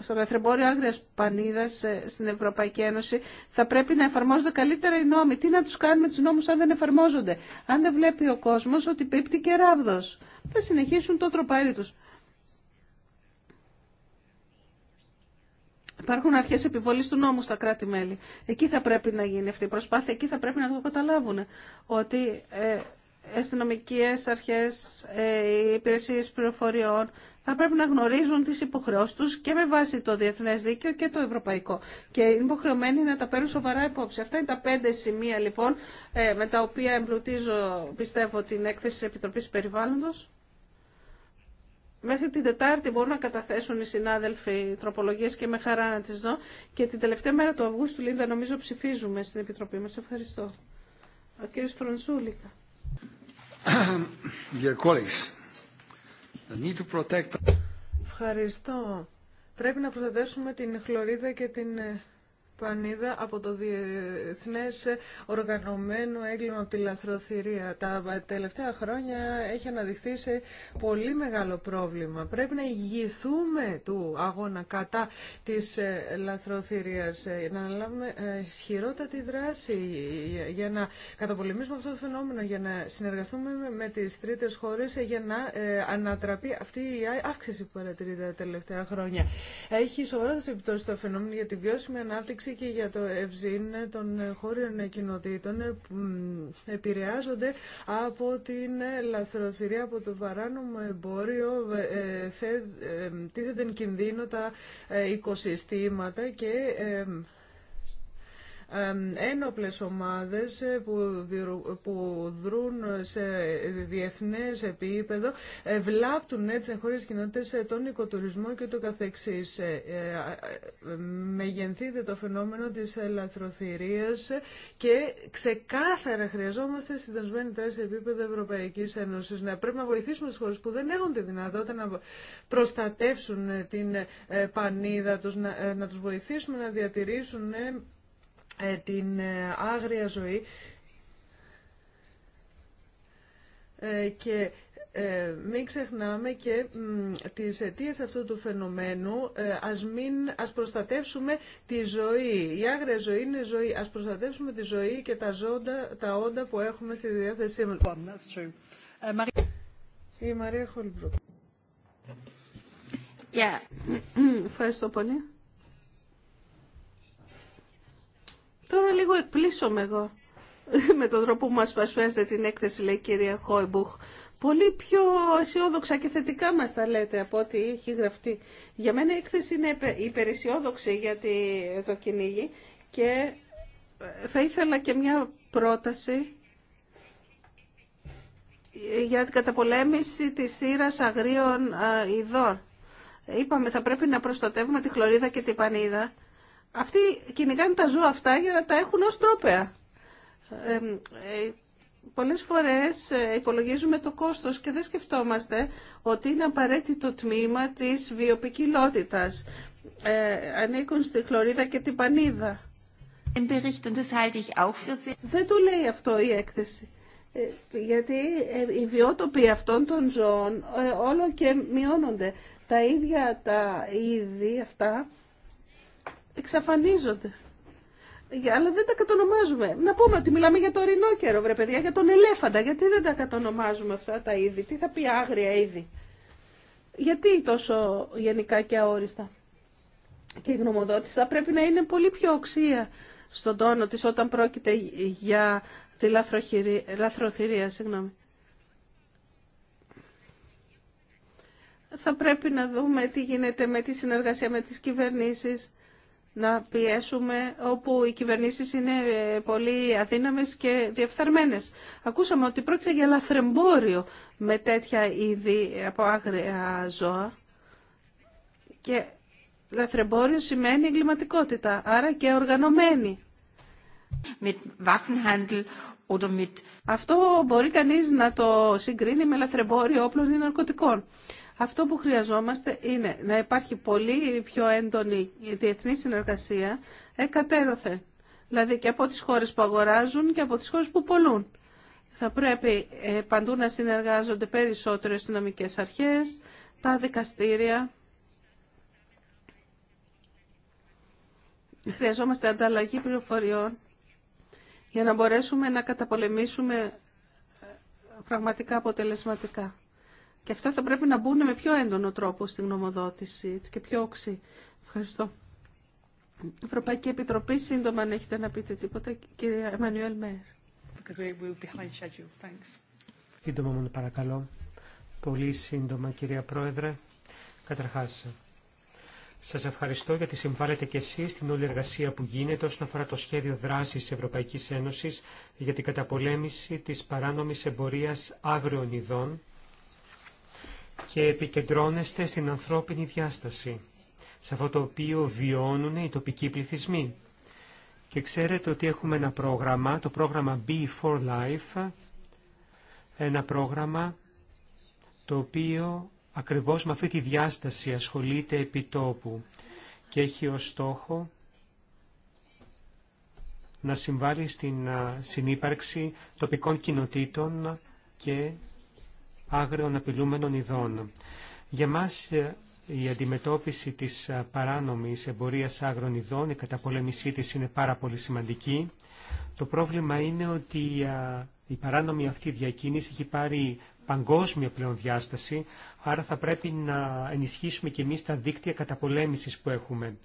στον Εθρεμπόριο Άγρια Πανίδα ε, στην Ευρωπαϊκή Ένωση, θα πρέπει να εφαρμόζονται καλύτερα οι νόμοι. Τι να του κάνουμε του νόμου αν δεν εφαρμόζονται. Αν δεν βλέπει ο κόσμο ότι πίπτει και ράβδο. Θα συνεχίσουν το τροπάρι του. Υπάρχουν αρχέ επιβολή του νόμου στα κράτη-μέλη. Εκεί θα πρέπει να γίνει αυτή η προσπάθεια, εκεί θα πρέπει να το καταλάβουν. Ότι ε, αστυνομικέ αρχέ, ε, υπηρεσίε πληροφοριών θα πρέπει να γνωρίζουν τις υποχρεώσεις τους και με βάση το διεθνές δίκαιο και το ευρωπαϊκό. Και είναι υποχρεωμένοι να τα παίρνουν σοβαρά υπόψη. Αυτά είναι τα πέντε σημεία λοιπόν ε, με τα οποία εμπλουτίζω πιστεύω την έκθεση της Επιτροπής Περιβάλλοντος. Μέχρι την Τετάρτη μπορούν να καταθέσουν οι συνάδελφοι τροπολογίες και με χαρά να τις δω. Και την τελευταία μέρα του Αυγούστου, Λίντα, νομίζω ψηφίζουμε στην Επιτροπή μας. Ευχαριστώ. Ο Dear colleagues, Ευχαριστώ. Πρέπει να προστατεύσουμε την χλωρίδα και την ε, Πανίδα από το Διεθνές Οργανωμένο Έγκλημα από τη Λαθροθυρία. Τα τελευταία χρόνια έχει αναδειχθεί σε πολύ μεγάλο πρόβλημα. Πρέπει να ηγηθούμε του αγώνα κατά της ε, λαθροθυρίας, ε, να λάβουμε ε, ισχυρότατη δράση για να καταπολεμήσουμε αυτό το φαινόμενο, για να συνεργαστούμε με τις τρίτες χώρες, για να ανατραπεί αυτή η αύξηση που παρατηρείται τα τελευταία χρόνια. Έχει σοβαρότητα επιπτώσει το φαινόμενο για τη βιώσιμη ανάπτυξη και για το ευζήν των χώριων κοινοτήτων που επηρεάζονται από την λαθροθυρία, από το παράνομο εμπόριο, ε, ε, ε, τίθεται κινδύνο τα οικοσυστήματα και ένοπλες ομάδες ε, που δρούν σε διεθνές επίπεδο ε, βλάπτουν έτσι ε, χώρες κοινότητες τον οικοτουρισμό και το καθεξής. Μεγενθείται το φαινόμενο της ελαθροθυρίας και ξεκάθαρα χρειαζόμαστε συντονισμένη τράση σε επίπεδο Ευρωπαϊκής Ένωσης. Να πρέπει να βοηθήσουμε τις χώρες που δεν έχουν τη δυνατότητα να προστατεύσουν την πανίδα τους, να, να τους βοηθήσουμε να διατηρήσουν ε, την ε, άγρια ζωή ε, και μην ξεχνάμε και τις αιτίε αυτού του φαινομένου. Ας, μην, ας προστατεύσουμε τη ζωή. Η άγρια ζωή είναι ζωή. Ας προστατεύσουμε τη ζωή και τα, ζώντα, τα όντα που έχουμε στη διάθεσή μας. Μαρία Ευχαριστώ πολύ. Τώρα λίγο εκπλήσωμαι εγώ με τον τρόπο που μας παρουσιάζετε την έκθεση, λέει η κυρία Χόιμπουχ. Πολύ πιο αισιόδοξα και θετικά μας τα λέτε από ό,τι έχει γραφτεί. Για μένα η έκθεση είναι υπεραισιόδοξη γιατί το κυνήγι και ε, θα ήθελα και μια πρόταση για την καταπολέμηση της σύρας αγρίων ε, ειδών. Είπαμε θα πρέπει να προστατεύουμε τη χλωρίδα και την πανίδα αυτοί κυνηγάνε τα ζώα αυτά για να τα έχουν ως τρόπεα. Ε, ε πολλές φορές υπολογίζουμε ε, το κόστος και δεν σκεφτόμαστε ότι είναι απαραίτητο τμήμα της βιοπικιλότητας. Ε, ανήκουν στη χλωρίδα και την πανίδα. Δεν το λέει αυτό η έκθεση. Ε, γιατί οι βιότοποι αυτών των ζώων όλο και μειώνονται. Τα ίδια τα είδη αυτά εξαφανίζονται. Αλλά δεν τα κατονομάζουμε. Να πούμε ότι μιλάμε για το ορεινό καιρό, βρε παιδιά, για τον ελέφαντα. Γιατί δεν τα κατονομάζουμε αυτά τα είδη. Τι θα πει άγρια είδη. Γιατί τόσο γενικά και αόριστα. Και η γνωμοδότηση θα πρέπει να είναι πολύ πιο οξία στον τόνο της όταν πρόκειται για τη λαθροθυρία. Συγγνώμη. Θα πρέπει να δούμε τι γίνεται με τη συνεργασία με τις κυβερνήσεις να πιέσουμε όπου οι κυβερνήσεις είναι ε, πολύ αδύναμες και διεφθαρμένες. Ακούσαμε ότι πρόκειται για λαθρεμπόριο με τέτοια είδη από άγρια ζώα και λαθρεμπόριο σημαίνει εγκληματικότητα, άρα και οργανωμένη. Mit Waffenhandel oder mit... Αυτό μπορεί κανείς να το συγκρίνει με λαθρεμπόριο όπλων ή ναρκωτικών. Αυτό που χρειαζόμαστε είναι να υπάρχει πολύ πιο έντονη διεθνή συνεργασία εκατέρωθεν. Δηλαδή και από τις χώρες που αγοράζουν και από τις χώρες που πολλούν. Θα πρέπει ε, παντού να συνεργάζονται περισσότερο οι αστυνομικέ αρχές, τα δικαστήρια. Χρειαζόμαστε ανταλλαγή πληροφοριών για να μπορέσουμε να καταπολεμήσουμε ε, πραγματικά αποτελεσματικά. Και αυτά θα πρέπει να μπουν με πιο έντονο τρόπο στην γνωμοδότηση, έτσι και πιο όξη. Ευχαριστώ. Ευρωπαϊκή Επιτροπή, σύντομα αν έχετε να πείτε τίποτα, κύριε Εμμανουέλ Μέρ. Σύντομα μόνο παρακαλώ. Πολύ σύντομα κυρία Πρόεδρε. Καταρχάς, σας ευχαριστώ γιατί συμβάλλετε και εσείς στην όλη εργασία που γίνεται όσον αφορά το σχέδιο δράσης της Ευρωπαϊκής Ένωσης για την καταπολέμηση της παράνομης εμπορίας άγριων ειδών και επικεντρώνεστε στην ανθρώπινη διάσταση, σε αυτό το οποίο βιώνουν οι τοπικοί πληθυσμοί. Και ξέρετε ότι έχουμε ένα πρόγραμμα, το πρόγραμμα Be4 Life, ένα πρόγραμμα το οποίο ακριβώς με αυτή τη διάσταση ασχολείται επί τόπου και έχει ως στόχο να συμβάλλει στην συνύπαρξη τοπικών κοινοτήτων και άγριων απειλούμενων ειδών. Για μας ε, η αντιμετώπιση της ε, παράνομης εμπορίας άγρων ειδών, η καταπολέμησή της είναι πάρα πολύ σημαντική. Το πρόβλημα είναι ότι ε, η παράνομη αυτή διακίνηση έχει πάρει παγκόσμια πλέον διάσταση, άρα θα πρέπει να ενισχύσουμε και εμεί τα δίκτυα καταπολέμησης που έχουμε.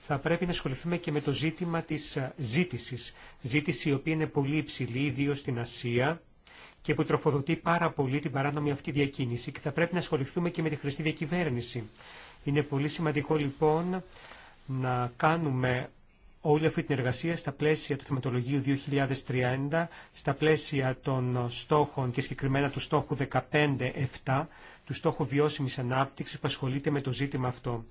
Θα πρέπει να ασχοληθούμε και με το ζήτημα της ζήτησης. Ζήτηση η οποία είναι πολύ υψηλή, ιδίω στην Ασία, και που τροφοδοτεί πάρα πολύ την παράνομη αυτή διακίνηση και θα πρέπει να ασχοληθούμε και με τη χρηστή διακυβέρνηση. Είναι πολύ σημαντικό λοιπόν να κάνουμε όλη αυτή την εργασία στα πλαίσια του θεματολογίου 2030, στα πλαίσια των στόχων και συγκεκριμένα του στόχου 15-7, του στόχου βιώσιμης ανάπτυξης που ασχολείται με το ζήτημα αυτό.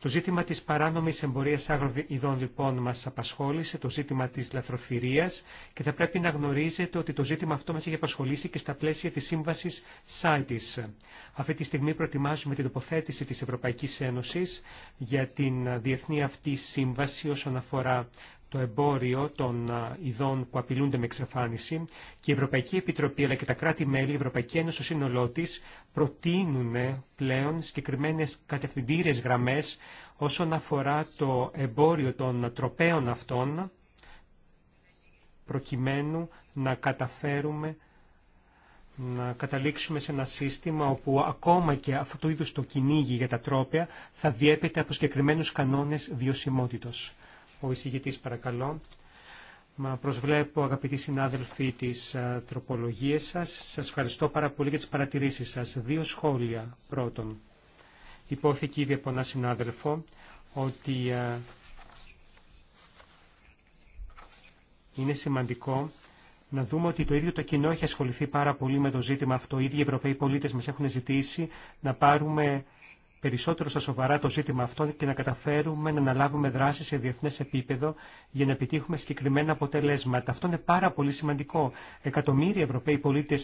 Το ζήτημα της παράνομης εμπορίας ειδών λοιπόν μας απασχόλησε, το ζήτημα της λαθροφυρίας και θα πρέπει να γνωρίζετε ότι το ζήτημα αυτό μας έχει απασχολήσει και στα πλαίσια της σύμβασης ΣΑΙΤΙΣ. Αυτή τη στιγμή προετοιμάζουμε την τοποθέτηση της Ευρωπαϊκής Ένωσης για την διεθνή αυτή σύμβαση όσον αφορά το εμπόριο των ειδών που απειλούνται με εξαφάνιση και η Ευρωπαϊκή Επιτροπή αλλά και τα κράτη-μέλη, η Ευρωπαϊκή Ένωση στο σύνολό τη προτείνουν πλέον συγκεκριμένε κατευθυντήριε γραμμέ όσον αφορά το εμπόριο των τροπέων αυτών προκειμένου να καταφέρουμε να καταλήξουμε σε ένα σύστημα όπου ακόμα και αυτού του είδους το κυνήγι για τα τρόπια θα διέπεται από συγκεκριμένους κανόνες βιωσιμότητος ο εισηγητής παρακαλώ. Μα προσβλέπω αγαπητοί συνάδελφοι τις ε, τροπολογίες σας. Σας ευχαριστώ πάρα πολύ για τις παρατηρήσεις σας. Δύο σχόλια πρώτον. Υπόθηκε ήδη από ένα συνάδελφο ότι ε, είναι σημαντικό να δούμε ότι το ίδιο το κοινό έχει ασχοληθεί πάρα πολύ με το ζήτημα αυτό. Οι ίδιοι Ευρωπαίοι πολίτες μας έχουν ζητήσει να πάρουμε περισσότερο στα σοβαρά το ζήτημα αυτό και να καταφέρουμε να αναλάβουμε δράσει σε διεθνέ επίπεδο για να επιτύχουμε συγκεκριμένα αποτελέσματα. Αυτό είναι πάρα πολύ σημαντικό. Εκατομμύρια Ευρωπαίοι πολίτε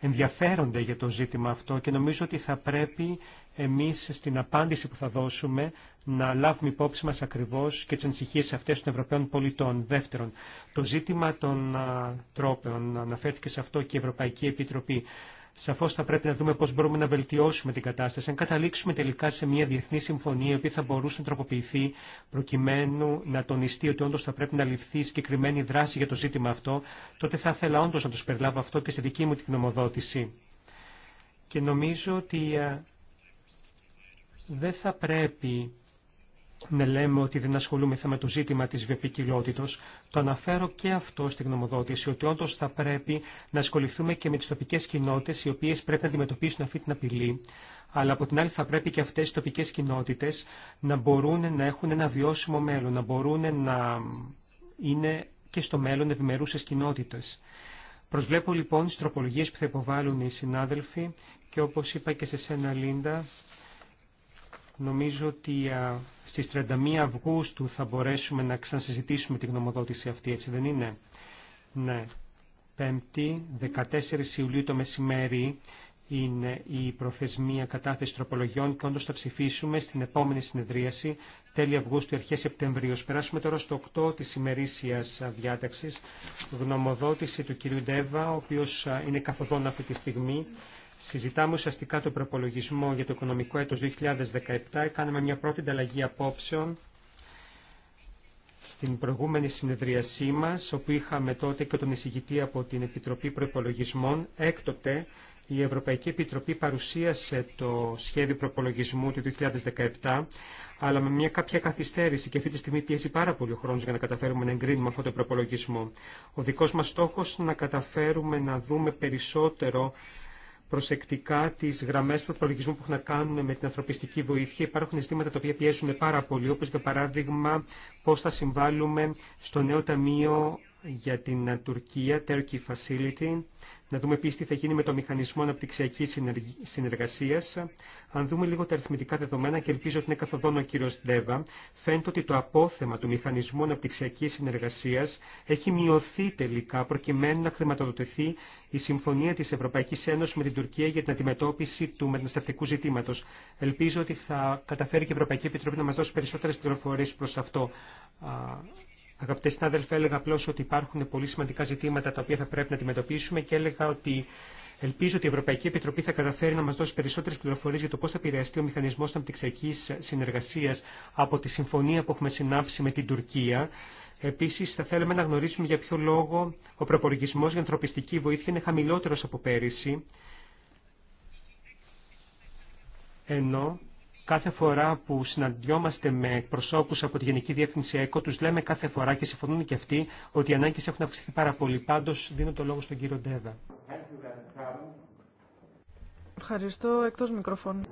ενδιαφέρονται για το ζήτημα αυτό και νομίζω ότι θα πρέπει εμείς στην απάντηση που θα δώσουμε να λάβουμε υπόψη μας ακριβώς και τι ανησυχίε αυτές των Ευρωπαίων πολιτών. Δεύτερον, το ζήτημα των τρόπεων αναφέρθηκε σε αυτό και η Ευρωπαϊκή Επιτροπή. Σαφώς θα πρέπει να δούμε πώς μπορούμε να βελτιώσουμε την κατάσταση, αν καταλήξουμε τελικά σε μια διεθνή συμφωνία η οποία θα μπορούσε να τροποποιηθεί προκειμένου να τονιστεί ότι όντως θα πρέπει να ληφθεί συγκεκριμένη δράση για το ζήτημα αυτό, τότε θα ήθελα όντως να το περιλάβω αυτό και στη δική μου την νομοδότηση. Και νομίζω ότι ε, δεν θα πρέπει να λέμε ότι δεν ασχολούμεθα με το ζήτημα της βιοπικιλότητος. Το αναφέρω και αυτό στην γνωμοδότηση, ότι όντω θα πρέπει να ασχοληθούμε και με τις τοπικές κοινότητες, οι οποίες πρέπει να αντιμετωπίσουν αυτή την απειλή, αλλά από την άλλη θα πρέπει και αυτές οι τοπικές κοινότητες να μπορούν να έχουν ένα βιώσιμο μέλλον, να μπορούν να είναι και στο μέλλον ευημερούσες κοινότητες. Προσβλέπω λοιπόν τις τροπολογίες που θα υποβάλουν οι συνάδελφοι και όπως είπα και σε σένα Λίντα, Νομίζω ότι στις 31 Αυγούστου θα μπορέσουμε να ξανασυζητήσουμε τη γνωμοδότηση αυτή, έτσι δεν είναι. Ναι. Πέμπτη, 14 Ιουλίου το μεσημέρι είναι η προθεσμία κατάθεση τροπολογιών και όντως θα ψηφίσουμε στην επόμενη συνεδρίαση τέλη Αυγούστου, αρχές Σεπτεμβρίου. Περάσουμε τώρα στο 8 της ημερήσιας διάταξης, γνωμοδότηση του κυρίου Ντέβα, ο οποίος είναι καθοδόν αυτή τη στιγμή Συζητάμε ουσιαστικά το προπολογισμό για το οικονομικό έτος 2017. Κάναμε μια πρώτη ανταλλαγή απόψεων στην προηγούμενη συνεδρίασή μας, όπου είχαμε τότε και τον εισηγητή από την Επιτροπή Προπολογισμών. Έκτοτε η Ευρωπαϊκή Επιτροπή παρουσίασε το σχέδιο προπολογισμού του 2017, αλλά με μια κάποια καθυστέρηση και αυτή τη στιγμή πιέζει πάρα πολύ ο χρόνος για να καταφέρουμε να εγκρίνουμε αυτό το προπολογισμό. Ο δικός μας στόχος να καταφέρουμε να δούμε περισσότερο προσεκτικά τι γραμμέ του προπολογισμού που έχουν να κάνουν με την ανθρωπιστική βοήθεια. Υπάρχουν ζητήματα τα οποία πιέζουν πάρα πολύ, όπω για παράδειγμα πώ θα συμβάλλουμε στο νέο ταμείο για την Τουρκία, Turkey Facility, να δούμε επίση τι θα γίνει με το μηχανισμό αναπτυξιακή συνεργασία. Αν δούμε λίγο τα αριθμητικά δεδομένα, και ελπίζω ότι είναι καθοδόν ο κύριο Ντέβα, φαίνεται ότι το απόθεμα του μηχανισμού αναπτυξιακή συνεργασία έχει μειωθεί τελικά προκειμένου να χρηματοδοτηθεί η συμφωνία τη Ευρωπαϊκή Ένωση με την Τουρκία για την αντιμετώπιση του μεταναστευτικού ζητήματο. Ελπίζω ότι θα καταφέρει και η Ευρωπαϊκή Επιτροπή να μα δώσει περισσότερε πληροφορίε προ αυτό. Αγαπητέ συνάδελφοι, έλεγα απλώ ότι υπάρχουν πολύ σημαντικά ζητήματα τα οποία θα πρέπει να αντιμετωπίσουμε και έλεγα ότι ελπίζω ότι η Ευρωπαϊκή Επιτροπή θα καταφέρει να μα δώσει περισσότερε πληροφορίε για το πώ θα επηρεαστεί ο μηχανισμό αναπτυξιακή συνεργασία από τη συμφωνία που έχουμε συνάψει με την Τουρκία. Επίση, θα θέλαμε να γνωρίσουμε για ποιο λόγο ο προπολογισμό για ανθρωπιστική βοήθεια είναι χαμηλότερο από πέρυσι. Κάθε φορά που συναντιόμαστε με προσώπους από τη Γενική Διεύθυνση ΕΚΟ, τους λέμε κάθε φορά και συμφωνούν και αυτοί ότι οι ανάγκες έχουν αυξηθεί πάρα πολύ. Πάντως δίνω το λόγο στον κύριο Ντέβα. Ευχαριστώ. Εκτός μικροφώνου. Uh,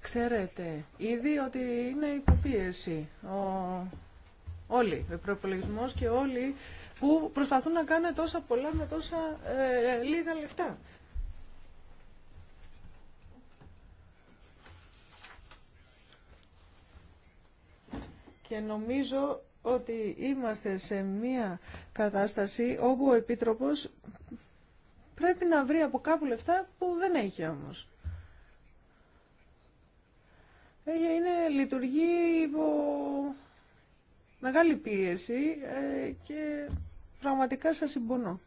Ξέρετε ήδη ότι είναι υποπίεση ο... όλοι, ο προπολογισμό και όλοι που προσπαθούν να κάνουν τόσα πολλά με τόσα ε, λίγα λεφτά. και νομίζω ότι είμαστε σε μία κατάσταση όπου ο Επίτροπος πρέπει να βρει από κάπου λεφτά που δεν έχει όμως. Ε, είναι, λειτουργεί υπό μεγάλη πίεση ε, και πραγματικά σας συμπονώ.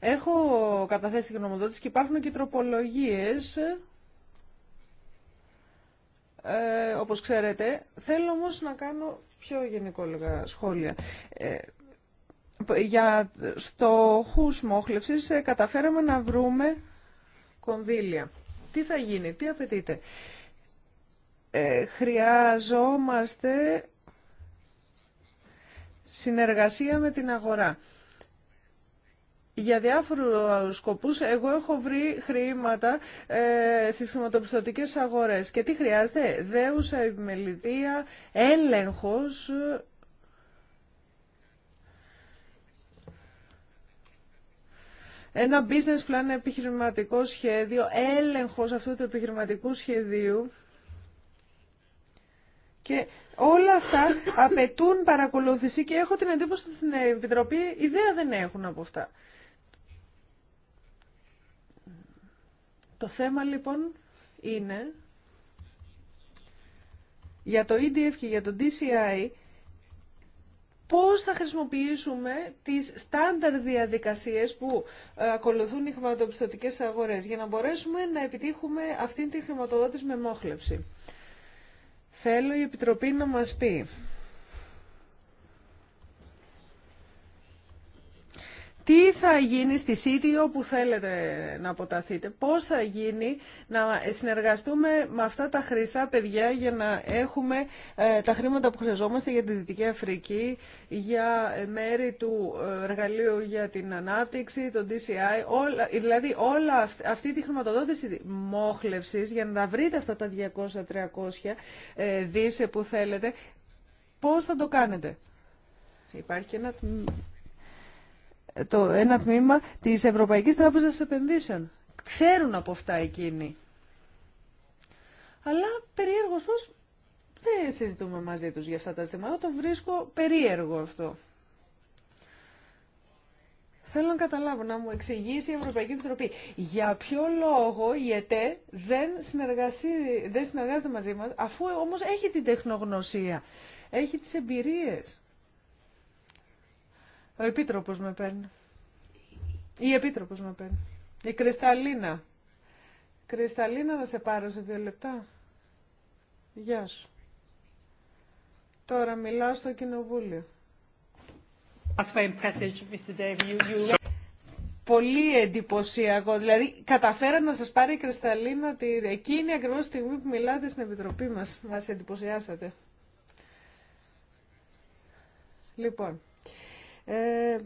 Έχω καταθέσει τη γνωμοδότηση και υπάρχουν και τροπολογίες ε, όπως ξέρετε. Θέλω όμως να κάνω πιο γενικόλογα σχόλια. Ε, για χούς μόχλευσης ε, καταφέραμε να βρούμε κονδύλια. Τι θα γίνει, τι απαιτείται. Ε, χρειάζομαστε συνεργασία με την αγορά για διάφορους σκοπούς. Εγώ έχω βρει χρήματα ε, στις χρηματοπιστωτικές αγορές. Και τι χρειάζεται, δέουσα επιμελητία, έλεγχος, ένα business plan, επιχειρηματικό σχέδιο, έλεγχος αυτού του επιχειρηματικού σχεδίου. Και όλα αυτά απαιτούν παρακολούθηση και έχω την εντύπωση ότι στην Επιτροπή ιδέα δεν έχουν από αυτά. Το θέμα λοιπόν είναι για το EDF και για το DCI πώς θα χρησιμοποιήσουμε τις στάνταρ διαδικασίες που ε, ακολουθούν οι χρηματοπιστωτικές αγορές για να μπορέσουμε να επιτύχουμε αυτήν τη χρηματοδότηση με μόχλευση. Θέλω η Επιτροπή να μας πει τι θα γίνει στη ΣΥΤΙ όπου θέλετε να αποταθείτε, πώς θα γίνει να συνεργαστούμε με αυτά τα χρυσά παιδιά για να έχουμε ε, τα χρήματα που χρειαζόμαστε για τη Δυτική Αφρική, για ε, μέρη του ε, εργαλείου για την ανάπτυξη, το DCI, όλα, δηλαδή όλα αυτή τη χρηματοδότηση μόχλευσης για να βρείτε αυτά τα 200-300 δίσε που θέλετε, πώς θα το κάνετε. Υπάρχει ένα το ένα τμήμα της Ευρωπαϊκής Τράπεζας Επενδύσεων. Ξέρουν από αυτά εκείνοι. Αλλά περίεργος πώς δεν συζητούμε μαζί τους για αυτά τα ζητήματα. Το βρίσκω περίεργο αυτό. Θέλω να καταλάβω, να μου εξηγήσει η Ευρωπαϊκή Επιτροπή για ποιο λόγο η ΕΤΕ δεν, δεν συνεργάζεται μαζί μας, αφού όμως έχει την τεχνογνωσία, έχει τις εμπειρίες. Ο Επίτροπος με παίρνει. Η Επίτροπος με παίρνει. Η Κρυσταλίνα. Κρυσταλίνα να σε πάρω σε δύο λεπτά. Γεια σου. Τώρα μιλάω στο κοινοβούλιο. Πολύ εντυπωσιακό. Δηλαδή, καταφέρατε να σα πάρει η Κρυσταλίνα εκείνη ακριβώ τη στιγμή που μιλάτε στην Επιτροπή μας. Μας εντυπωσιάσατε. Λοιπόν, ε,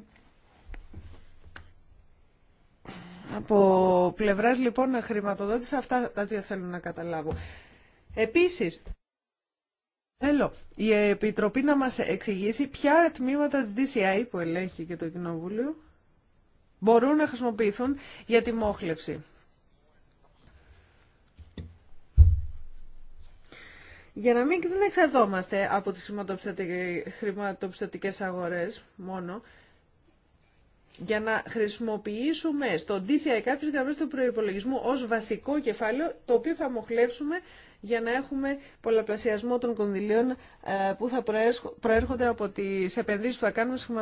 από πλευράς λοιπόν χρηματοδότηση αυτά τα δύο θέλω να καταλάβω. Επίσης, θέλω η Επιτροπή να μας εξηγήσει ποια τμήματα της DCI που ελέγχει και το Κοινοβούλιο μπορούν να χρησιμοποιηθούν για τη μόχλευση. για να μην δεν εξαρτώμαστε από τις χρηματοπιστωτικές αγορές μόνο, για να χρησιμοποιήσουμε στο DCI κάποιες γραμμές του προϋπολογισμού ως βασικό κεφάλαιο, το οποίο θα μοχλεύσουμε για να έχουμε πολλαπλασιασμό των κονδυλίων ε, που θα προέρχονται από τις επενδύσεις που θα κάνουμε στις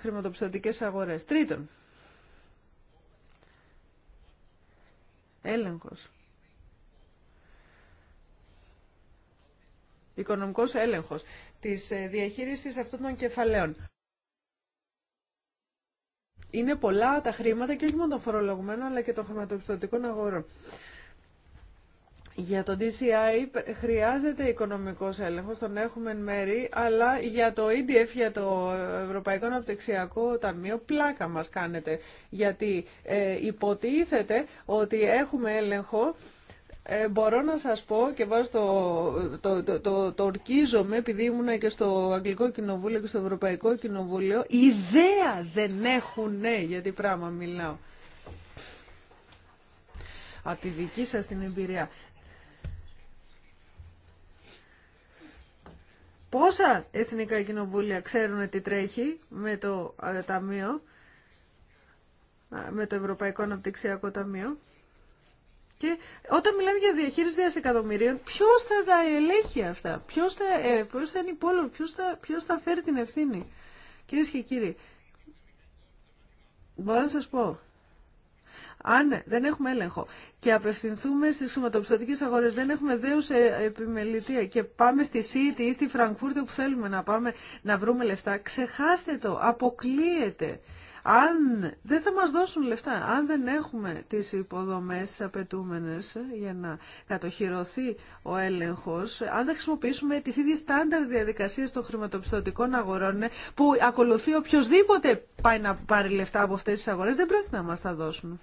χρηματοπιστωτικές αγορές. Τρίτον, έλεγχος. οικονομικός έλεγχος της ε, διαχείρισης αυτών των κεφαλαίων. Είναι πολλά τα χρήματα και όχι μόνο των φορολογουμένων αλλά και των χρηματοπιστωτικών αγορών. Για το DCI χρειάζεται οικονομικός έλεγχος, τον έχουμε εν μέρη, αλλά για το EDF, για το Ευρωπαϊκό Αναπτυξιακό Ταμείο, πλάκα μας κάνετε. Γιατί ε, υποτίθεται ότι έχουμε έλεγχο ε, μπορώ να σας πω και βάζω το, το, το, το, το ορκίζομαι επειδή ήμουν και στο Αγγλικό Κοινοβούλιο και στο Ευρωπαϊκό Κοινοβούλιο ιδέα δεν έχουν ναι, για πράγμα μιλάω από τη δική σας την εμπειρία Πόσα εθνικά κοινοβούλια ξέρουν τι τρέχει με το ε, Ταμείο ε, με το Ευρωπαϊκό Αναπτυξιακό Ταμείο και όταν μιλάμε για διαχείριση δισεκατομμυρίων, ποιο θα τα ελέγχει αυτά, ποιο θα, ε, θα είναι υπόλογο, ποιο θα, ποιος θα φέρει την ευθύνη. Κυρίε και κύριοι, μπορώ να σα πω, αν δεν έχουμε έλεγχο και απευθυνθούμε στι χρηματοπιστωτικέ αγορέ, δεν έχουμε σε επιμελητία και πάμε στη ΣΥΤΗ ή στη Φραγκφούρτη όπου θέλουμε να πάμε να βρούμε λεφτά, ξεχάστε το, αποκλείεται. Αν δεν θα μας δώσουν λεφτά, αν δεν έχουμε τις υποδομές απαιτούμενες για να κατοχυρωθεί ο έλεγχος, αν δεν χρησιμοποιήσουμε τις ίδιες στάνταρ διαδικασίες των χρηματοπιστωτικών αγορών ε, που ακολουθεί οποιοδήποτε πάει να πάρει λεφτά από αυτές τις αγορές, δεν πρέπει να μας τα δώσουν.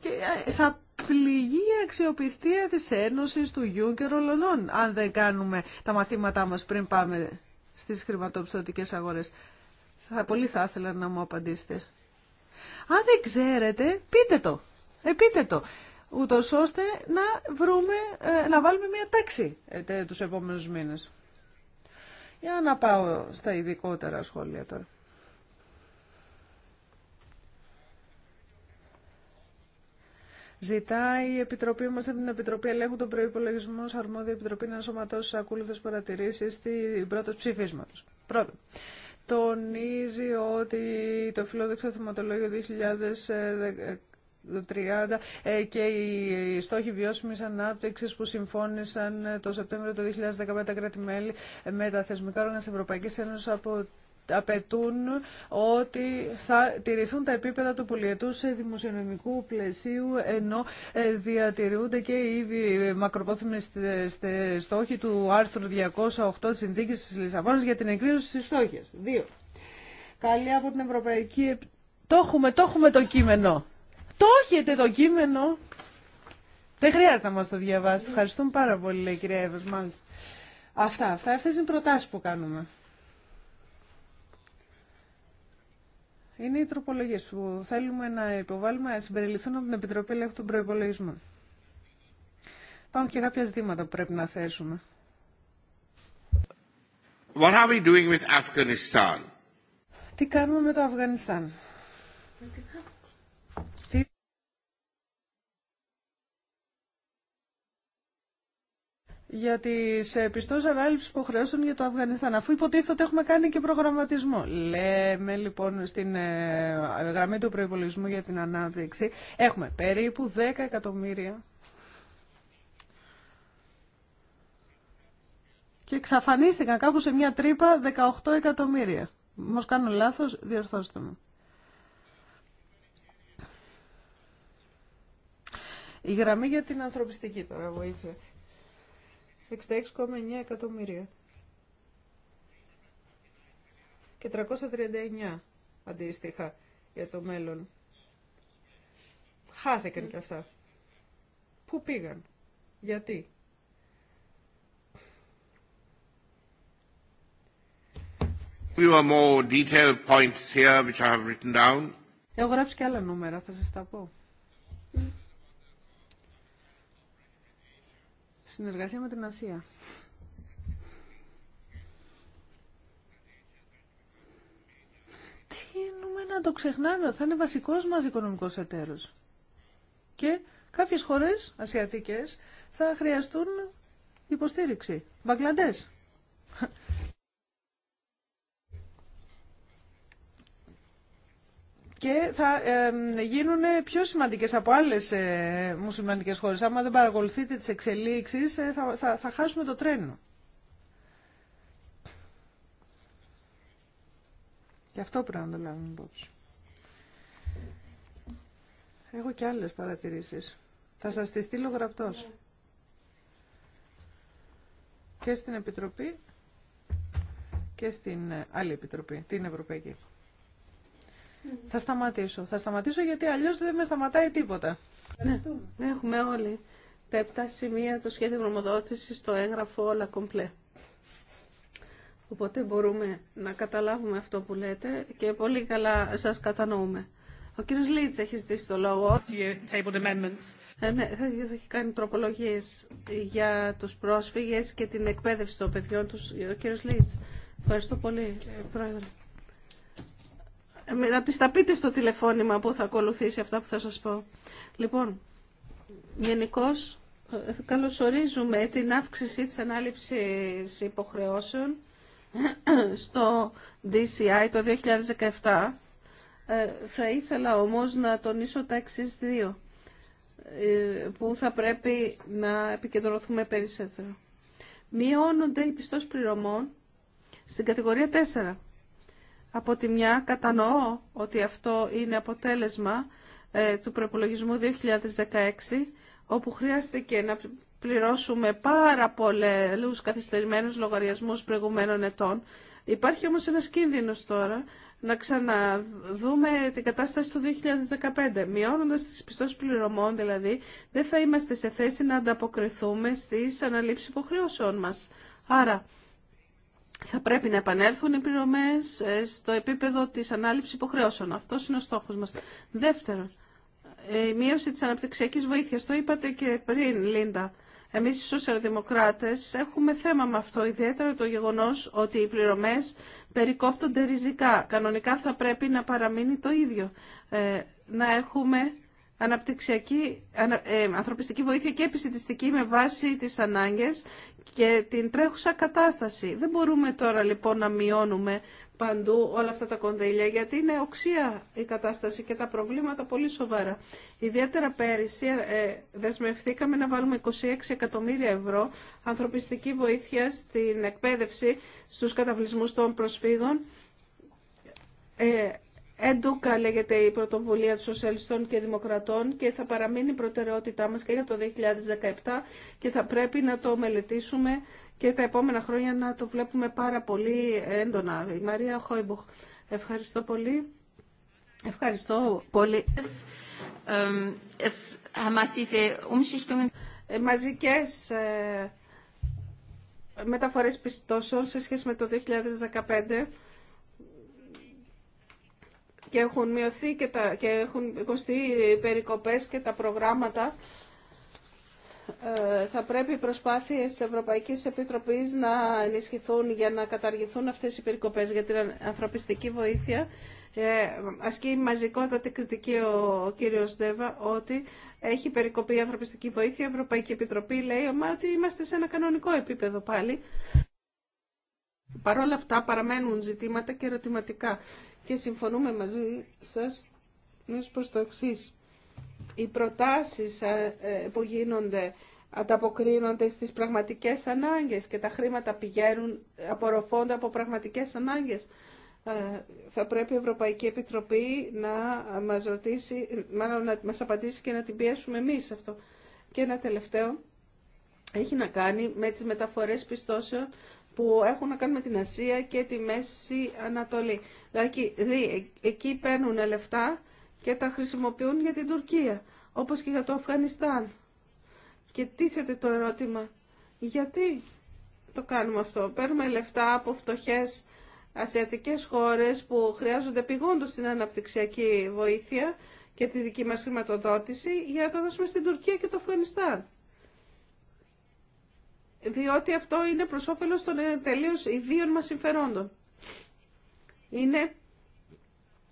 Και ε, θα πληγεί η αξιοπιστία της Ένωσης του και Ολονών, αν δεν κάνουμε τα μαθήματά μας πριν πάμε στις χρηματοπιστωτικές αγορές. Θα, πολύ θα ήθελα να μου απαντήσετε. Αν δεν ξέρετε, πείτε το. Ε, πείτε το. Ούτως ώστε να, βρούμε, ε, να βάλουμε μια τάξη ε, τους επόμενους μήνες. Για να πάω στα ειδικότερα σχόλια τώρα. Ζητάει η Επιτροπή μας από την Επιτροπή Ελέγχου των Προπολογισμών, σε αρμόδια Επιτροπή να σωματώσει ακούλουδε παρατηρήσεις στην πρώτη ψηφίσματος. Πρώτον, τονίζει ότι το φιλόδοξο θεματολόγιο 2030 ε, και οι στόχοι βιώσιμης ανάπτυξης που συμφώνησαν το Σεπτέμβριο του 2015 τα κράτη-μέλη με τα θεσμικά όργανα της Ευρωπαϊκής Ένωσης από απαιτούν ότι θα τηρηθούν τα επίπεδα του πολιετού σε δημοσιονομικού πλαισίου ενώ ε, διατηρούνται και οι μακροπρόθεσμες στόχοι του άρθρου 208 της Συνθήκης της Λισαβόνας για την εγκλήρωση της στόχης. Δύο. Καλή από την Ευρωπαϊκή... Το έχουμε, το έχουμε το κείμενο. Το έχετε το κείμενο. Δεν χρειάζεται να μας το διαβάσει. Ευχαριστούμε πάρα πολύ, λέει, κυρία Εύες. Αυτά, αυτά, αυτές είναι οι προτάσεις που κάνουμε. είναι οι τροπολογίε που θέλουμε να υποβάλουμε να συμπεριληφθούν από την Επιτροπή Ελέγχου των Προπολογισμών. Υπάρχουν και κάποια ζητήματα που πρέπει να θέσουμε. Τι κάνουμε με το Αφγανιστάν. για τις ε, ανάληψη που χρεώσουν για το Αφγανιστάν, αφού υποτίθεται ότι έχουμε κάνει και προγραμματισμό. Λέμε λοιπόν στην ε, γραμμή του προϋπολογισμού για την ανάπτυξη, έχουμε περίπου 10 εκατομμύρια και εξαφανίστηκαν κάπου σε μια τρύπα 18 εκατομμύρια. Όμω κάνω λάθος, διορθώστε με. Η γραμμή για την ανθρωπιστική τώρα βοήθεια. 66,9 εκατομμύρια. Και 339 αντίστοιχα για το μέλλον. Χάθηκαν και αυτά. Πού πήγαν. Γιατί. Έχω γράψει και άλλα νούμερα, θα σας τα πω. Συνεργασία με την Ασία. Τι εννοούμε να το ξεχνάμε, θα είναι βασικός μας οικονομικός εταίρος. Και κάποιες χώρες ασιατικές θα χρειαστούν υποστήριξη. Μπαγκλαντές. και θα γίνουν πιο σημαντικές από άλλες ε, μουσουλμανικές χώρες. Άμα δεν παρακολουθείτε τις εξελίξεις ε, θα, θα, θα χάσουμε το τρένο. Γι' αυτό πρέπει να το λάβουμε υπόψη. Έχω και άλλες παρατηρήσεις. Θα σας τη στείλω γραπτός. Ναι. Και στην Επιτροπή και στην άλλη Επιτροπή, την Ευρωπαϊκή. Θα σταματήσω. Θα σταματήσω γιατί αλλιώς δεν με σταματάει τίποτα. Ναι, έχουμε όλοι τα επτά σημεία, το σχέδιο νομοδότηση, το έγγραφο, όλα κομπλέ. Οπότε μπορούμε να καταλάβουμε αυτό που λέτε και πολύ καλά σας κατανοούμε. Ο κύριο Λίτς έχει ζητήσει το λόγο. Ε, ναι, θα έχει κάνει τροπολογίες για τους πρόσφυγες και την εκπαίδευση των παιδιών του. Ο κύριος Λίτς. Ευχαριστώ πολύ, Πρόεδρε. Ε, να τις τα πείτε στο τηλεφώνημα που θα ακολουθήσει αυτά που θα σας πω. Λοιπόν, γενικώ ε, καλωσορίζουμε την αύξηση της ανάληψης υποχρεώσεων στο DCI το 2017. Ε, θα ήθελα όμως να τονίσω τα εξή δύο που θα πρέπει να επικεντρωθούμε περισσότερο. Μειώνονται οι πιστός πληρωμών στην κατηγορία 4 από τη μια κατανοώ ότι αυτό είναι αποτέλεσμα ε, του προπολογισμού 2016, όπου χρειάστηκε να πληρώσουμε πάρα πολλούς καθυστερημένους λογαριασμούς προηγουμένων ετών. Υπάρχει όμως ένας κίνδυνος τώρα να ξαναδούμε την κατάσταση του 2015. Μειώνοντας τις πιστώσεις πληρωμών δηλαδή, δεν θα είμαστε σε θέση να ανταποκριθούμε στις αναλήψεις υποχρεώσεων μας. Άρα, θα πρέπει να επανέλθουν οι πληρωμές ε, στο επίπεδο της ανάληψη υποχρεώσεων. Αυτός είναι ο στόχος μας. Δεύτερον, ε, η μείωση της αναπτυξιακής βοήθειας. Το είπατε και πριν, Λίντα. Εμείς οι σοσιαλδημοκράτε έχουμε θέμα με αυτό, ιδιαίτερα το γεγονός ότι οι πληρωμές περικόπτονται ριζικά. Κανονικά θα πρέπει να παραμείνει το ίδιο. Ε, να έχουμε αναπτυξιακή, ε, ανθρωπιστική βοήθεια και επιστημιστική με βάση τις ανάγκες και την τρέχουσα κατάσταση. Δεν μπορούμε τώρα λοιπόν να μειώνουμε παντού όλα αυτά τα κονδύλια γιατί είναι οξία η κατάσταση και τα προβλήματα πολύ σοβαρά. Ιδιαίτερα πέρυσι ε, δεσμευθήκαμε να βάλουμε 26 εκατομμύρια ευρώ ανθρωπιστική βοήθεια στην εκπαίδευση στους καταβλισμούς των προσφύγων. Ε, Εντούκα λέγεται η πρωτοβουλία των Σοσιαλιστών και Δημοκρατών και θα παραμείνει η προτεραιότητά μας και για το 2017 και θα πρέπει να το μελετήσουμε και τα επόμενα χρόνια να το βλέπουμε πάρα πολύ έντονα. Η Μαρία Χόιμπουχ, ευχαριστώ πολύ. Ευχαριστώ πολύ. Äh, ε, μαζικές ε, μεταφορές πιστώσεων σε σχέση με το 2015 και έχουν μειωθεί και, τα, και έχουν κοστεί οι περικοπές και τα προγράμματα ε, θα πρέπει οι προσπάθειες της Ευρωπαϊκής Επιτροπής να ενισχυθούν για να καταργηθούν αυτές οι περικοπές για την ανθρωπιστική βοήθεια. Ε, ασκεί μαζικότατη κριτική ο κύριος Ντέβα ότι έχει περικοπεί η ανθρωπιστική βοήθεια. Η Ευρωπαϊκή Επιτροπή λέει μα, ότι είμαστε σε ένα κανονικό επίπεδο πάλι. Παρ' όλα αυτά παραμένουν ζητήματα και ερωτηματικά και συμφωνούμε μαζί σας μέσα προς το εξή. Οι προτάσεις ε, ε, που γίνονται ανταποκρίνονται στις πραγματικές ανάγκες και τα χρήματα πηγαίνουν, απορροφώνται από πραγματικές ανάγκες. Ε, θα πρέπει η Ευρωπαϊκή Επιτροπή να μας ρωτήσει, να μας απαντήσει και να την πιέσουμε εμείς αυτό. Και ένα τελευταίο έχει να κάνει με τις μεταφορές πιστώσεων που έχουν να κάνουν με την Ασία και τη Μέση Ανατολή. Δηλαδή, εκεί παίρνουν λεφτά και τα χρησιμοποιούν για την Τουρκία, όπως και για το Αφγανιστάν. Και τίθεται το ερώτημα, γιατί το κάνουμε αυτό. Παίρνουμε λεφτά από φτωχές ασιατικές χώρες που χρειάζονται πηγόντως την αναπτυξιακή βοήθεια και τη δική μας χρηματοδότηση για να τα δώσουμε στην Τουρκία και το Αφγανιστάν διότι αυτό είναι προς όφελος των ε, τελείως ιδίων μας συμφερόντων. Είναι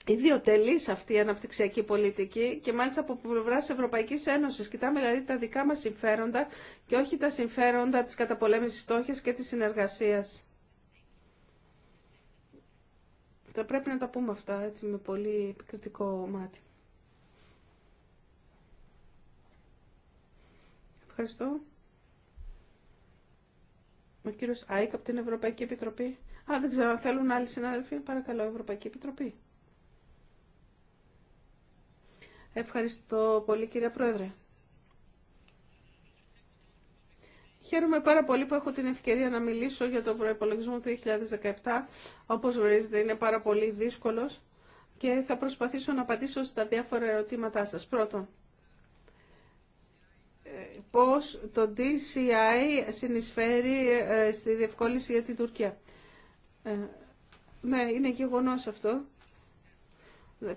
ιδιοτελής αυτή η αναπτυξιακή πολιτική και μάλιστα από πλευρά Ευρωπαϊκής Ένωσης. Κοιτάμε δηλαδή τα δικά μας συμφέροντα και όχι τα συμφέροντα της καταπολέμησης στόχης και της συνεργασίας. Θα πρέπει να τα πούμε αυτά έτσι με πολύ επικριτικό μάτι. Ευχαριστώ. Ο κύριος Άικ από την Ευρωπαϊκή Επιτροπή. Α, δεν ξέρω αν θέλουν άλλοι συνάδελφοι. Παρακαλώ, Ευρωπαϊκή Επιτροπή. Ευχαριστώ πολύ κύριε Πρόεδρε. Χαίρομαι πάρα πολύ που έχω την ευκαιρία να μιλήσω για τον προϋπολογισμό του 2017. Όπως γνωρίζετε είναι πάρα πολύ δύσκολος και θα προσπαθήσω να απαντήσω στα διάφορα ερωτήματά σας. Πρώτον, πώς το DCI συνεισφέρει ε, στη διευκόλυνση για την Τουρκία. Ε, ναι, είναι γεγονός αυτό. 115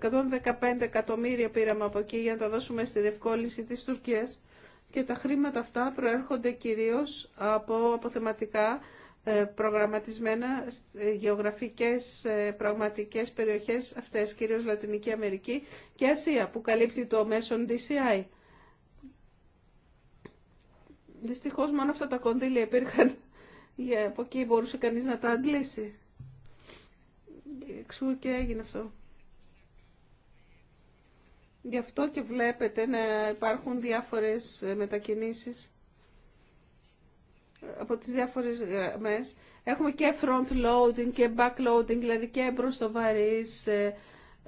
εκατομμύρια πήραμε από εκεί για να τα δώσουμε στη διευκόλυνση της Τουρκίας και τα χρήματα αυτά προέρχονται κυρίως από αποθεματικά ε, προγραμματισμένα γεωγραφικές πραγματικές περιοχές αυτές, κυρίως Λατινική Αμερική και Ασία, που καλύπτει το μέσον DCI. Δυστυχώ μόνο αυτά τα κονδύλια υπήρχαν για από εκεί μπορούσε κανεί να τα αντλήσει. Εξού και έγινε αυτό. Γι' αυτό και βλέπετε να υπάρχουν διάφορες μετακινήσεις από τις διάφορες γραμμές. Έχουμε και front loading και back loading, δηλαδή και μπροστοβαρείς ε,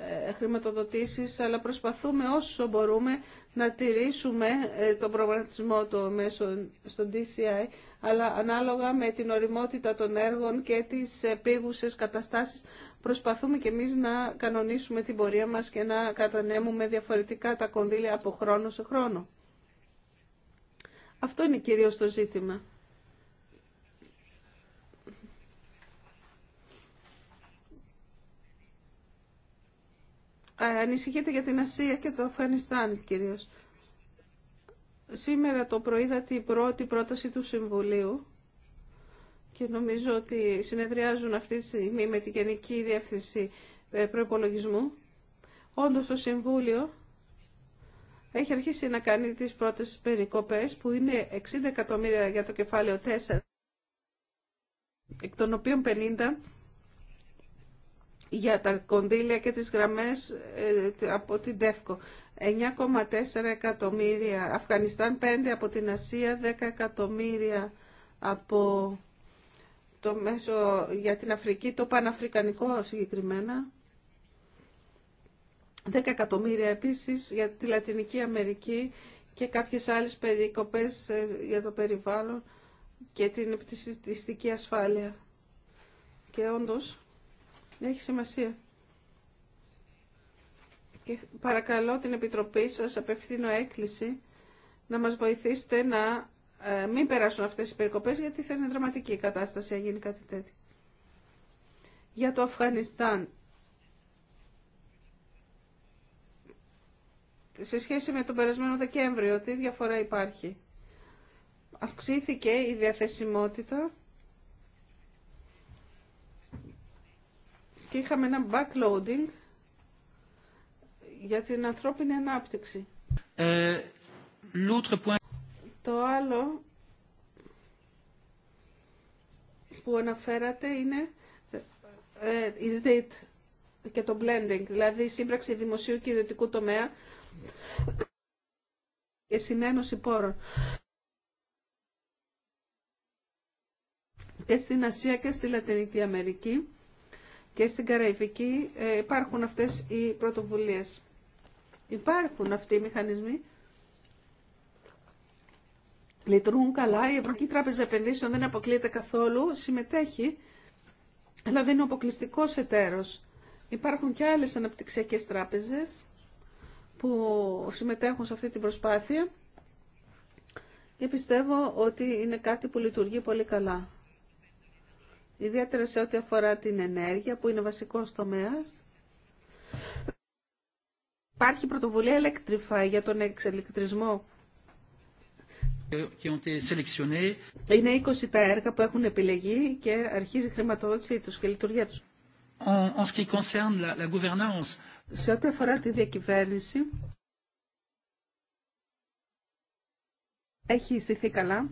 ε, χρηματοδοτήσεις, αλλά προσπαθούμε όσο μπορούμε να τηρήσουμε ε, τον προγραμματισμό του μέσω στον DCI, αλλά ανάλογα με την οριμότητα των έργων και τις επίγουσες καταστάσεις, προσπαθούμε και εμείς να κανονίσουμε την πορεία μας και να κατανέμουμε διαφορετικά τα κονδύλια από χρόνο σε χρόνο. Αυτό είναι κυρίως το ζήτημα. ανησυχείτε για την Ασία και το Αφγανιστάν κυρίως. Σήμερα το πρωί είδα την πρώτη πρόταση του Συμβουλίου και νομίζω ότι συνεδριάζουν αυτή τη στιγμή με τη Γενική Διεύθυνση ε, Προϋπολογισμού. Όντως το Συμβούλιο έχει αρχίσει να κάνει τις πρώτες περικοπές που είναι 60 εκατομμύρια για το κεφάλαιο 4 εκ των οποίων 50 για τα κονδύλια και τις γραμμές ε, από την ΤΕΦΚΟ. 9,4 εκατομμύρια, Αφγανιστάν 5 από την Ασία, 10 εκατομμύρια από το μέσο για την Αφρική, το Παναφρικανικό συγκεκριμένα. 10 εκατομμύρια επίσης για τη Λατινική Αμερική και κάποιες άλλες περικοπές ε, για το περιβάλλον και την επιστηστική ασφάλεια. Και όντως έχει σημασία. Και παρακαλώ την Επιτροπή σας, απευθύνω έκκληση, να μας βοηθήσετε να ε, μην περάσουν αυτές οι περικοπές, γιατί θα είναι δραματική η κατάσταση, αν γίνει κάτι τέτοιο. Για το Αφγανιστάν. Σε σχέση με τον περασμένο Δεκέμβριο, τι διαφορά υπάρχει. Αυξήθηκε η διαθεσιμότητα και είχαμε ένα backloading για την ανθρώπινη ανάπτυξη. Ε, το άλλο που αναφέρατε είναι ε, is και το blending, δηλαδή η σύμπραξη δημοσίου και ιδιωτικού τομέα και συνένωση πόρων. Και στην Ασία και στη Λατινική Αμερική και στην Καραϊβική ε, υπάρχουν αυτές οι πρωτοβουλίες. Υπάρχουν αυτοί οι μηχανισμοί. Λειτουργούν καλά. Η Ευρωπαϊκή Τράπεζα Επενδύσεων δεν αποκλείεται καθόλου. Συμμετέχει, αλλά δεν είναι ο αποκλειστικό εταίρος. Υπάρχουν και άλλες αναπτυξιακές τράπεζες που συμμετέχουν σε αυτή την προσπάθεια και πιστεύω ότι είναι κάτι που λειτουργεί πολύ καλά ιδιαίτερα σε ό,τι αφορά την ενέργεια που είναι βασικός τομέας. Υπάρχει πρωτοβουλία Electrify για τον εξελικτρισμό. Είναι 20 τα έργα που έχουν επιλεγεί και αρχίζει η χρηματοδότησή τους και η λειτουργία τους. Σε ό,τι αφορά τη διακυβέρνηση, έχει στηθεί καλά.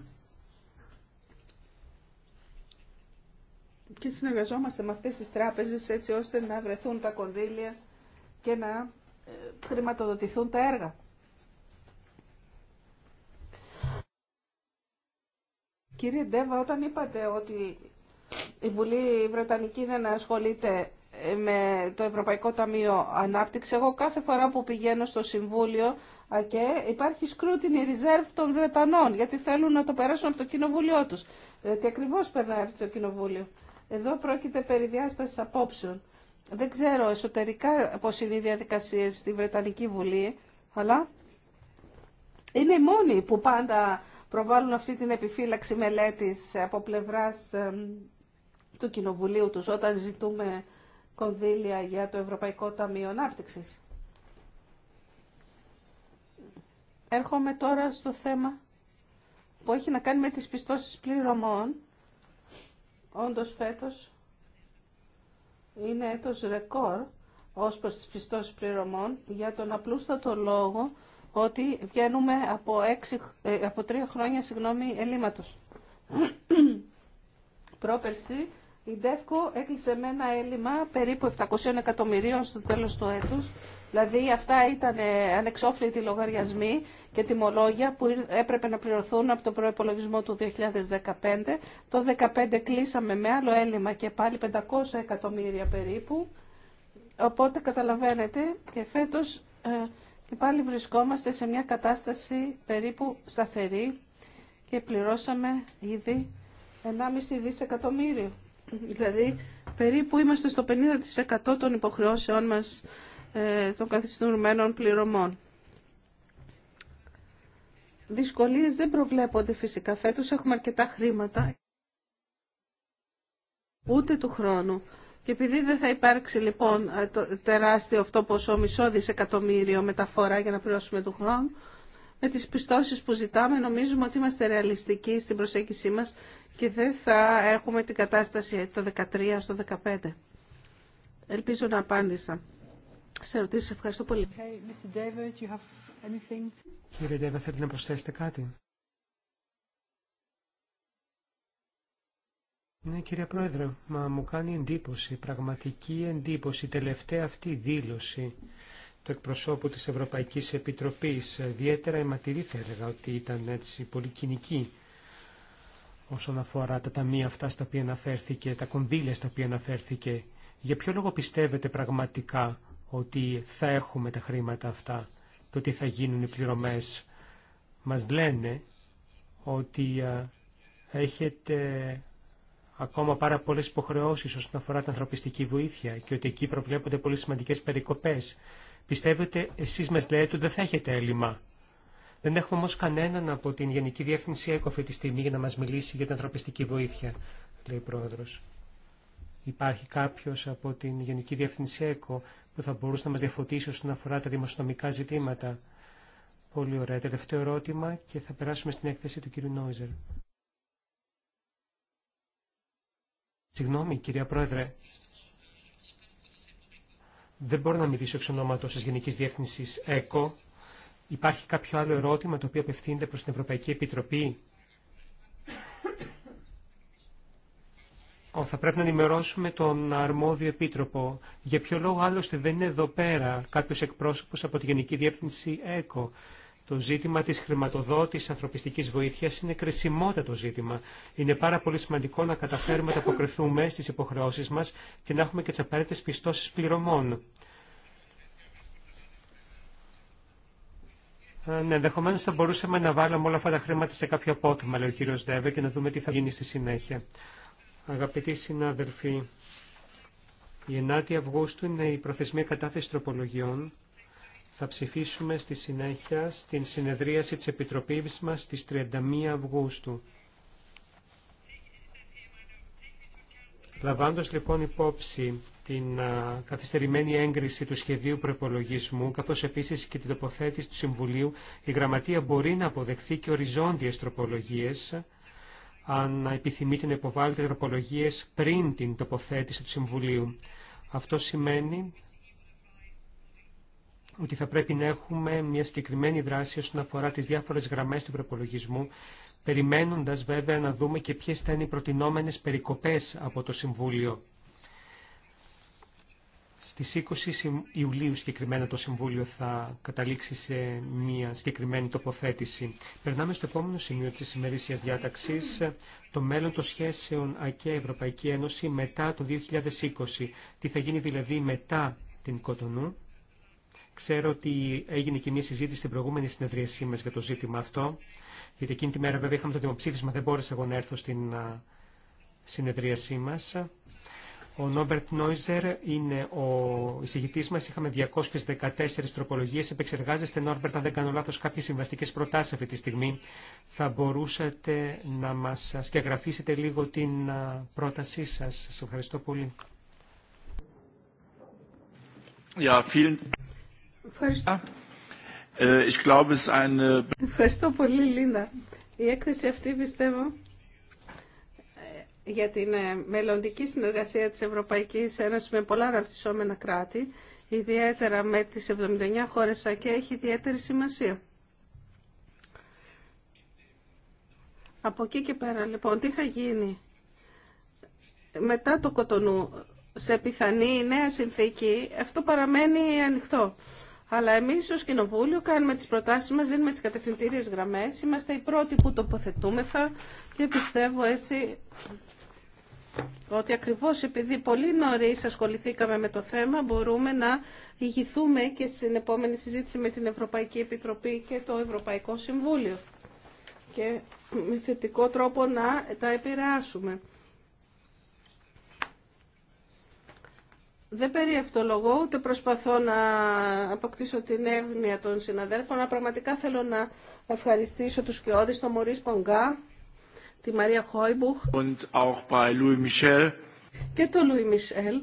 και συνεργαζόμαστε με αυτές τις τράπεζες έτσι ώστε να βρεθούν τα κονδύλια και να ε, χρηματοδοτηθούν τα έργα. Κύριε Ντέβα, όταν είπατε ότι η Βουλή Βρετανική δεν ασχολείται ε, με το Ευρωπαϊκό Ταμείο Ανάπτυξη, εγώ κάθε φορά που πηγαίνω στο Συμβούλιο και υπάρχει σκρούτινη reserve των Βρετανών, γιατί θέλουν να το περάσουν από το κοινοβούλιο τους. Γιατί ε, ακριβώς περνάει από το κοινοβούλιο. Εδώ πρόκειται περί διάσταση απόψεων. Δεν ξέρω εσωτερικά πώς είναι οι διαδικασίες στη Βρετανική Βουλή, αλλά είναι οι μόνοι που πάντα προβάλλουν αυτή την επιφύλαξη μελέτης από πλευρά του Κοινοβουλίου τους όταν ζητούμε κονδύλια για το Ευρωπαϊκό Ταμείο ανάπτυξη. Έρχομαι τώρα στο θέμα που έχει να κάνει με τις πιστώσεις πληρωμών Όντως φέτος είναι έτος ρεκόρ ως προς τις πιστώσεις πληρωμών για τον απλούστατο λόγο ότι βγαίνουμε από, έξι, ε, από τρία χρόνια συγγνώμη, ελλείμματος. Πρόπερση η ΔΕΦΚΟ έκλεισε με ένα έλλειμμα περίπου 700 εκατομμυρίων στο τέλος του έτους Δηλαδή αυτά ήταν ε, ανεξόφλητοι λογαριασμοί και τιμολόγια που έπρεπε να πληρωθούν από τον προπολογισμό του 2015. Το 2015 κλείσαμε με άλλο έλλειμμα και πάλι 500 εκατομμύρια περίπου. Οπότε καταλαβαίνετε και φέτος ε, και πάλι βρισκόμαστε σε μια κατάσταση περίπου σταθερή και πληρώσαμε ήδη 1,5 δισεκατομμύριο. Δηλαδή περίπου είμαστε στο 50% των υποχρεώσεών μας ε, των καθιστουρμένων πληρωμών. Δυσκολίες δεν προβλέπονται φυσικά. Φέτος έχουμε αρκετά χρήματα, ούτε του χρόνου. Και επειδή δεν θα υπάρξει λοιπόν ε, τεράστιο αυτό ποσό μισό δισεκατομμύριο μεταφορά για να πληρώσουμε του χρόνου, με τις πιστώσεις που ζητάμε νομίζουμε ότι είμαστε ρεαλιστικοί στην προσέγγιση μας και δεν θα έχουμε την κατάσταση το 13 στο 15. Ελπίζω να απάντησα σε ερωτήσεις. Ευχαριστώ πολύ. Κύριε Ντέβα, θέλετε να προσθέσετε κάτι. Ναι, κύριε Πρόεδρε, μα μου κάνει εντύπωση, πραγματική εντύπωση, η τελευταία αυτή δήλωση του εκπροσώπου της Ευρωπαϊκής Επιτροπής, ιδιαίτερα αιματηρή θα έλεγα ότι ήταν έτσι πολύ κοινική όσον αφορά τα ταμεία αυτά στα οποία αναφέρθηκε, τα κονδύλια στα οποία αναφέρθηκε. Για ποιο λόγο πιστεύετε πραγματικά ότι θα έχουμε τα χρήματα αυτά και ότι θα γίνουν οι πληρωμές. Μας λένε ότι έχετε ακόμα πάρα πολλές υποχρεώσεις όσον αφορά την ανθρωπιστική βοήθεια και ότι εκεί προβλέπονται πολύ σημαντικές περικοπές. Πιστεύετε, εσείς μας λέτε ότι δεν θα έχετε έλλειμμα. Δεν έχουμε όμως κανέναν από την Γενική Διεύθυνση ΕΚΟ αυτή τη στιγμή για να μας μιλήσει για την ανθρωπιστική βοήθεια, λέει ο Πρόεδρος. Υπάρχει κάποιος από την Γενική Διεύθυνση ΕΚΟ που θα μπορούσε να μας διαφωτίσει όσον αφορά τα δημοσιονομικά ζητήματα. Πολύ ωραία. Τελευταίο ερώτημα και θα περάσουμε στην έκθεση του κύριου Νόιζερ. Συγγνώμη, κυρία Πρόεδρε. Δεν μπορώ να μιλήσω εξ ονόματος της Γενικής Διεύθυνσης ΕΚΟ. Υπάρχει κάποιο άλλο ερώτημα το οποίο απευθύνεται προς την Ευρωπαϊκή Επιτροπή. θα πρέπει να ενημερώσουμε τον αρμόδιο επίτροπο. Για ποιο λόγο άλλωστε δεν είναι εδώ πέρα κάποιο εκπρόσωπο από τη Γενική Διεύθυνση ΕΚΟ. Το ζήτημα της χρηματοδότησης ανθρωπιστικής βοήθειας είναι κρισιμότατο ζήτημα. Είναι πάρα πολύ σημαντικό να καταφέρουμε να αποκριθούμε στι υποχρεώσει μα και να έχουμε και τι απαραίτητε πιστώσει πληρωμών. Ε, ναι, ενδεχομένω θα μπορούσαμε να βάλουμε όλα αυτά τα χρήματα σε κάποιο απόθυμα, λέει ο κύριο Δέβε, και να δούμε τι θα γίνει στη συνέχεια. Αγαπητοί συνάδελφοι, η 9η Αυγούστου είναι η προθεσμία κατάθεση τροπολογιών. Θα ψηφίσουμε στη συνέχεια στην συνεδρίαση της Επιτροπής μας στις 31 Αυγούστου. Λαμβάνοντας λοιπόν υπόψη την καθυστερημένη έγκριση του σχεδίου προπολογισμού, καθώς επίσης και την τοποθέτηση του Συμβουλίου, η Γραμματεία μπορεί να αποδεχθεί και οριζόντιες τροπολογίες, αν επιθυμείτε να υποβάλλετε τροπολογίες πριν την τοποθέτηση του Συμβουλίου. Αυτό σημαίνει ότι θα πρέπει να έχουμε μια συγκεκριμένη δράση όσον αφορά τις διάφορες γραμμές του προπολογισμού, περιμένοντας βέβαια να δούμε και ποιες θα είναι οι προτινόμενες περικοπές από το Συμβούλιο. Στις 20 Ιουλίου συγκεκριμένα το Συμβούλιο θα καταλήξει σε μια συγκεκριμένη τοποθέτηση. Περνάμε στο επόμενο σημείο της ημερήσιας διάταξης, το μέλλον των σχέσεων ΑΚΕ Ευρωπαϊκή Ένωση μετά το 2020. Τι θα γίνει δηλαδή μετά την Κοτονού. Ξέρω ότι έγινε και μια συζήτηση στην προηγούμενη συνεδρίασή μας για το ζήτημα αυτό, γιατί εκείνη τη μέρα βέβαια είχαμε το δημοψήφισμα, δεν μπόρεσα εγώ να έρθω στην συνεδρίασή μας. Ο Νόμπερτ Νόιζερ είναι ο εισηγητή μα. Είχαμε 214 τροπολογίε. Επεξεργάζεστε, Νόμπερτ, αν δεν κάνω λάθο, κάποιε συμβαστικέ προτάσει αυτή τη στιγμή. Θα μπορούσατε να μα σκεγγραφήσετε λίγο την πρότασή σα. Σα ευχαριστώ πολύ. Ja vielen... Ευχαριστώ. Ah. Äh, ευχαριστώ πολύ, Λίνα. Η έκθεση αυτή πιστεύω για την ε, μελλοντική συνεργασία της Ευρωπαϊκής Ένωσης με πολλά αναπτυσσόμενα κράτη, ιδιαίτερα με τις 79 χώρες ΑΚΕ, έχει ιδιαίτερη σημασία. Από εκεί και πέρα, λοιπόν, τι θα γίνει μετά το Κοτονού σε πιθανή νέα συνθήκη, αυτό παραμένει ανοιχτό. Αλλά εμείς ως Κοινοβούλιο κάνουμε τις προτάσεις μας, δίνουμε τις κατευθυντήριες γραμμές, είμαστε οι πρώτοι που τοποθετούμεθα και πιστεύω έτσι ότι ακριβώς επειδή πολύ νωρίς ασχοληθήκαμε με το θέμα μπορούμε να ηγηθούμε και στην επόμενη συζήτηση με την Ευρωπαϊκή Επιτροπή και το Ευρωπαϊκό Συμβούλιο και με θετικό τρόπο να τα επηρεάσουμε. Δεν περί αυτολογώ, ούτε προσπαθώ να αποκτήσω την εύνοια των συναδέλφων, αλλά πραγματικά θέλω να ευχαριστήσω τους Κιώδης, τον Μωρίς Πονγκά, τη Μαρία Χόιμπουχ και το Λουί Μισελ.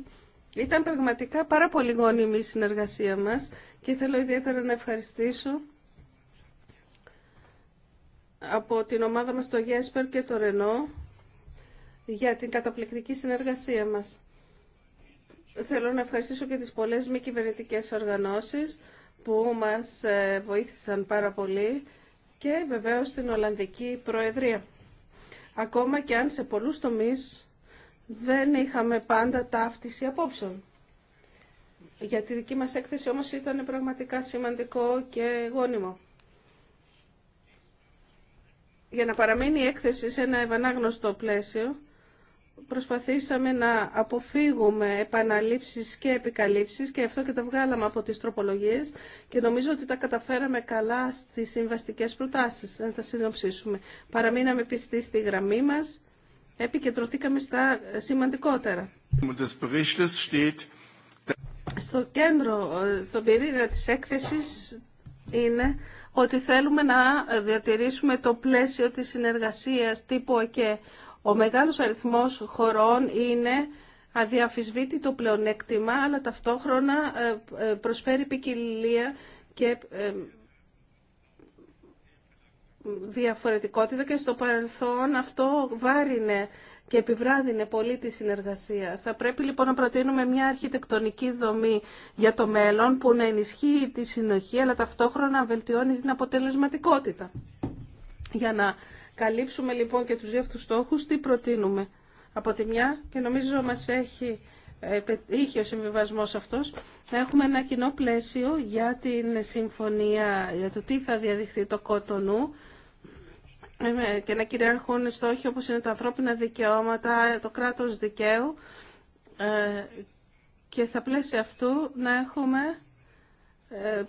Ήταν πραγματικά πάρα πολύ γόνιμη η συνεργασία μας και θέλω ιδιαίτερα να ευχαριστήσω από την ομάδα μας το Γέσπερ και το Ρενό για την καταπληκτική συνεργασία μας. Θέλω να ευχαριστήσω και τις πολλές μη κυβερνητικέ οργανώσεις που μας ε, βοήθησαν πάρα πολύ και βεβαίως την Ολλανδική Προεδρία ακόμα και αν σε πολλούς τομείς δεν είχαμε πάντα ταύτιση απόψεων. Για τη δική μας έκθεση όμως ήταν πραγματικά σημαντικό και γόνιμο. Για να παραμείνει η έκθεση σε ένα ευανάγνωστο πλαίσιο, προσπαθήσαμε να αποφύγουμε επαναλήψεις και επικαλύψεις και αυτό και τα βγάλαμε από τις τροπολογίες και νομίζω ότι τα καταφέραμε καλά στις συμβαστικές προτάσεις, να τα συνοψίσουμε. Παραμείναμε πιστοί στη γραμμή μας, επικεντρωθήκαμε στα σημαντικότερα. Στο κέντρο, στον πυρήνα της έκθεσης είναι ότι θέλουμε να διατηρήσουμε το πλαίσιο της συνεργασίας τύπου ΟΚΕ ο μεγάλος αριθμός χωρών είναι αδιαφυσβήτητο πλεονέκτημα, αλλά ταυτόχρονα ε, ε, προσφέρει ποικιλία και ε, διαφορετικότητα και στο παρελθόν αυτό βάρινε και επιβράδυνε πολύ τη συνεργασία. Θα πρέπει λοιπόν να προτείνουμε μια αρχιτεκτονική δομή για το μέλλον που να ενισχύει τη συνοχή αλλά ταυτόχρονα βελτιώνει την αποτελεσματικότητα για να καλύψουμε λοιπόν και τους δύο αυτούς στόχους, τι προτείνουμε από τη μια και νομίζω μας έχει ε, είχε ο συμβιβασμό αυτός να έχουμε ένα κοινό πλαίσιο για την συμφωνία για το τι θα διαδειχθεί το κότονου ε, και να κυριαρχούν στόχοι όπως είναι τα ανθρώπινα δικαιώματα, το κράτος δικαίου ε, και στα πλαίσια αυτού να έχουμε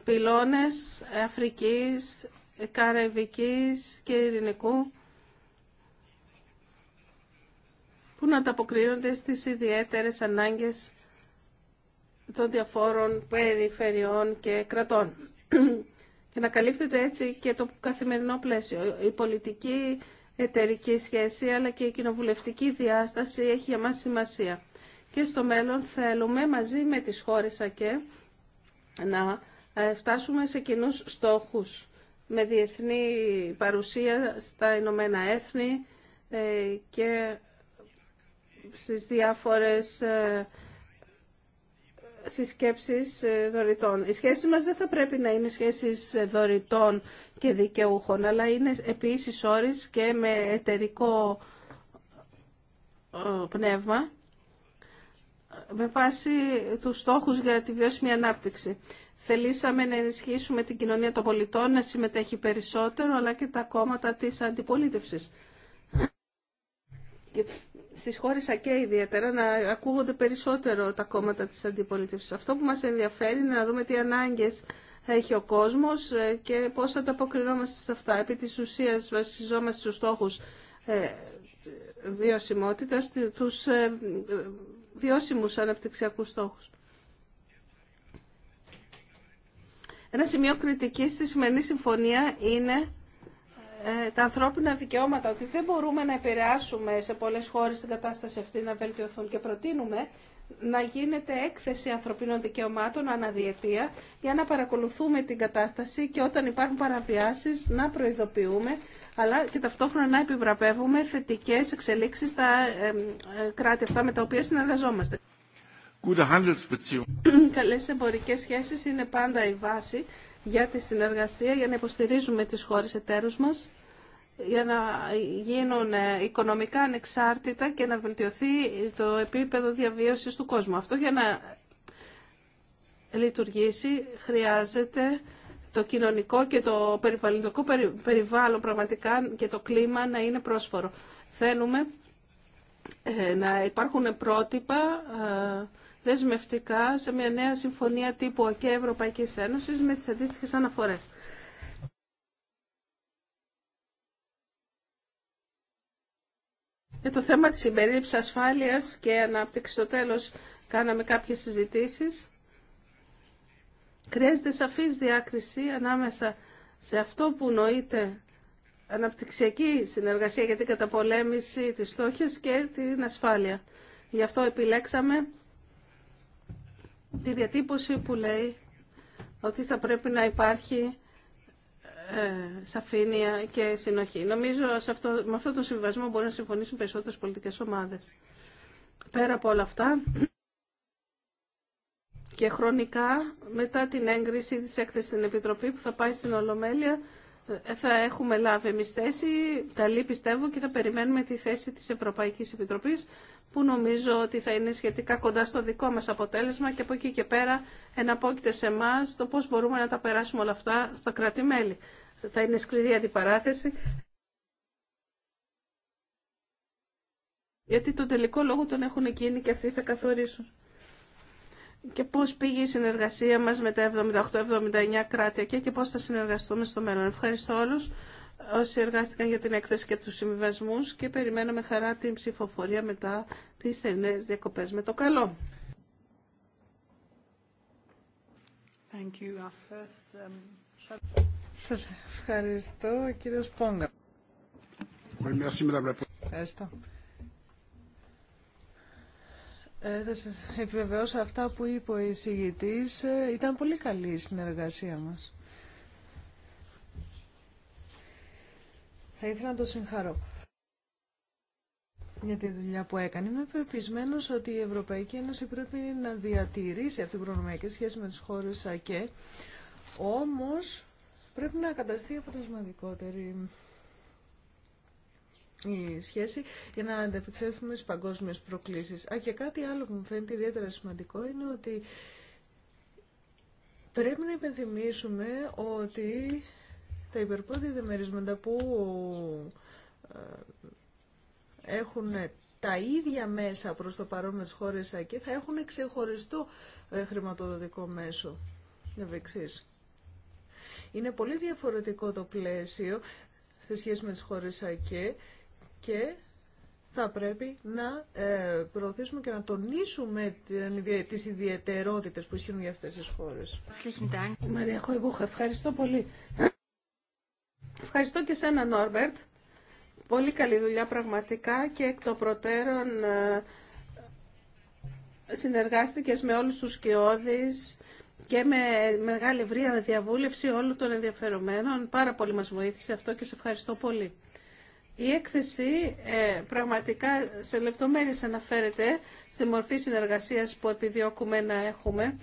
πυλώνες Αφρικής, Καραϊβικής και Ειρηνικού που να ανταποκρίνονται στις ιδιαίτερες ανάγκες των διαφόρων περιφερειών και κρατών. Και να καλύπτεται έτσι και το καθημερινό πλαίσιο. Η πολιτική εταιρική σχέση αλλά και η κοινοβουλευτική διάσταση έχει για μας σημασία. Και στο μέλλον θέλουμε μαζί με τις χώρες ΑΚΕ να ε, φτάσουμε σε κοινούς στόχους με διεθνή παρουσία στα Ηνωμένα Έθνη ε, και στις διάφορες ε, συσκέψεις ε, δωρητών. Οι σχέσεις μας δεν θα πρέπει να είναι σχέσεις δωρητών και δικαιούχων, αλλά είναι επίσης όρις και με εταιρικό πνεύμα με βάση τους στόχους για τη βιώσιμη ανάπτυξη. Θελήσαμε να ενισχύσουμε την κοινωνία των πολιτών να συμμετέχει περισσότερο, αλλά και τα κόμματα της αντιπολίτευσης. Και στις χώρες ΑΚΕ ιδιαίτερα να ακούγονται περισσότερο τα κόμματα της αντιπολίτευσης. Αυτό που μας ενδιαφέρει είναι να δούμε τι ανάγκες έχει ο κόσμος ε, και πώς θα αποκρινόμαστε σε αυτά. Επί της ουσίας βασιζόμαστε στους στόχους ε, βιωσιμότητας, τους ε, βιώσιμους αναπτυξιακούς στόχους. Ένα σημείο κριτική στη σημερινή συμφωνία είναι ε, τα ανθρώπινα δικαιώματα, ότι δεν μπορούμε να επηρεάσουμε σε πολλές χώρες την κατάσταση αυτή να βελτιωθούν και προτείνουμε να γίνεται έκθεση ανθρωπίνων δικαιωμάτων αναδιετία για να παρακολουθούμε την κατάσταση και όταν υπάρχουν παραβιάσεις να προειδοποιούμε αλλά και ταυτόχρονα να επιβραπεύουμε θετικές εξελίξεις στα ε, ε, κράτη αυτά με τα οποία συνεργαζόμαστε. Καλές εμπορικές σχέσεις είναι πάντα η βάση για τη συνεργασία, για να υποστηρίζουμε τις χώρες εταίρους μας, για να γίνουν ε, οικονομικά ανεξάρτητα και να βελτιωθεί το επίπεδο διαβίωσης του κόσμου. Αυτό για να λειτουργήσει χρειάζεται το κοινωνικό και το περιβαλλοντικό περιβάλλον πραγματικά και το κλίμα να είναι πρόσφορο. Θέλουμε ε, να υπάρχουν πρότυπα ε, δεσμευτικά σε μια νέα συμφωνία τύπου ΑΚΕ Ευρωπαϊκής Ένωσης με τις αντίστοιχε αναφορές. Για το θέμα της συμπερίληψης ασφάλειας και ανάπτυξη στο τέλος κάναμε κάποιες συζητήσεις. Χρειάζεται σαφής διάκριση ανάμεσα σε αυτό που νοείται αναπτυξιακή συνεργασία για την καταπολέμηση της φτώχειας και την ασφάλεια. Γι' αυτό επιλέξαμε τη διατύπωση που λέει ότι θα πρέπει να υπάρχει ε, σαφήνεια και συνοχή. Νομίζω σε αυτό, με αυτό το συμβασμό μπορεί να συμφωνήσουν περισσότερες πολιτικές ομάδες. Πέρα από όλα αυτά και χρονικά μετά την έγκριση της έκθεσης στην Επιτροπή που θα πάει στην Ολομέλεια ε, θα έχουμε λάβει εμείς θέση, καλή πιστεύω και θα περιμένουμε τη θέση της Ευρωπαϊκής Επιτροπής που νομίζω ότι θα είναι σχετικά κοντά στο δικό μας αποτέλεσμα και από εκεί και πέρα εναπόκειται σε εμά το πώς μπορούμε να τα περάσουμε όλα αυτά στα κράτη-μέλη. Θα είναι σκληρή αντιπαράθεση. Γιατί τον τελικό λόγο τον έχουν εκείνοι και αυτοί θα καθορίσουν. Και πώς πήγε η συνεργασία μας με τα 78-79 κράτη και, και πώς θα συνεργαστούμε στο μέλλον. Ευχαριστώ όλους όσοι εργάστηκαν για την έκθεση και τους συμβιβασμού και περιμένω με χαρά την ψηφοφορία μετά τις θερινές διακοπές. Με το καλό. Σα um, Σας ευχαριστώ, κύριος Πόγκα. Ευχαριστώ. Ε, αυτά που είπε ο εισηγητής. Ε, ήταν πολύ καλή η συνεργασία μας. Θα ήθελα να το συγχαρώ για τη δουλειά που έκανε. Είμαι πεπισμένο ότι η Ευρωπαϊκή Ένωση πρέπει να διατηρήσει αυτή την προνομιακή σχέση με τι χώρε ΑΚΕ. Όμω πρέπει να καταστεί αποτελεσματικότερη η σχέση για να ανταπεξέλθουμε στι παγκόσμιε προκλήσει. Α, και κάτι άλλο που μου φαίνεται ιδιαίτερα σημαντικό είναι ότι πρέπει να υπενθυμίσουμε ότι τα υπερπόδια διαμερίσματα που ε, έχουν τα ίδια μέσα προς το παρόν με τις χώρες ΑΚΕ θα έχουν ξεχωριστό ε, χρηματοδοτικό μέσο. Είναι πολύ διαφορετικό το πλαίσιο σε σχέση με τις χώρες ΑΚΕ και θα πρέπει να ε, προωθήσουμε και να τονίσουμε τις ιδιαιτερότητες που ισχύουν για αυτές τις χώρες. Μαρία ευχαριστώ πολύ. Ευχαριστώ και σένα Νόρμπερτ. Πολύ καλή δουλειά πραγματικά και εκ των προτέρων ε, συνεργάστηκες με όλους τους σκιώδεις και με μεγάλη ευρία διαβούλευση όλων των ενδιαφερομένων. Πάρα πολύ μας βοήθησε αυτό και σε ευχαριστώ πολύ. Η έκθεση ε, πραγματικά σε λεπτομέρειες αναφέρεται στη μορφή συνεργασίας που επιδιώκουμε να έχουμε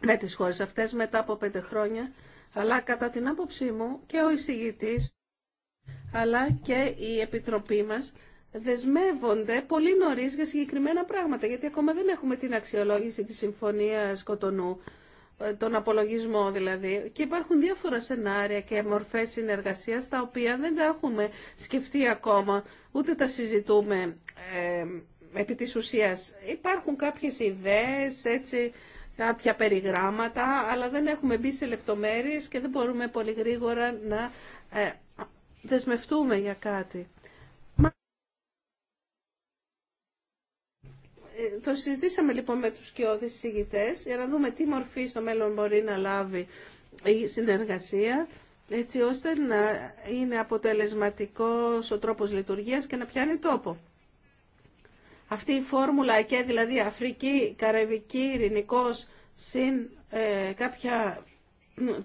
με τις χώρες αυτές μετά από πέντε χρόνια αλλά κατά την άποψή μου και ο εισηγητής αλλά και η Επιτροπή μας δεσμεύονται πολύ νωρίς για συγκεκριμένα πράγματα, γιατί ακόμα δεν έχουμε την αξιολόγηση της Συμφωνίας Κοτονού, ε, τον απολογισμό δηλαδή. Και υπάρχουν διάφορα σενάρια και μορφές συνεργασίας, τα οποία δεν τα έχουμε σκεφτεί ακόμα, ούτε τα συζητούμε ε, επί της ουσίας. Υπάρχουν κάποιες ιδέες, έτσι, κάποια περιγράμματα, αλλά δεν έχουμε μπει σε λεπτομέρειες και δεν μπορούμε πολύ γρήγορα να ε, δεσμευτούμε για κάτι. Ε, το συζητήσαμε λοιπόν με τους κοιόδης συγητές για να δούμε τι μορφή στο μέλλον μπορεί να λάβει η συνεργασία έτσι ώστε να είναι αποτελεσματικός ο τρόπος λειτουργίας και να πιάνει τόπο. Αυτή η φόρμουλα και δηλαδή Αφρική, Καραϊβική, Ειρηνικός, συν ε, κάποια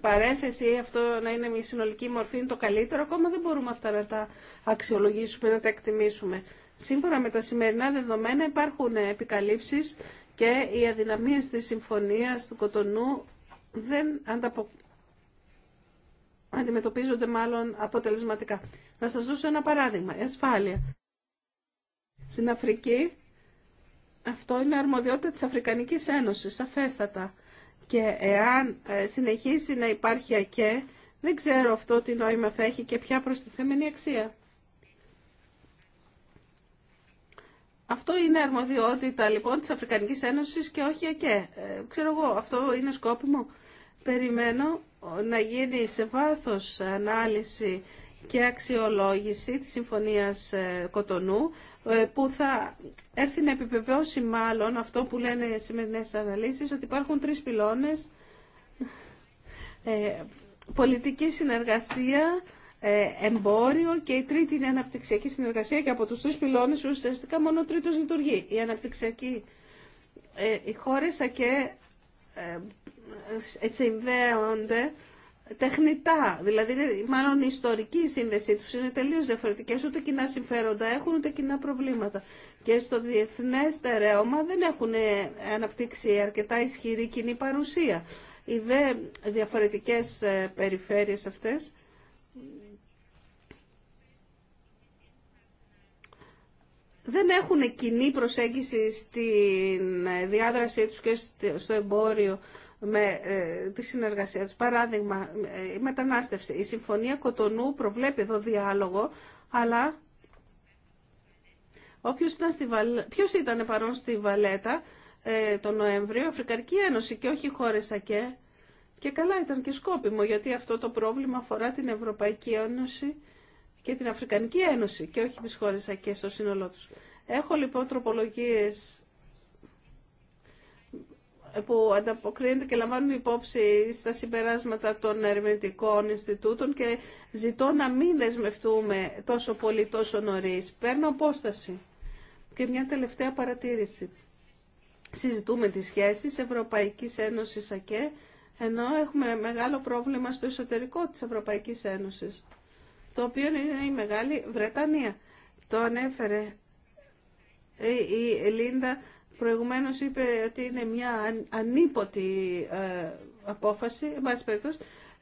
παρένθεση, αυτό να είναι μια συνολική μορφή, είναι το καλύτερο. Ακόμα δεν μπορούμε αυτά να τα αξιολογήσουμε, να τα εκτιμήσουμε. Σύμφωνα με τα σημερινά δεδομένα υπάρχουν επικαλύψεις και οι αδυναμίες της συμφωνίας του Κοτονού δεν ανταπο... αντιμετωπίζονται μάλλον αποτελεσματικά. Να σας δώσω ένα παράδειγμα. ασφάλεια. Στην Αφρική αυτό είναι αρμοδιότητα της Αφρικανικής Ένωσης, αφέστατα. Και εάν ε, συνεχίσει να υπάρχει ΑΚΕ, δεν ξέρω αυτό τι νόημα θα έχει και ποια προστιθέμενη αξία. Αυτό είναι αρμοδιότητα λοιπόν της Αφρικανικής Ένωσης και όχι ΑΚΕ. Ε, ξέρω εγώ, αυτό είναι σκόπιμο. Περιμένω να γίνει σε βάθος ανάλυση και αξιολόγηση της Συμφωνίας ε, Κοτονού ε, που θα έρθει να επιβεβαιώσει μάλλον αυτό που λένε οι σημερινές αναλύσεις, ότι υπάρχουν τρεις πυλώνες, ε, πολιτική συνεργασία, ε, εμπόριο και η τρίτη είναι αναπτυξιακή συνεργασία και από τους τρεις πυλώνες ουσιαστικά μόνο ο τρίτος λειτουργεί. Η αναπτυξιακή, οι χώρες και συνδέονται τεχνητά. Δηλαδή, μάλλον η ιστορική σύνδεσή τους είναι τελείως διαφορετικές. Ούτε κοινά συμφέροντα έχουν, ούτε κοινά προβλήματα. Και στο διεθνέ στερέωμα δεν έχουν ε, αναπτύξει αρκετά ισχυρή κοινή παρουσία. Οι δε διαφορετικές ε, περιφέρειες αυτές δεν έχουν κοινή προσέγγιση στη ε, διάδρασή τους και στο εμπόριο με ε, τη συνεργασία τους. Παράδειγμα, ε, η μετανάστευση. Η Συμφωνία Κοτονού προβλέπει εδώ διάλογο, αλλά όποιος ήταν στη ποιος ήταν παρόν στη Βαλέτα ε, τον Νοέμβριο, Αφρικανική Ένωση και όχι χώρες ΑΚΕ. Και καλά ήταν και σκόπιμο, γιατί αυτό το πρόβλημα αφορά την Ευρωπαϊκή Ένωση και την Αφρικανική Ένωση και όχι τις χώρες ΑΚΕ στο σύνολό τους. Έχω λοιπόν τροπολογίες που ανταποκρίνεται και λαμβάνουμε υπόψη στα συμπεράσματα των ερευνητικών Ινστιτούτων και ζητώ να μην δεσμευτούμε τόσο πολύ, τόσο νωρίς. Παίρνω απόσταση. Και μια τελευταία παρατήρηση. Συζητούμε τις σχέσεις Ευρωπαϊκής Ένωσης ΑΚΕ, ενώ έχουμε μεγάλο πρόβλημα στο εσωτερικό της Ευρωπαϊκής Ένωσης, το οποίο είναι η Μεγάλη Βρετανία. Το ανέφερε η Λίντα Προηγουμένως είπε ότι είναι μια ανίποτη ε, απόφαση, εν πάση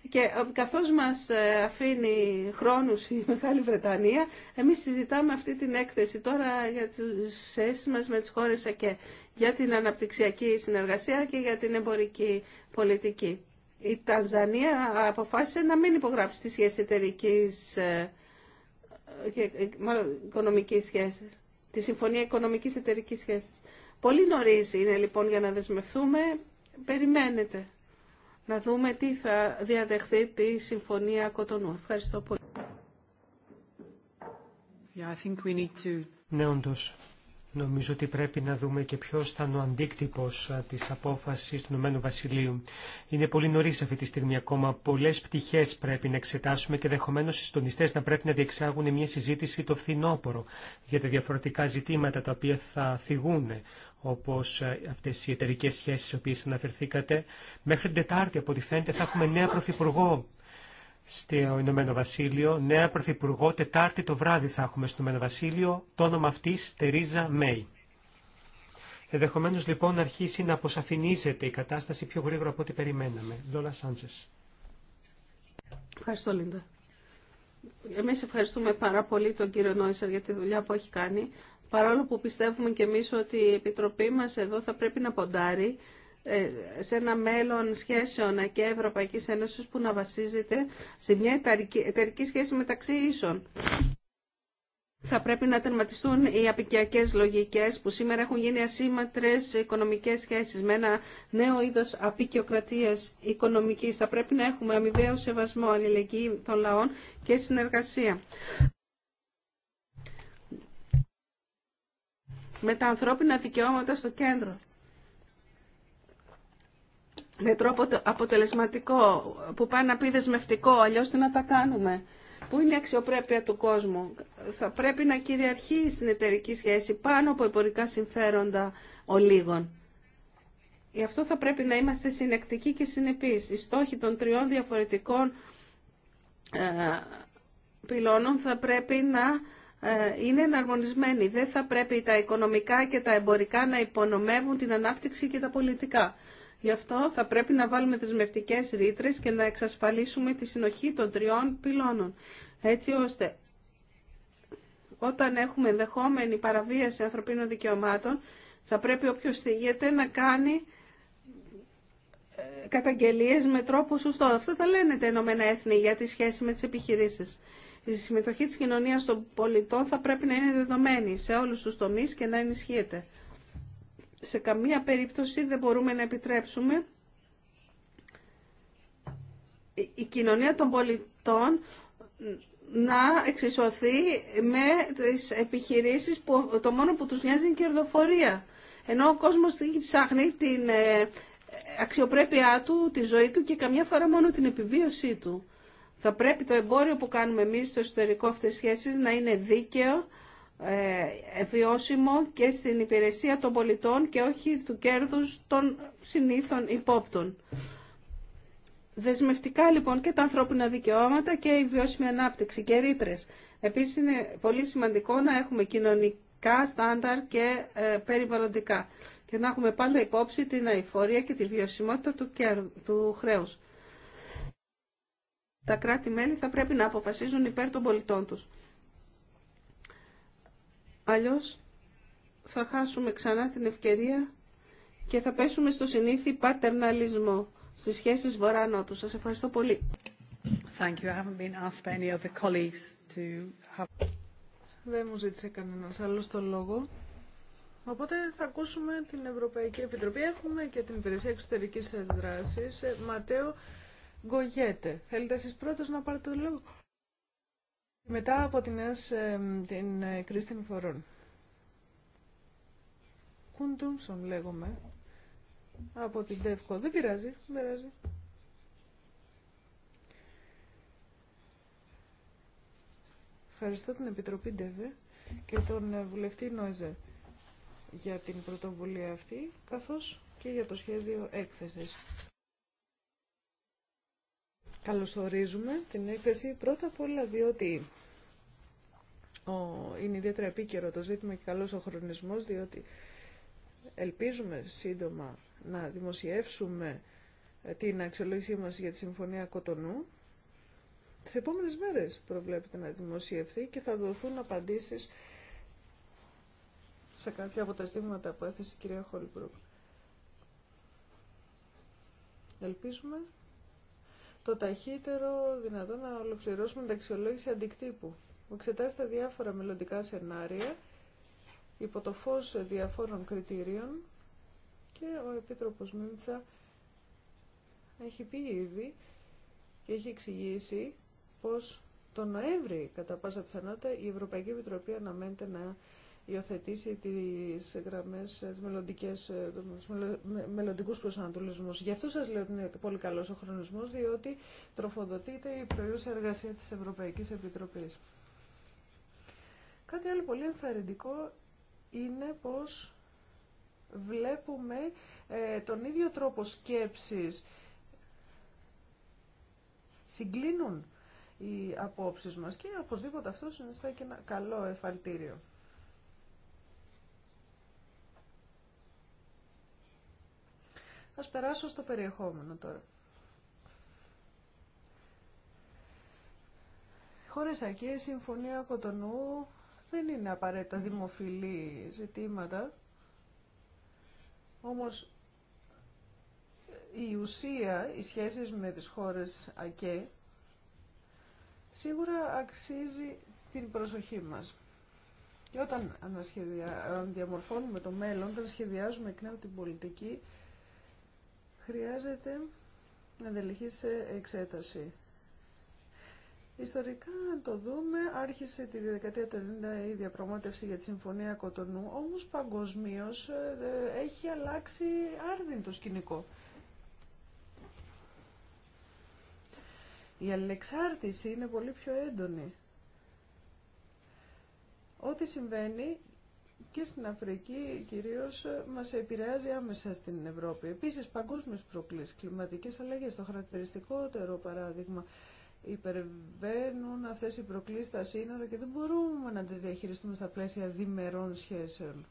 και ε, καθώς μας ε, αφήνει χρόνους η Μεγάλη Βρετανία, εμείς συζητάμε αυτή την έκθεση τώρα για τις σχέσεις μας με τις χώρες και για την αναπτυξιακή συνεργασία και για την εμπορική πολιτική. Η Τανζανία αποφάσισε να μην υπογράψει τη σχέσεις εταιρικής και μάλλον οικονομικής τη Συμφωνία Οικονομικής Εταιρικής Σχέσης. Πολύ νωρίς είναι λοιπόν για να δεσμευθούμε. Περιμένετε να δούμε τι θα διαδεχθεί τη Συμφωνία Κοτονού. Ευχαριστώ πολύ. Yeah, I think we need to... Ναι, Νομίζω ότι πρέπει να δούμε και ποιο θα ο αντίκτυπο τη απόφαση του Ηνωμένου Βασιλείου. Είναι πολύ νωρί αυτή τη στιγμή ακόμα. Πολλέ πτυχέ πρέπει να εξετάσουμε και δεχομένω οι συντονιστέ να πρέπει να διεξάγουν μια συζήτηση το φθινόπωρο για τα διαφορετικά ζητήματα τα οποία θα θυγούν, όπω αυτέ οι εταιρικέ σχέσει στι οποίε αναφερθήκατε. Μέχρι την Τετάρτη, από ό,τι φαίνεται, θα έχουμε νέα πρωθυπουργό στο Ηνωμένο Βασίλειο. Νέα Πρωθυπουργό, Τετάρτη το βράδυ θα έχουμε στο Ηνωμένο Βασίλειο, το όνομα αυτής Τερίζα Μέη. Εδεχομένω λοιπόν να αρχίσει να αποσαφηνίζεται η κατάσταση πιο γρήγορα από ό,τι περιμέναμε. Λόλα Σάντζε. Ευχαριστώ Λίντα. Εμείς ευχαριστούμε πάρα πολύ τον κύριο Νόησερ για τη δουλειά που έχει κάνει. Παρόλο που πιστεύουμε και εμεί ότι η Επιτροπή μα εδώ θα πρέπει να ποντάρει ε, σε ένα μέλλον σχέσεων και Ευρωπαϊκής Ένωσης που να βασίζεται σε μια εταιρική σχέση μεταξύ ίσων. Θα πρέπει να τερματιστούν οι απικιακές λογικές που σήμερα έχουν γίνει ασήμαντρες οικονομικές σχέσεις με ένα νέο είδος απικιοκρατίας οικονομικής. Θα πρέπει να έχουμε αμοιβαίο σεβασμό, αλληλεγγύη των λαών και συνεργασία. Με τα ανθρώπινα δικαιώματα στο κέντρο με τρόπο αποτελεσματικό, που πάει να πει δεσμευτικό, αλλιώς τι να τα κάνουμε. Πού είναι η αξιοπρέπεια του κόσμου. Θα πρέπει να κυριαρχεί στην εταιρική σχέση πάνω από εμπορικά συμφέροντα ολίγων. Γι' αυτό θα πρέπει να είμαστε συνεκτικοί και συνεπείς. Οι στόχοι των τριών διαφορετικών ε, πυλώνων θα πρέπει να ε, είναι εναρμονισμένοι. Δεν θα πρέπει τα οικονομικά και τα εμπορικά να υπονομεύουν την ανάπτυξη και τα πολιτικά. Γι' αυτό θα πρέπει να βάλουμε δεσμευτικέ ρήτρε και να εξασφαλίσουμε τη συνοχή των τριών πυλώνων. Έτσι ώστε όταν έχουμε ενδεχόμενη παραβίαση ανθρωπίνων δικαιωμάτων, θα πρέπει όποιος θίγεται να κάνει ε, καταγγελίες με τρόπο σωστό. Αυτό θα λένε τα Ηνωμένα Έθνη για τη σχέση με τις επιχειρήσεις. Η συμμετοχή της κοινωνίας των πολιτών θα πρέπει να είναι δεδομένη σε όλους τους τομείς και να ενισχύεται σε καμία περίπτωση δεν μπορούμε να επιτρέψουμε η κοινωνία των πολιτών να εξισωθεί με τις επιχειρήσεις που το μόνο που τους νοιάζει είναι η κερδοφορία. Ενώ ο κόσμος ψάχνει την ε, αξιοπρέπειά του, τη ζωή του και καμιά φορά μόνο την επιβίωσή του. Θα πρέπει το εμπόριο που κάνουμε εμείς στο εσωτερικό αυτές σχέσεις να είναι δίκαιο, ε, βιώσιμο και στην υπηρεσία των πολιτών και όχι του κέρδους των συνήθων υπόπτων. Δεσμευτικά λοιπόν και τα ανθρώπινα δικαιώματα και η βιώσιμη ανάπτυξη και ρήτρε. Επίσης είναι πολύ σημαντικό να έχουμε κοινωνικά στάνταρ και ε, περιβαλλοντικά και να έχουμε πάντα υπόψη την αηφορία και τη βιωσιμότητα του, του χρέους. Τα κράτη-μέλη θα πρέπει να αποφασίζουν υπέρ των πολιτών τους. Αλλιώς θα χάσουμε ξανά την ευκαιρία και θα πέσουμε στο συνήθι πατερναλισμό στις σχέσεις βορρά-νότου. Σας ευχαριστώ πολύ. Thank you. I been asked by any to have... Δεν μου ζήτησε κανένας άλλος το λόγο. Οπότε θα ακούσουμε την Ευρωπαϊκή Επιτροπή. Έχουμε και την Υπηρεσία Εξωτερικής Δράσης. Ε, Ματέο Γκογέτε. Θέλετε εσείς πρώτος να πάρετε το λόγο. Μετά από την, την ε, κρίση των φορών. Κούντουμσον λέγομαι. Από την ΤΕΦΚΟ. Δεν πειράζει, δεν πειράζει. Ευχαριστώ την Επιτροπή ΤΕΒΕ και τον ε, βουλευτή Νόιζε για την πρωτοβουλία αυτή, καθώς και για το σχέδιο έκθεσης καλωσορίζουμε την έκθεση πρώτα απ' όλα διότι ο, είναι ιδιαίτερα επίκαιρο το ζήτημα και καλός ο χρονισμός διότι ελπίζουμε σύντομα να δημοσιεύσουμε ε, την αξιολόγησή μας για τη Συμφωνία Κοτονού. Τις επόμενες μέρες προβλέπεται να δημοσιευθεί και θα δοθούν απαντήσεις σε κάποια από τα στήματα που έθεσε η κυρία Χόλμπρουκ. Ελπίζουμε το ταχύτερο δυνατό να ολοκληρώσουμε την αξιολόγηση αντικτύπου που διάφορα μελλοντικά σενάρια υπό το φως διαφόρων κριτήριων και ο Επίτροπος Μίντσα έχει πει ήδη και έχει εξηγήσει πως τον Νοέμβρη κατά πάσα πιθανότητα η Ευρωπαϊκή Επιτροπή αναμένεται να υιοθετήσει τις γραμμέ του μελλοντικές, ε, μελωδικούς προσανατολισμούς. Γι' αυτό σα λέω ότι είναι πολύ καλός ο χρονισμό διότι τροφοδοτείται η προϊόντα εργασία τη Ευρωπαϊκή Επιτροπή. Κάτι άλλο πολύ ενθαρρυντικό είναι πως βλέπουμε ε, τον ίδιο τρόπο σκέψης. Συγκλίνουν οι απόψεις μας και οπωσδήποτε αυτό συνιστά και ένα καλό εφαλτήριο. Ας περάσω στο περιεχόμενο τώρα. Χωρίς ακή, συμφωνία κοτονού δεν είναι απαραίτητα δημοφιλή ζητήματα, όμως η ουσία, οι σχέσεις με τις χώρες ΑΚΕ, σίγουρα αξίζει την προσοχή μας. Και όταν διαμορφώνουμε το μέλλον, όταν σχεδιάζουμε εκ νέου την πολιτική, χρειάζεται να σε εξέταση. Ιστορικά, αν το δούμε, άρχισε τη δεκαετία του 90 η διαπραγμάτευση για τη Συμφωνία Κοτονού, όμως παγκοσμίω ε, έχει αλλάξει άρδιν το σκηνικό. Η αλληλεξάρτηση είναι πολύ πιο έντονη. Ό,τι συμβαίνει και στην Αφρική κυρίως ε, μας επηρεάζει άμεσα στην Ευρώπη. Επίσης παγκόσμιες προκλήσεις, κλιματικές αλλαγές, το χαρακτηριστικότερο παράδειγμα υπερβαίνουν αυτές οι προκλήσεις στα σύνορα και δεν μπορούμε να τις διαχειριστούμε στα πλαίσια διμερών σχέσεων.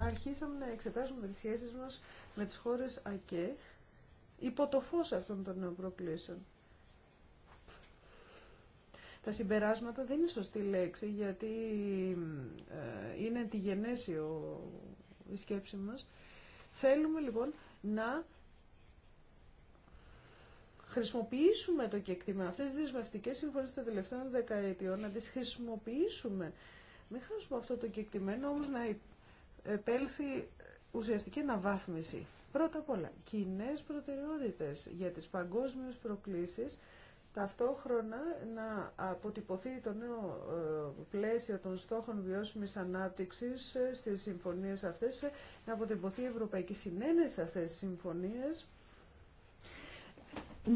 Αρχίσαμε να εξετάζουμε τις σχέσεις μας με τις χώρες ΑΚΕ υπό το φως αυτών των νέων προκλήσεων. Τα συμπεράσματα δεν είναι σωστή λέξη γιατί ε, είναι τη γενέσιο η σκέψη μας. Θέλουμε λοιπόν να χρησιμοποιήσουμε το κεκτήμενο. Αυτές τις δεσμευτικές συμφωνίες των τελευταίων δεκαετιών να τις χρησιμοποιήσουμε. Μην χάσουμε αυτό το κεκτημένο όμως να επέλθει ουσιαστική αναβάθμιση. Πρώτα απ' όλα, κοινέ προτεραιότητες για τις παγκόσμιες προκλήσεις ταυτόχρονα να αποτυπωθεί το νέο ε, πλαίσιο των στόχων βιώσιμης ανάπτυξης ε, στις συμφωνίες αυτές, ε, να αποτυπωθεί η Ευρωπαϊκή Συνένεση σε αυτές τις συμφωνίες,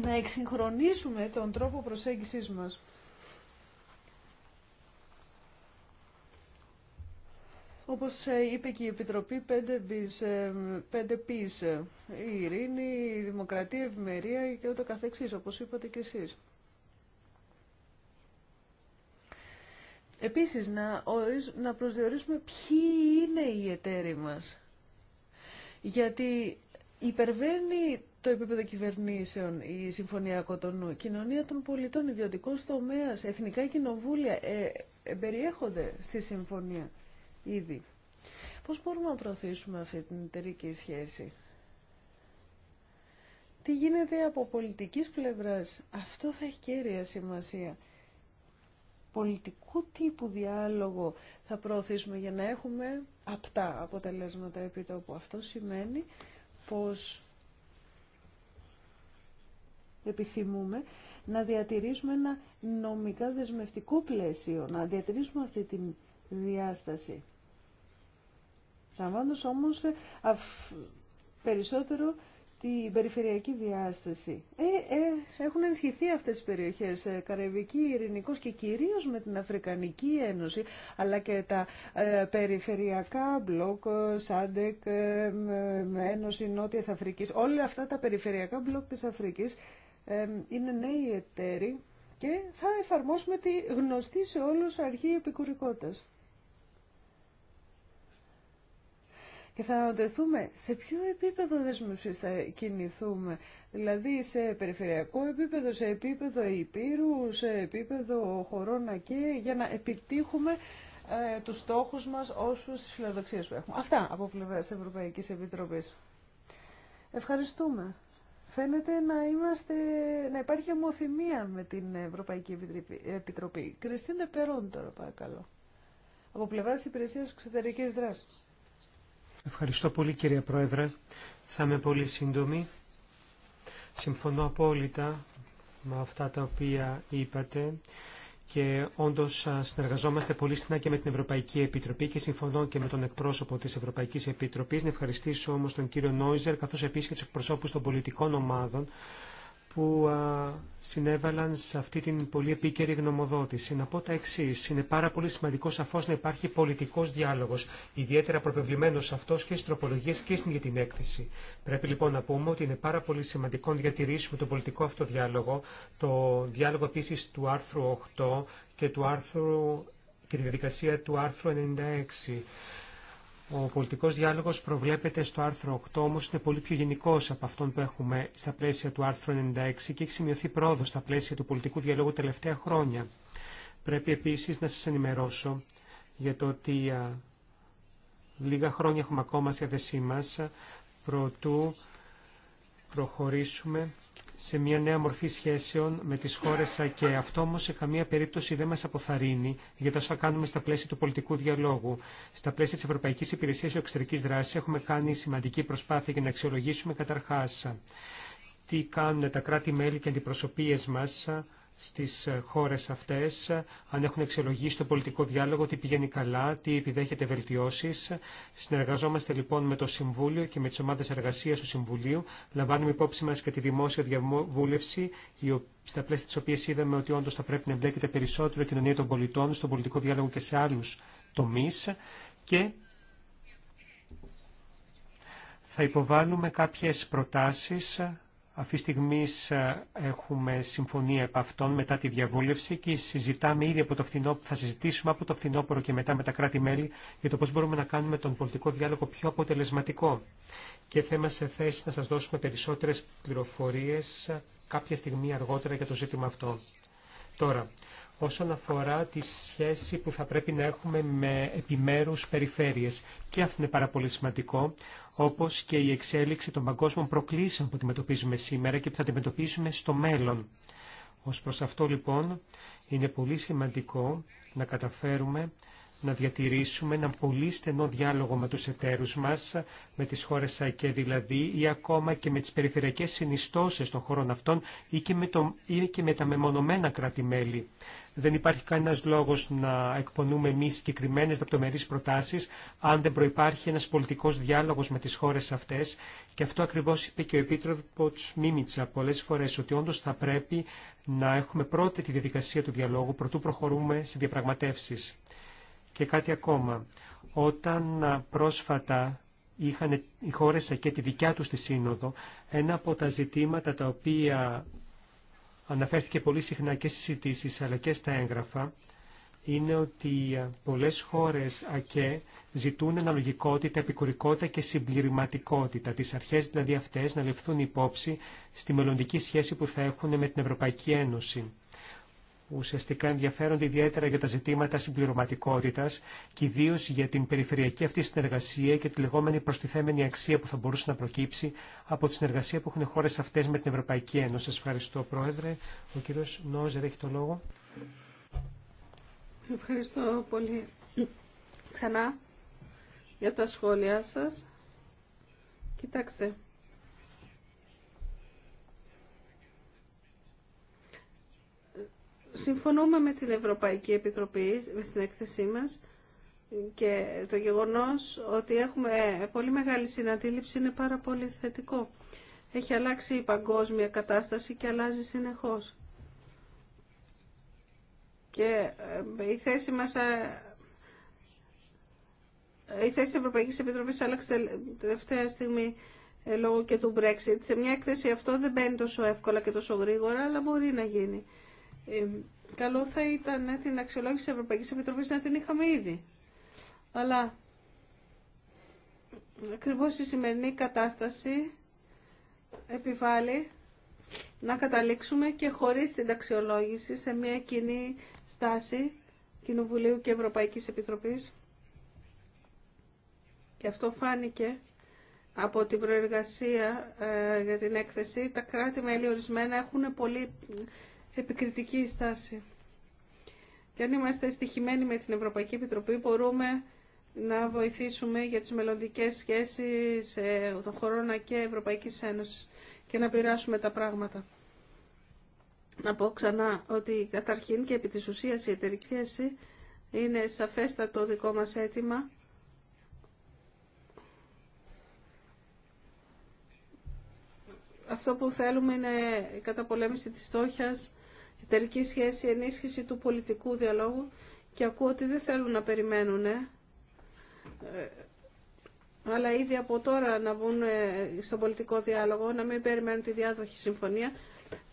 να εξυγχρονίσουμε τον τρόπο προσέγγισης μας. Όπως ε, είπε και η Επιτροπή πις. Ε, ε, η ειρήνη, η δημοκρατία, η ευημερία και ούτω καθεξής, όπως είπατε και εσείς. Επίσης, να, να προσδιορίσουμε ποιοι είναι οι εταίροι μας. Γιατί υπερβαίνει το επίπεδο κυβερνήσεων η Συμφωνία Κοτονού. Κοινωνία των πολιτών, ιδιωτικός τομέας, εθνικά κοινοβούλια ε, περιέχονται στη Συμφωνία ήδη. Πώς μπορούμε να προωθήσουμε αυτή την εταιρική σχέση. Τι γίνεται από πολιτικής πλευράς. Αυτό θα έχει κέρια σημασία. Πολιτικού τύπου διάλογο θα προωθήσουμε για να έχουμε απτά αποτελέσματα επί που Αυτό σημαίνει πως επιθυμούμε να διατηρήσουμε ένα νομικά δεσμευτικό πλαίσιο, να διατηρήσουμε αυτή την διάσταση λαμβάνοντας όμως ε, περισσότερο την περιφερειακή διάσταση. Ε, ε, έχουν ενισχυθεί αυτές οι περιοχές, Καραϊβική, Ειρηνικό και κυρίως με την Αφρικανική Ένωση, αλλά και τα περιφερειακά μπλοκ, ΣΑΝΤΕΚ, Ένωση Νότιας Αφρικής, όλα αυτά τα περιφερειακά μπλοκ της Αφρικής είναι νέοι εταίροι και θα εφαρμόσουμε τη γνωστή σε όλους αρχή επικουρικότητας. και θα ανατεθούμε σε ποιο επίπεδο δεσμευσή θα κινηθούμε. Δηλαδή σε περιφερειακό επίπεδο, σε επίπεδο υπήρου, σε επίπεδο χωρών και για να επιτύχουμε ε, τους στόχους μας όσους τις φιλοδοξίες που έχουμε. Αυτά από πλευρά τη Ευρωπαϊκής Επιτροπής. Ευχαριστούμε. Φαίνεται να, είμαστε, να υπάρχει ομοθυμία με την Ευρωπαϊκή Επιτροπή. Κριστίνε Περόν τώρα παρακαλώ. Από πλευρά Υπηρεσίας Εξωτερικής Δράσης. Ευχαριστώ πολύ κύριε Πρόεδρε. Θα είμαι πολύ σύντομη. Συμφωνώ απόλυτα με αυτά τα οποία είπατε και όντως συνεργαζόμαστε πολύ στενά και με την Ευρωπαϊκή Επιτροπή και συμφωνώ και με τον εκπρόσωπο της Ευρωπαϊκής Επιτροπής. Να ευχαριστήσω όμως τον κύριο Νόιζερ καθώς επίσης και του εκπροσώπους των πολιτικών ομάδων που συνέβαλαν σε αυτή την πολύ επίκαιρη γνωμοδότηση. Να πω τα εξή. Είναι πάρα πολύ σημαντικό σαφώ να υπάρχει πολιτικό διάλογο, ιδιαίτερα προβεβλημένο αυτό και στι τροπολογίε και στην για την έκθεση. Πρέπει λοιπόν να πούμε ότι είναι πάρα πολύ σημαντικό να διατηρήσουμε τον πολιτικό αυτό διάλογο, το διάλογο επίση του άρθρου 8 και του άρθρου και τη διαδικασία του άρθρου 96. Ο πολιτικός διάλογος προβλέπεται στο άρθρο 8, όμως είναι πολύ πιο γενικός από αυτόν που έχουμε στα πλαίσια του άρθρου 96 και έχει σημειωθεί πρόοδο στα πλαίσια του πολιτικού διαλόγου τελευταία χρόνια. Πρέπει επίσης να σα ενημερώσω για το ότι λίγα χρόνια έχουμε ακόμα στη διάθεσή μα προτού προχωρήσουμε σε μια νέα μορφή σχέσεων με τις χώρες και Αυτό όμως σε καμία περίπτωση δεν μας αποθαρρύνει για τα όσα κάνουμε στα πλαίσια του πολιτικού διαλόγου. Στα πλαίσια της Ευρωπαϊκής Υπηρεσίας Εξωτερικής Δράσης έχουμε κάνει σημαντική προσπάθεια για να αξιολογήσουμε καταρχάς τι κάνουν τα κράτη-μέλη και αντιπροσωπείες μας στις ε, χώρες αυτές, ε, αν έχουν εξελογήσει το πολιτικό διάλογο, τι πηγαίνει καλά, τι επιδέχεται βελτιώσεις. Συνεργαζόμαστε λοιπόν με το Συμβούλιο και με τις ομάδες εργασίας του Συμβουλίου. Λαμβάνουμε υπόψη μας και τη δημόσια διαβούλευση, στα πλαίσια της οποίας είδαμε ότι όντως θα πρέπει να εμπλέκεται περισσότερο η κοινωνία των πολιτών στον πολιτικό διάλογο και σε άλλους τομείς. Και θα υποβάλουμε κάποιες προτάσεις αυτή τη στιγμή ε, έχουμε συμφωνία επ' αυτών μετά τη διαβούλευση και συζητάμε ήδη από το θα συζητήσουμε από το φθινόπωρο και μετά με τα κράτη-μέλη για το πώς μπορούμε να κάνουμε τον πολιτικό διάλογο πιο αποτελεσματικό. Και θα είμαστε σε θέση να σας δώσουμε περισσότερες πληροφορίες ε, κάποια στιγμή αργότερα για το ζήτημα αυτό. Τώρα, όσον αφορά τη σχέση που θα πρέπει να έχουμε με επιμέρους περιφέρειες. Και αυτό είναι πάρα πολύ σημαντικό, όπως και η εξέλιξη των παγκόσμων προκλήσεων που αντιμετωπίζουμε σήμερα και που θα αντιμετωπίσουμε στο μέλλον. Ως προς αυτό λοιπόν είναι πολύ σημαντικό να καταφέρουμε να διατηρήσουμε ένα πολύ στενό διάλογο με τους εταίρους μας, με τις χώρες ΑΚΕ δηλαδή, ή ακόμα και με τις περιφερειακές συνιστώσεις των χώρων αυτών ή και με, το, ή και με τα μεμονωμένα κράτη-μέλη. Δεν υπάρχει κανένας λόγος να εκπονούμε εμεί συγκεκριμένε δεπτομερεί προτάσεις αν δεν προϋπάρχει ένας πολιτικός διάλογος με τις χώρες αυτές και αυτό ακριβώς είπε και ο Επίτροπος Μίμητσα πολλές φορές ότι όντως θα πρέπει να έχουμε πρώτη τη διαδικασία του διαλόγου προτού προχωρούμε σε διαπραγματεύσεις. Και κάτι ακόμα. Όταν πρόσφατα είχαν οι χώρες και τη δικιά τους τη σύνοδο, ένα από τα ζητήματα τα οποία αναφέρθηκε πολύ συχνά και στις συζητήσεις αλλά και στα έγγραφα, είναι ότι ε, πολλές χώρες ΑΚΕ ζητούν αναλογικότητα, επικουρικότητα και συμπληρωματικότητα. Τις αρχές δηλαδή αυτές να ληφθούν υπόψη στη μελλοντική σχέση που θα έχουν με την Ευρωπαϊκή Ένωση ουσιαστικά ενδιαφέρονται ιδιαίτερα για τα ζητήματα συμπληρωματικότητα και ιδίω για την περιφερειακή αυτή συνεργασία και τη λεγόμενη προστιθέμενη αξία που θα μπορούσε να προκύψει από τη συνεργασία που έχουν χώρε αυτέ με την Ευρωπαϊκή Ένωση. Σα ευχαριστώ, Πρόεδρε. Ο κύριος Νόζερ έχει το λόγο. Ευχαριστώ πολύ ξανά για τα σχόλια σας. Κοιτάξτε, Συμφωνούμε με την Ευρωπαϊκή Επιτροπή στην έκθεσή μας και το γεγονός ότι έχουμε πολύ μεγάλη συναντήληψη είναι πάρα πολύ θετικό. Έχει αλλάξει η παγκόσμια κατάσταση και αλλάζει συνεχώς. Και ε, η θέση μας... Ε, η θέση της Ευρωπαϊκής Επιτροπής άλλαξε τελευταία στιγμή ε, λόγω και του Brexit. Σε μια έκθεση αυτό δεν μπαίνει τόσο εύκολα και τόσο γρήγορα, αλλά μπορεί να γίνει. Ε, καλό θα ήταν την αξιολόγηση τη Ευρωπαϊκή Επιτροπής να την είχαμε ήδη. Αλλά ακριβώ η σημερινή κατάσταση επιβάλλει να καταλήξουμε και χωρίς την αξιολόγηση σε μια κοινή στάση Κοινοβουλίου και Ευρωπαϊκής Επιτροπής. Και αυτό φάνηκε από την προεργασία ε, για την έκθεση. Τα κράτη-μέλη ορισμένα έχουν πολύ επικριτική στάση. Και αν είμαστε στοιχημένοι με την Ευρωπαϊκή Επιτροπή μπορούμε να βοηθήσουμε για τις μελλοντικέ σχέσεις ε, των χωρών και Ευρωπαϊκής Ένωσης και να πειράσουμε τα πράγματα. Να πω ξανά ότι καταρχήν και επί της ουσίας η εταιρική σχέση είναι σαφέστατο δικό μας αίτημα αυτό που θέλουμε είναι η καταπολέμηση της φτώχειας, εταιρική σχέση, ενίσχυση του πολιτικού διαλόγου και ακούω ότι δεν θέλουν να περιμένουν, ε. Ε, αλλά ήδη από τώρα να μπουν ε, στον πολιτικό διάλογο, να μην περιμένουν τη διάδοχη συμφωνία,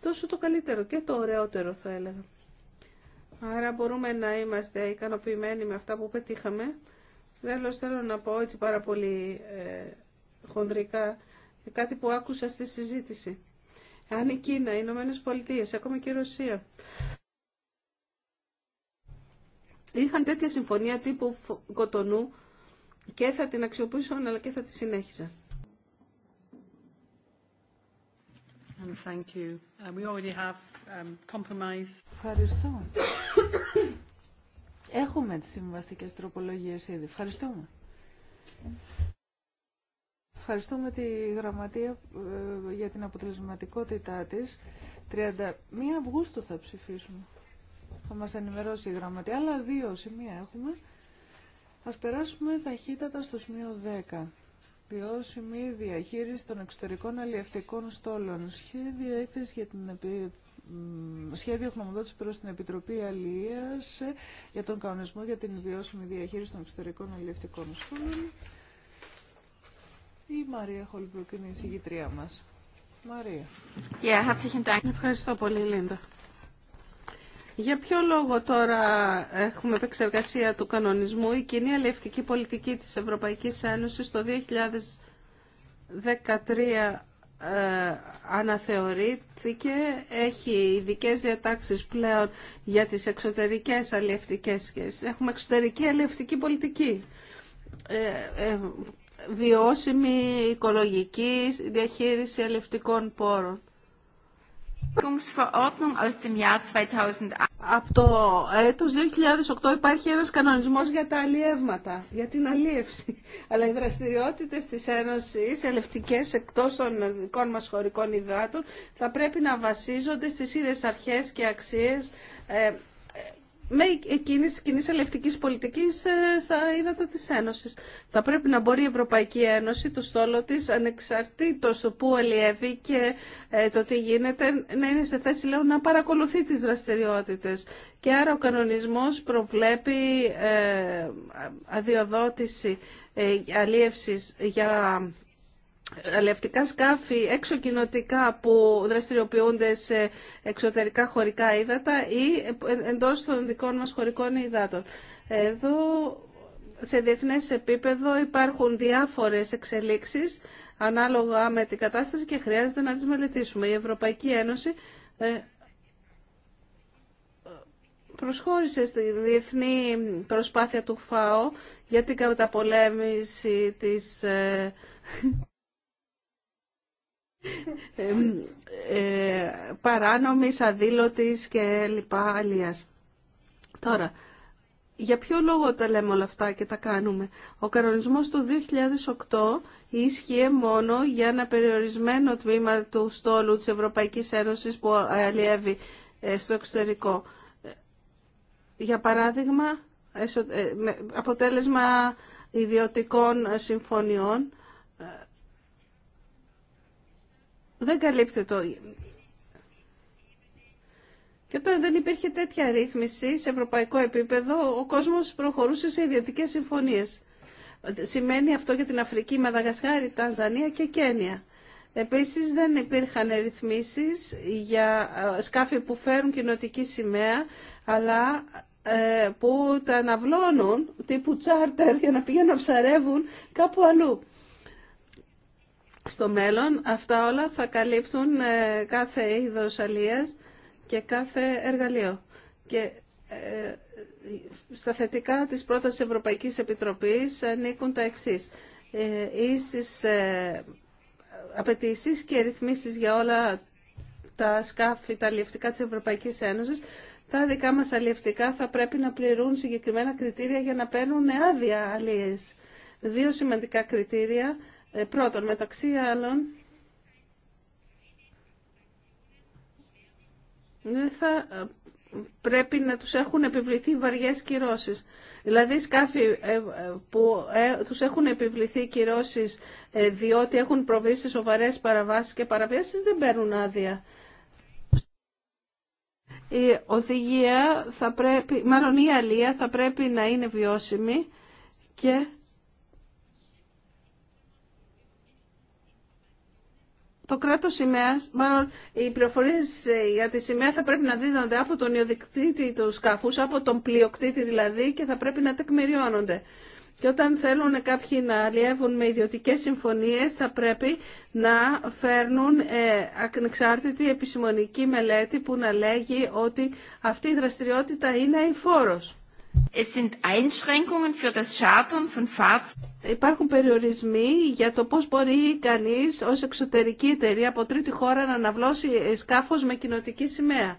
τόσο το καλύτερο και το ωραιότερο θα έλεγα. Άρα μπορούμε να είμαστε ικανοποιημένοι με αυτά που πετύχαμε. Τέλος θέλω να πω έτσι πάρα πολύ ε, κάτι που άκουσα στη συζήτηση. Αν η Κίνα, οι Ηνωμένε Πολιτείε, ακόμα και η Ρωσία είχαν τέτοια συμφωνία τύπου κοτονού και θα την αξιοποιούσαν αλλά και θα τη συνέχιζαν. Uh, um, Ευχαριστώ. Έχουμε τις συμβαστικές τροπολογίες ήδη. Ευχαριστώ. Ευχαριστούμε τη Γραμματεία ε, για την αποτελεσματικότητά της. 31 Αυγούστου θα ψηφίσουμε. Θα μας ενημερώσει η Γραμματεία. Άλλα δύο σημεία έχουμε. Ας περάσουμε ταχύτατα στο σημείο 10. Βιώσιμη διαχείριση των εξωτερικών αλλιευτικών στόλων. Σχέδιο έκθεση για την σχέδιο χρηματοδότηση προς την Επιτροπή Αλληλείας για τον κανονισμό για την βιώσιμη διαχείριση των εξωτερικών αλληλευτικών στόλων. Η Μαρία Χολμπρουκ είναι η συγκητρία μας. Μαρία. Yeah, Ευχαριστώ πολύ, Λίντα. Για ποιο λόγο τώρα έχουμε επεξεργασία του κανονισμού η κοινή αλληλευτική πολιτική της Ευρωπαϊκής Ένωσης το 2013 ε, αναθεωρήθηκε, έχει ειδικέ διατάξεις πλέον για τις εξωτερικές αλληλευτικές σχέσεις. Έχουμε εξωτερική αλληλευτική πολιτική. Ε, ε, βιώσιμη οικολογική διαχείριση ελευτικών πόρων. Από το έτος 2008 υπάρχει ένας κανονισμός για τα αλλιεύματα, για την αλλίευση. Αλλά οι δραστηριότητες της Ένωσης, ελευτικές εκτός των δικών μας χωρικών υδάτων, θα πρέπει να βασίζονται στις ίδιες αρχές και αξίες ε, με εκείνη τη κοινή ελευτική πολιτική ε, στα ύδατα τη Ένωση. Θα πρέπει να μπορεί η Ευρωπαϊκή Ένωση, το στόλο τη, ανεξαρτήτω του που ελιεύει και ε, το τι γίνεται, να είναι σε θέση, λέω, να παρακολουθεί τι δραστηριότητε. Και άρα ο κανονισμό προβλέπει ε, αδειοδότηση αλίευση για αλευτικά σκάφη εξοκοινοτικά που δραστηριοποιούνται σε εξωτερικά χωρικά ύδατα ή εντός των δικών μας χωρικών υδάτων. Εδώ σε διεθνές επίπεδο υπάρχουν διάφορες εξελίξεις ανάλογα με την κατάσταση και χρειάζεται να τις μελετήσουμε. Η Ευρωπαϊκή Ένωση ε, προσχώρησε στη διεθνή προσπάθεια του ΦΑΟ για την καταπολέμηση της ε, ε, παράνομης, αδήλωτης και λοιπά αλίας. Τώρα, για ποιο λόγο τα λέμε όλα αυτά και τα κάνουμε. Ο κανονισμός του 2008 ίσχυε μόνο για ένα περιορισμένο τμήμα του στόλου της Ευρωπαϊκής Ένωσης που αλλιεύει ε, στο εξωτερικό. Για παράδειγμα, ε, αποτέλεσμα ιδιωτικών συμφωνιών δεν το. Και όταν δεν υπήρχε τέτοια ρύθμιση σε ευρωπαϊκό επίπεδο, ο κόσμος προχωρούσε σε ιδιωτικές συμφωνίες. Σημαίνει αυτό για την Αφρική, Μαδαγασκάρη, Τανζανία και Κένια. Επίσης δεν υπήρχαν ρυθμίσεις για ε, σκάφη που φέρουν κοινοτική σημαία, αλλά ε, που τα αναβλώνουν τύπου τσάρτερ για να πηγαίνουν να ψαρεύουν κάπου αλλού στο μέλλον αυτά όλα θα καλύπτουν ε, κάθε είδος αλίας και κάθε εργαλείο. Και ε, στα θετικά της πρότασης Ευρωπαϊκής Επιτροπής ανήκουν τα εξής. Ε, ίσεις απαιτήσει και ρυθμίσεις για όλα τα σκάφη, τα αλλιευτικά της Ευρωπαϊκής Ένωσης, τα δικά μας αλλιευτικά θα πρέπει να πληρούν συγκεκριμένα κριτήρια για να παίρνουν άδεια αλίες. Δύο σημαντικά κριτήρια ε, πρώτον, μεταξύ άλλων, θα πρέπει να τους έχουν επιβληθεί βαριές κυρώσεις. Δηλαδή σκάφη ε, ε, που τους έχουν επιβληθεί κυρώσεις διότι έχουν προβεί σε σοβαρές παραβάσεις και παραβιάσεις δεν παίρνουν άδεια. Η οδηγία θα πρέπει, μάλλον η αλία θα πρέπει να είναι βιώσιμη και το κράτος σημαία, μάλλον οι πληροφορίε ε, για τη σημαία θα πρέπει να δίδονται από τον ιδιοκτήτη του σκάφου, από τον πλειοκτήτη δηλαδή και θα πρέπει να τεκμηριώνονται. Και όταν θέλουν κάποιοι να αλλιεύουν με ιδιωτικέ συμφωνίες θα πρέπει να φέρνουν ε, ανεξάρτητη επιστημονική μελέτη που να λέγει ότι αυτή η δραστηριότητα είναι η φόρος. Υπάρχουν περιορισμοί για το πώς μπορεί κανείς ως εξωτερική εταιρεία από τρίτη χώρα να αναβλώσει σκάφος με κοινοτική σημαία.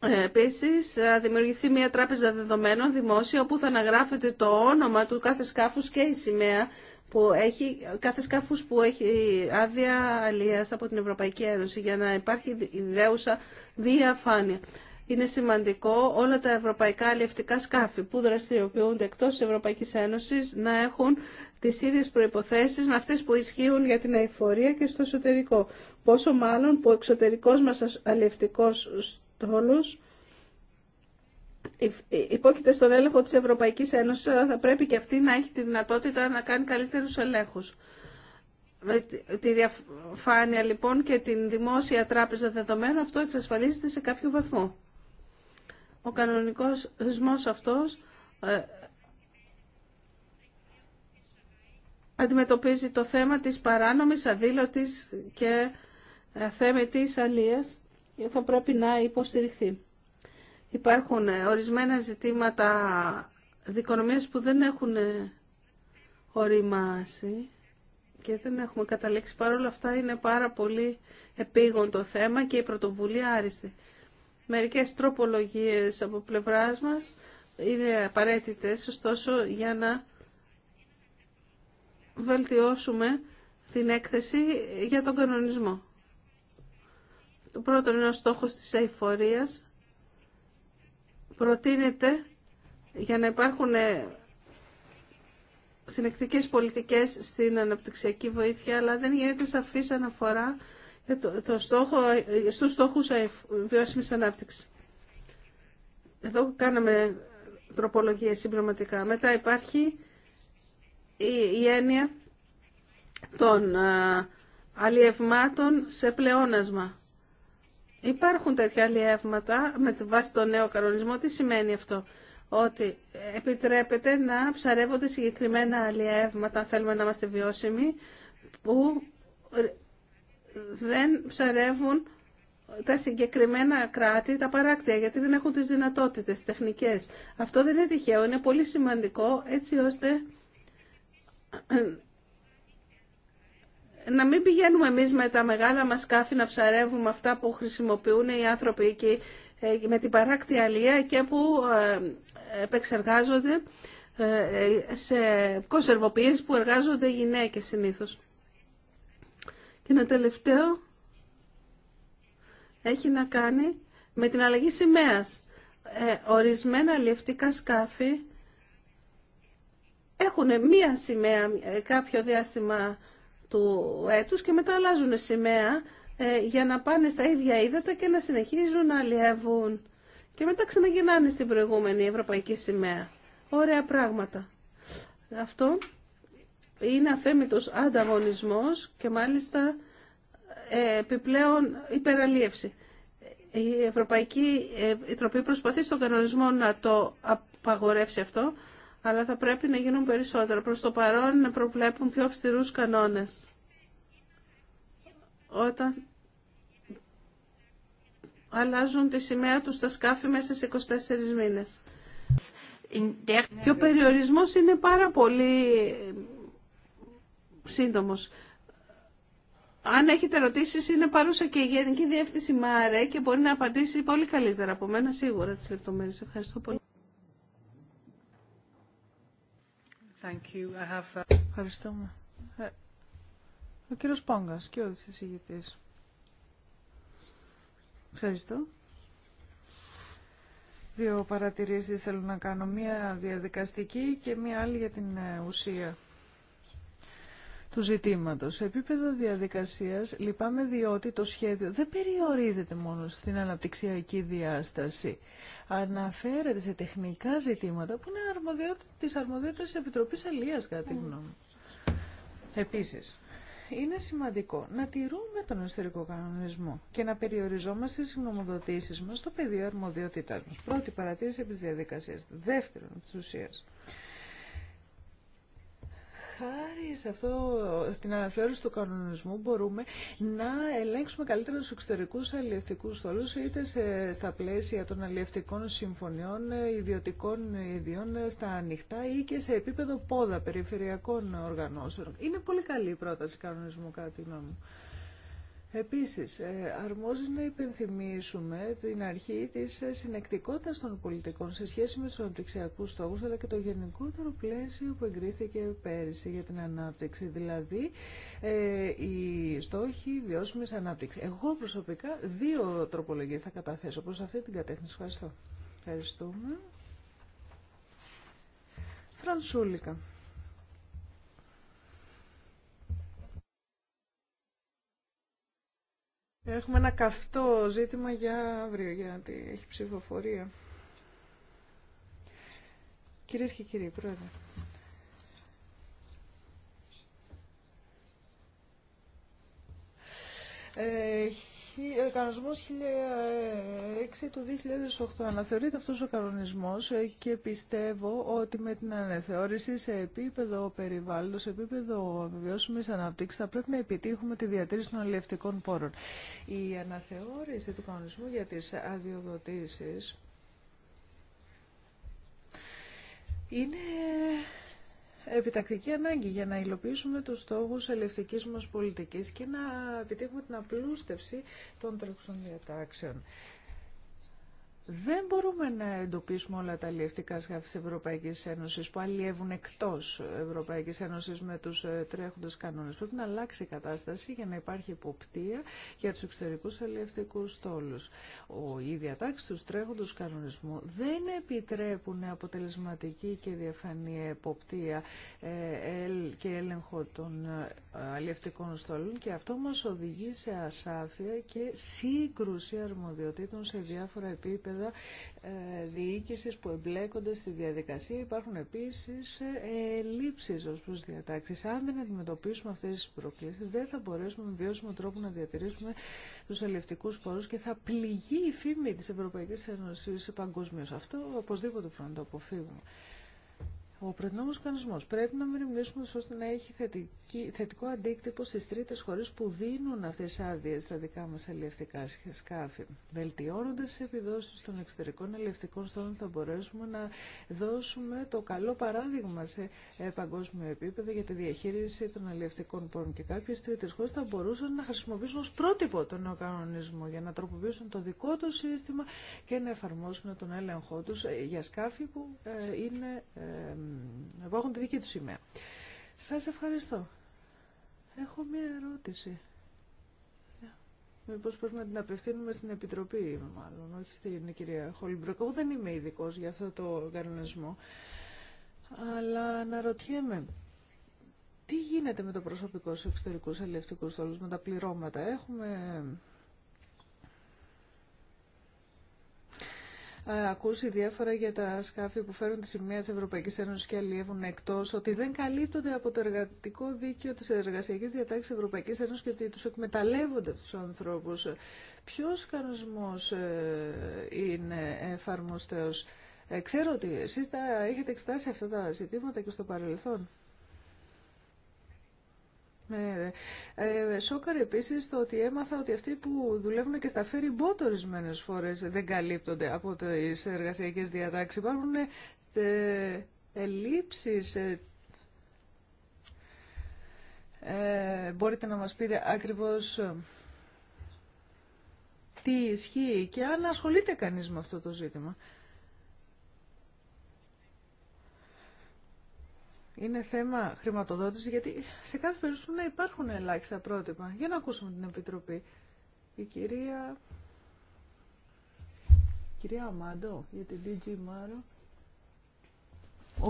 Ε, επίσης, θα δημιουργηθεί μια τράπεζα δεδομένων δημόσια όπου θα αναγράφεται το όνομα του κάθε σκάφους και η σημαία που έχει, κάθε σκάφους που έχει άδεια αλίας από την Ευρωπαϊκή Ένωση για να υπάρχει ιδέουσα διαφάνεια είναι σημαντικό όλα τα ευρωπαϊκά αλλιευτικά σκάφη που δραστηριοποιούνται εκτός της Ευρωπαϊκής Ένωσης να έχουν τις ίδιες προϋποθέσεις με αυτές που ισχύουν για την αηφορία και στο εσωτερικό. Πόσο μάλλον που ο εξωτερικός μας αλλιευτικός στόλος υπόκειται στον έλεγχο της Ευρωπαϊκής Ένωσης, αλλά θα πρέπει και αυτή να έχει τη δυνατότητα να κάνει καλύτερους ελέγχους. Με τη διαφάνεια λοιπόν και την δημόσια τράπεζα δεδομένων αυτό εξασφαλίζεται σε κάποιο βαθμό. Ο κανονικός θεσμός αυτός ε, αντιμετωπίζει το θέμα της παράνομης, αδήλωτης και ε, θέμετης αλίας και θα πρέπει να υποστηριχθεί. Υπάρχουν ε, ορισμένα ζητήματα δικονομίας που δεν έχουν οριμάσει και δεν έχουμε καταλήξει. Παρ' όλα αυτά είναι πάρα πολύ επίγοντο θέμα και η πρωτοβουλία άριστη. Μερικές τροπολογίες από πλευράς μας είναι απαραίτητες, ωστόσο, για να βελτιώσουμε την έκθεση για τον κανονισμό. Το πρώτο είναι ο στόχος της αηφορίας. Προτείνεται για να υπάρχουν ε, συνεκτικές πολιτικές στην αναπτυξιακή βοήθεια, αλλά δεν γίνεται σαφής αναφορά ε, το, στόχο, ε, στους στόχους ε, βιώσιμης ανάπτυξης. Εδώ κάναμε τροπολογίες συμπληρωματικά. Μετά υπάρχει η, η έννοια των α, αλλιευμάτων σε πλεόνασμα. Υπάρχουν τέτοια αλλιεύματα με βάση τον νέο κανονισμό. Τι σημαίνει αυτό. Ότι επιτρέπεται να ψαρεύονται συγκεκριμένα αλλιεύματα, αν θέλουμε να είμαστε βιώσιμοι, που δεν ψαρεύουν τα συγκεκριμένα κράτη, τα παράκτια, γιατί δεν έχουν τις δυνατότητες τεχνικές. Αυτό δεν είναι τυχαίο, είναι πολύ σημαντικό έτσι ώστε ε, να μην πηγαίνουμε εμείς με τα μεγάλα μας σκάφη να ψαρεύουμε αυτά που χρησιμοποιούν οι άνθρωποι εκεί ε, με την παράκτη αλία και που ε, επεξεργάζονται σε κονσερβοποιήσεις που εργάζονται γυναίκες συνήθως. Και ένα τελευταίο έχει να κάνει με την αλλαγή σημαία. Ε, ορισμένα αλλιευτικά σκάφη έχουν μία σημαία ε, κάποιο διάστημα του έτους και μετά αλλάζουν σημαία ε, για να πάνε στα ίδια ύδατα και να συνεχίζουν να αλλιεύουν. Και μετά ξαναγυρνάνε στην προηγούμενη ευρωπαϊκή σημαία. Ωραία πράγματα. Αυτό είναι αθέμητος ανταγωνισμός και μάλιστα ε, επιπλέον υπεραλίευση. Η Ευρωπαϊκή ε, Επιτροπή προσπαθεί στον κανονισμό να το απαγορεύσει αυτό, αλλά θα πρέπει να γίνουν περισσότερα. Προς το παρόν να προβλέπουν πιο αυστηρούς κανόνες. Όταν αλλάζουν τη σημαία τους στα σκάφη μέσα σε 24 μήνες. Και ο περιορισμός είναι πάρα πολύ σύντομος. Αν έχετε ερωτήσει, είναι παρούσα και η Γενική Διεύθυνση ΜΑΡΕ και μπορεί να απαντήσει πολύ καλύτερα από μένα σίγουρα τι λεπτομέρειε. Ευχαριστώ πολύ. Thank you. I have... Uh, ε, ο κύριος Πόγκας και ο εισηγητής. Ευχαριστώ. Δύο παρατηρήσεις θέλω να κάνω. Μία διαδικαστική και μία άλλη για την ε, ουσία του ζητήματος. Σε επίπεδο διαδικασίας λυπάμαι διότι το σχέδιο δεν περιορίζεται μόνο στην αναπτυξιακή διάσταση. Αναφέρεται σε τεχνικά ζητήματα που είναι αρμοδιότητα, της αρμοδιότητας της Επιτροπής κατά τη γνώμη. Επίσης, είναι σημαντικό να τηρούμε τον εσωτερικό κανονισμό και να περιοριζόμαστε τις γνωμοδοτήσει μα στο πεδίο αρμοδιότητά μα. Πρώτη παρατήρηση επί τη διαδικασία. Δεύτερον, τη χάρη σε αυτό, στην αναθεώρηση του κανονισμού μπορούμε να ελέγξουμε καλύτερα τους εξωτερικούς αλλιευτικούς στόλους είτε στα πλαίσια των αλλιευτικών συμφωνιών ιδιωτικών ιδιών στα ανοιχτά ή και σε επίπεδο πόδα περιφερειακών οργανώσεων. Είναι πολύ καλή η πρόταση κανονισμού κάτι τη γνώμη μου. Επίσης, ε, αρμόζει να υπενθυμίσουμε την αρχή της συνεκτικότητας των πολιτικών σε σχέση με τους αναπτυξιακούς στόχους, αλλά και το γενικότερο πλαίσιο που εγκρίθηκε πέρυσι για την ανάπτυξη, δηλαδή ε, οι στόχοι βιώσιμης ανάπτυξης. Εγώ προσωπικά δύο τροπολογίες θα καταθέσω προς αυτή την κατεύθυνση. Ευχαριστώ. Ευχαριστούμε. Φρανσούλικα. Έχουμε ένα καυτό ζήτημα για αύριο, γιατί έχει ψηφοφορία. Κυρίες και κύριοι, πρόεδρε. Ε, ε, κανονισμός 2006 του 2008. Αναθεωρείται αυτός ο κανονισμός ε, και πιστεύω ότι με την αναθεώρηση σε επίπεδο περιβάλλοντος, σε επίπεδο βιώσιμης αναπτύξης θα πρέπει να επιτύχουμε τη διατήρηση των αλληλευτικών πόρων. Η αναθεώρηση του κανονισμού για τις αδειοδοτήσεις είναι επιτακτική ανάγκη για να υλοποιήσουμε τους στόχους ελευθερικής μας πολιτικής και να επιτύχουμε την απλούστευση των τρέχουσων διατάξεων δεν μπορούμε να εντοπίσουμε όλα τα αλλιευτικά σκάφη της Ευρωπαϊκής Ένωσης που αλλιεύουν εκτός Ευρωπαϊκής Ένωσης με τους ε, τρέχοντες κανόνες. Πρέπει να αλλάξει η κατάσταση για να υπάρχει υποπτία για τους εξωτερικούς αλλιευτικούς στόλους. οι διατάξει του τρέχοντος κανονισμού δεν επιτρέπουν αποτελεσματική και διαφανή υποπτία ε, και έλεγχο των ε, αλλιευτικών στόλων και αυτό μας οδηγεί σε ασάφεια και σύγκρουση αρμοδιοτήτων σε διάφορα επίπεδα επίπεδα ε, που εμπλέκονται στη διαδικασία. Υπάρχουν επίσης ε, ελλείψεις ως προς διατάξεις. Αν δεν αντιμετωπίσουμε αυτές τις προκλήσεις δεν θα μπορέσουμε με βιώσιμο τρόπο να διατηρήσουμε τους ελευτικούς πόρους και θα πληγεί η φήμη της Ευρωπαϊκής Ένωσης παγκοσμίως. Αυτό οπωσδήποτε πρέπει να το αποφύγουμε. Ο προτινόμενος κανονισμός πρέπει να μεριμνήσουμε ώστε να έχει θετική, θετικό αντίκτυπο στις τρίτες χώρες που δίνουν αυτές τις άδειες στα δικά μας αλληλευτικά σκάφη. Βελτιώνοντας τις επιδόσεις των εξωτερικών αλληλευτικών στόλων θα μπορέσουμε να δώσουμε το καλό παράδειγμα σε ε, παγκόσμιο επίπεδο για τη διαχείριση των αλληλευτικών πόρων και κάποιες τρίτες χώρες θα μπορούσαν να χρησιμοποιήσουν ως πρότυπο τον νέο κανονισμό για να τροποποιήσουν το δικό του σύστημα και να εφαρμόσουν τον έλεγχό του ε, για σκάφη που ε, είναι εγώ έχω τη δική του σημαία. Σας ευχαριστώ. Έχω μία ερώτηση. Μήπω πρέπει να την απευθύνουμε στην Επιτροπή, μάλλον, όχι στην κυρία Χολιμπροκ. Εγώ δεν είμαι ειδικό για αυτό το κανονισμό. Αλλά αναρωτιέμαι, τι γίνεται με το προσωπικό στου εξωτερικού ελευθερικούς στόλου, με τα πληρώματα. Έχουμε Ε, ακούσει διάφορα για τα σκάφη που φέρουν τη σημεία τη Ευρωπαϊκή Ένωση και αλλιεύουν εκτός, ότι δεν καλύπτονται από το εργατικό δίκαιο τη εργασιακής διατάξη της Ευρωπαϊκής Ένωσης και ότι τους εκμεταλλεύονται του τους ανθρώπους. Ποιος κανονισμός ε, είναι εφαρμοστέος. Ε, ξέρω ότι εσείς τα έχετε εξετάσει αυτά τα ζητήματα και στο παρελθόν. Ναι, ναι, ε, σόκαρε επίση το ότι έμαθα ότι αυτοί που δουλεύουν και στα φέρει μπότ ορισμένε φορέ δεν καλύπτονται από τι εργασιακές διατάξει. Υπάρχουν ε, ε, Ε, μπορείτε να μας πείτε ακριβώς ε, τι ισχύει και αν ασχολείται κανείς με αυτό το ζήτημα. είναι θέμα χρηματοδότηση, γιατί σε κάθε περίπτωση να υπάρχουν ελάχιστα πρότυπα. Για να ακούσουμε την Επιτροπή. Η κυρία... Η κυρία Αμάντο, για την DG Ο...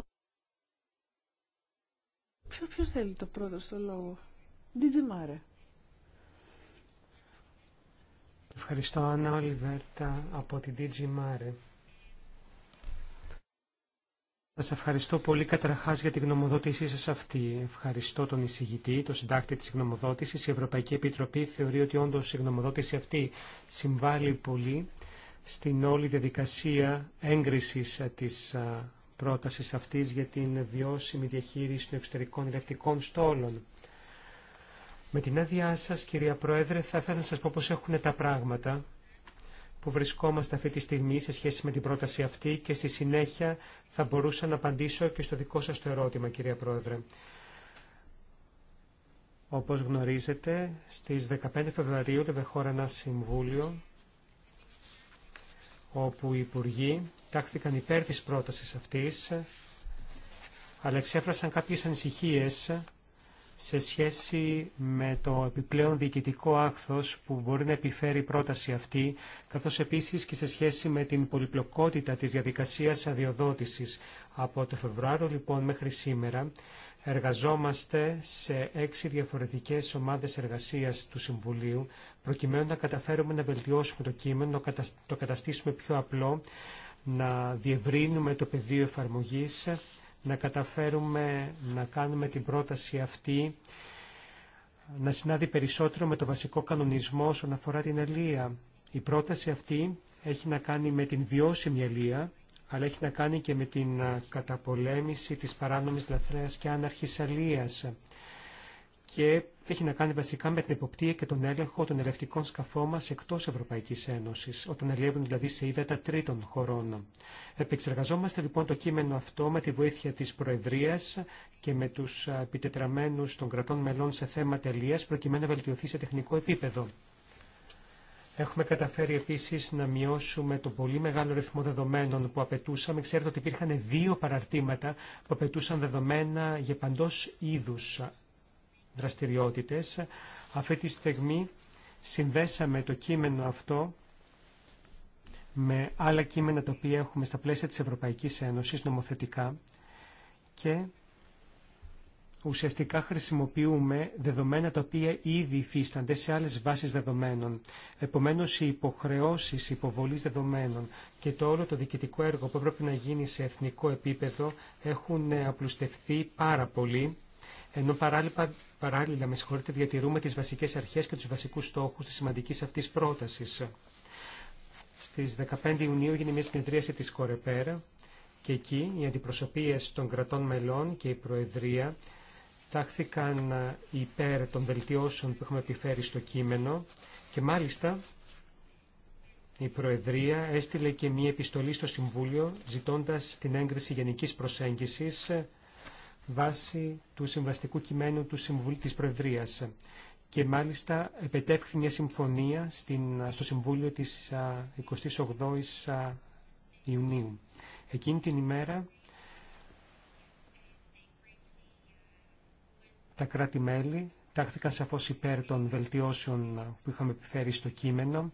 Ποιο, ποιος θέλει το πρώτο στο λόγο. DG Μάρε. Ευχαριστώ, Άννα Όλιβερτα, από την DG Μάρε. Σας ευχαριστώ πολύ καταρχά για τη γνωμοδότησή σας αυτή. Ευχαριστώ τον εισηγητή, τον συντάκτη της γνωμοδότησης. Η Ευρωπαϊκή Επιτροπή θεωρεί ότι όντω η γνωμοδότηση αυτή συμβάλλει πολύ στην όλη διαδικασία έγκριση ε, τη ε, πρότασης αυτή για την βιώσιμη διαχείριση των εξωτερικών ηλεκτρικών στόλων. Με την άδειά σα, κυρία Πρόεδρε, θα ήθελα να σα πω πω έχουν τα πράγματα που βρισκόμαστε αυτή τη στιγμή σε σχέση με την πρόταση αυτή και στη συνέχεια θα μπορούσα να απαντήσω και στο δικό σας το ερώτημα, κυρία Πρόεδρε. Όπως γνωρίζετε, στις 15 Φεβρουαρίου λέβε χώρα ένα συμβούλιο όπου οι υπουργοί τάχθηκαν υπέρ της πρότασης αυτής αλλά εξέφρασαν κάποιες ανησυχίες σε σχέση με το επιπλέον διοικητικό άκθος που μπορεί να επιφέρει η πρόταση αυτή, καθώς επίσης και σε σχέση με την πολυπλοκότητα της διαδικασίας αδειοδότησης. Από το Φεβρουάριο λοιπόν μέχρι σήμερα εργαζόμαστε σε έξι διαφορετικές ομάδες εργασίας του Συμβουλίου, προκειμένου να καταφέρουμε να βελτιώσουμε το κείμενο, να το καταστήσουμε πιο απλό, να διευρύνουμε το πεδίο εφαρμογής να καταφέρουμε να κάνουμε την πρόταση αυτή να συνάδει περισσότερο με το βασικό κανονισμό όσον αφορά την αλία. Η πρόταση αυτή έχει να κάνει με την βιώσιμη αλία, αλλά έχει να κάνει και με την καταπολέμηση της παράνομης λαθρέας και άναρχης αλίας και έχει να κάνει βασικά με την υποπτία και τον έλεγχο των ελευτικών σκαφών μα εκτό Ευρωπαϊκή Ένωση, όταν ελεύουν δηλαδή σε ύδατα τρίτων χωρών. Επεξεργαζόμαστε λοιπόν το κείμενο αυτό με τη βοήθεια τη Προεδρία και με του επιτετραμένου των κρατών μελών σε θέματα τελεία προκειμένου να βελτιωθεί σε τεχνικό επίπεδο. Έχουμε καταφέρει επίση να μειώσουμε τον πολύ μεγάλο ρυθμό δεδομένων που απαιτούσαμε. Ξέρετε ότι υπήρχαν δύο παραρτήματα που απαιτούσαν δεδομένα για παντό είδου δραστηριότητες. Αυτή τη στιγμή συνδέσαμε το κείμενο αυτό με άλλα κείμενα τα οποία έχουμε στα πλαίσια της Ευρωπαϊκής Ένωσης νομοθετικά και ουσιαστικά χρησιμοποιούμε δεδομένα τα οποία ήδη υφίστανται σε άλλες βάσεις δεδομένων. Επομένως, οι υποχρεώσεις υποβολής δεδομένων και το όλο το διοικητικό έργο που πρέπει να γίνει σε εθνικό επίπεδο έχουν απλουστευθεί πάρα πολύ ενώ παράλληλα, παράλληλα με συγχωρείτε, διατηρούμε τις βασικές αρχές και τους βασικούς στόχους της σημαντικής αυτής πρότασης. Στις 15 Ιουνίου έγινε μια συνεδρίαση της Κορεπέρα και εκεί οι αντιπροσωπείες των κρατών μελών και η Προεδρία τάχθηκαν υπέρ των βελτιώσεων που έχουμε επιφέρει στο κείμενο και μάλιστα η Προεδρία έστειλε και μία επιστολή στο Συμβούλιο ζητώντας την έγκριση γενικής προσέγγισης βάσει του συμβαστικού κειμένου του Συμβουλίου της Προεδρίας και μάλιστα επετεύχθη μια συμφωνία στην, στο Συμβούλιο της 28ης Ιουνίου. Εκείνη την ημέρα τα κράτη-μέλη τάχθηκαν σαφώς υπέρ των βελτιώσεων που είχαμε επιφέρει στο κείμενο.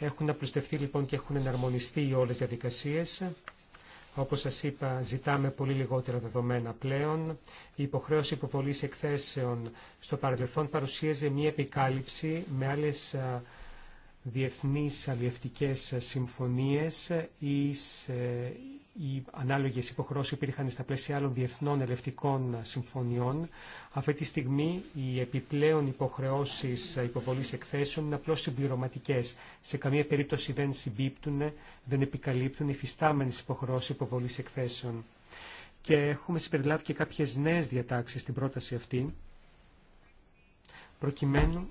Έχουν απλουστευτεί λοιπόν και έχουν εναρμονιστεί όλες οι διαδικασίες όπως σας είπα, ζητάμε πολύ λιγότερα δεδομένα πλέον. Η υποχρέωση υποβολής εκθέσεων στο παρελθόν παρουσίαζε μία επικάλυψη με άλλες διεθνείς αλλιευτικές συμφωνίες ή σε, οι ανάλογες υποχρώσεις υπήρχαν στα πλαίσια άλλων διεθνών ελευτικών συμφωνιών. Αυτή τη στιγμή οι επιπλέον υποχρεώσεις υποβολής εκθέσεων είναι απλώς συμπληρωματικέ. Σε καμία περίπτωση δεν συμπίπτουν, δεν επικαλύπτουν οι φυστάμενες υποχρεώσεις υποβολής εκθέσεων. Και έχουμε συμπεριλάβει και κάποιες νέες διατάξεις στην πρόταση αυτή, προκειμένου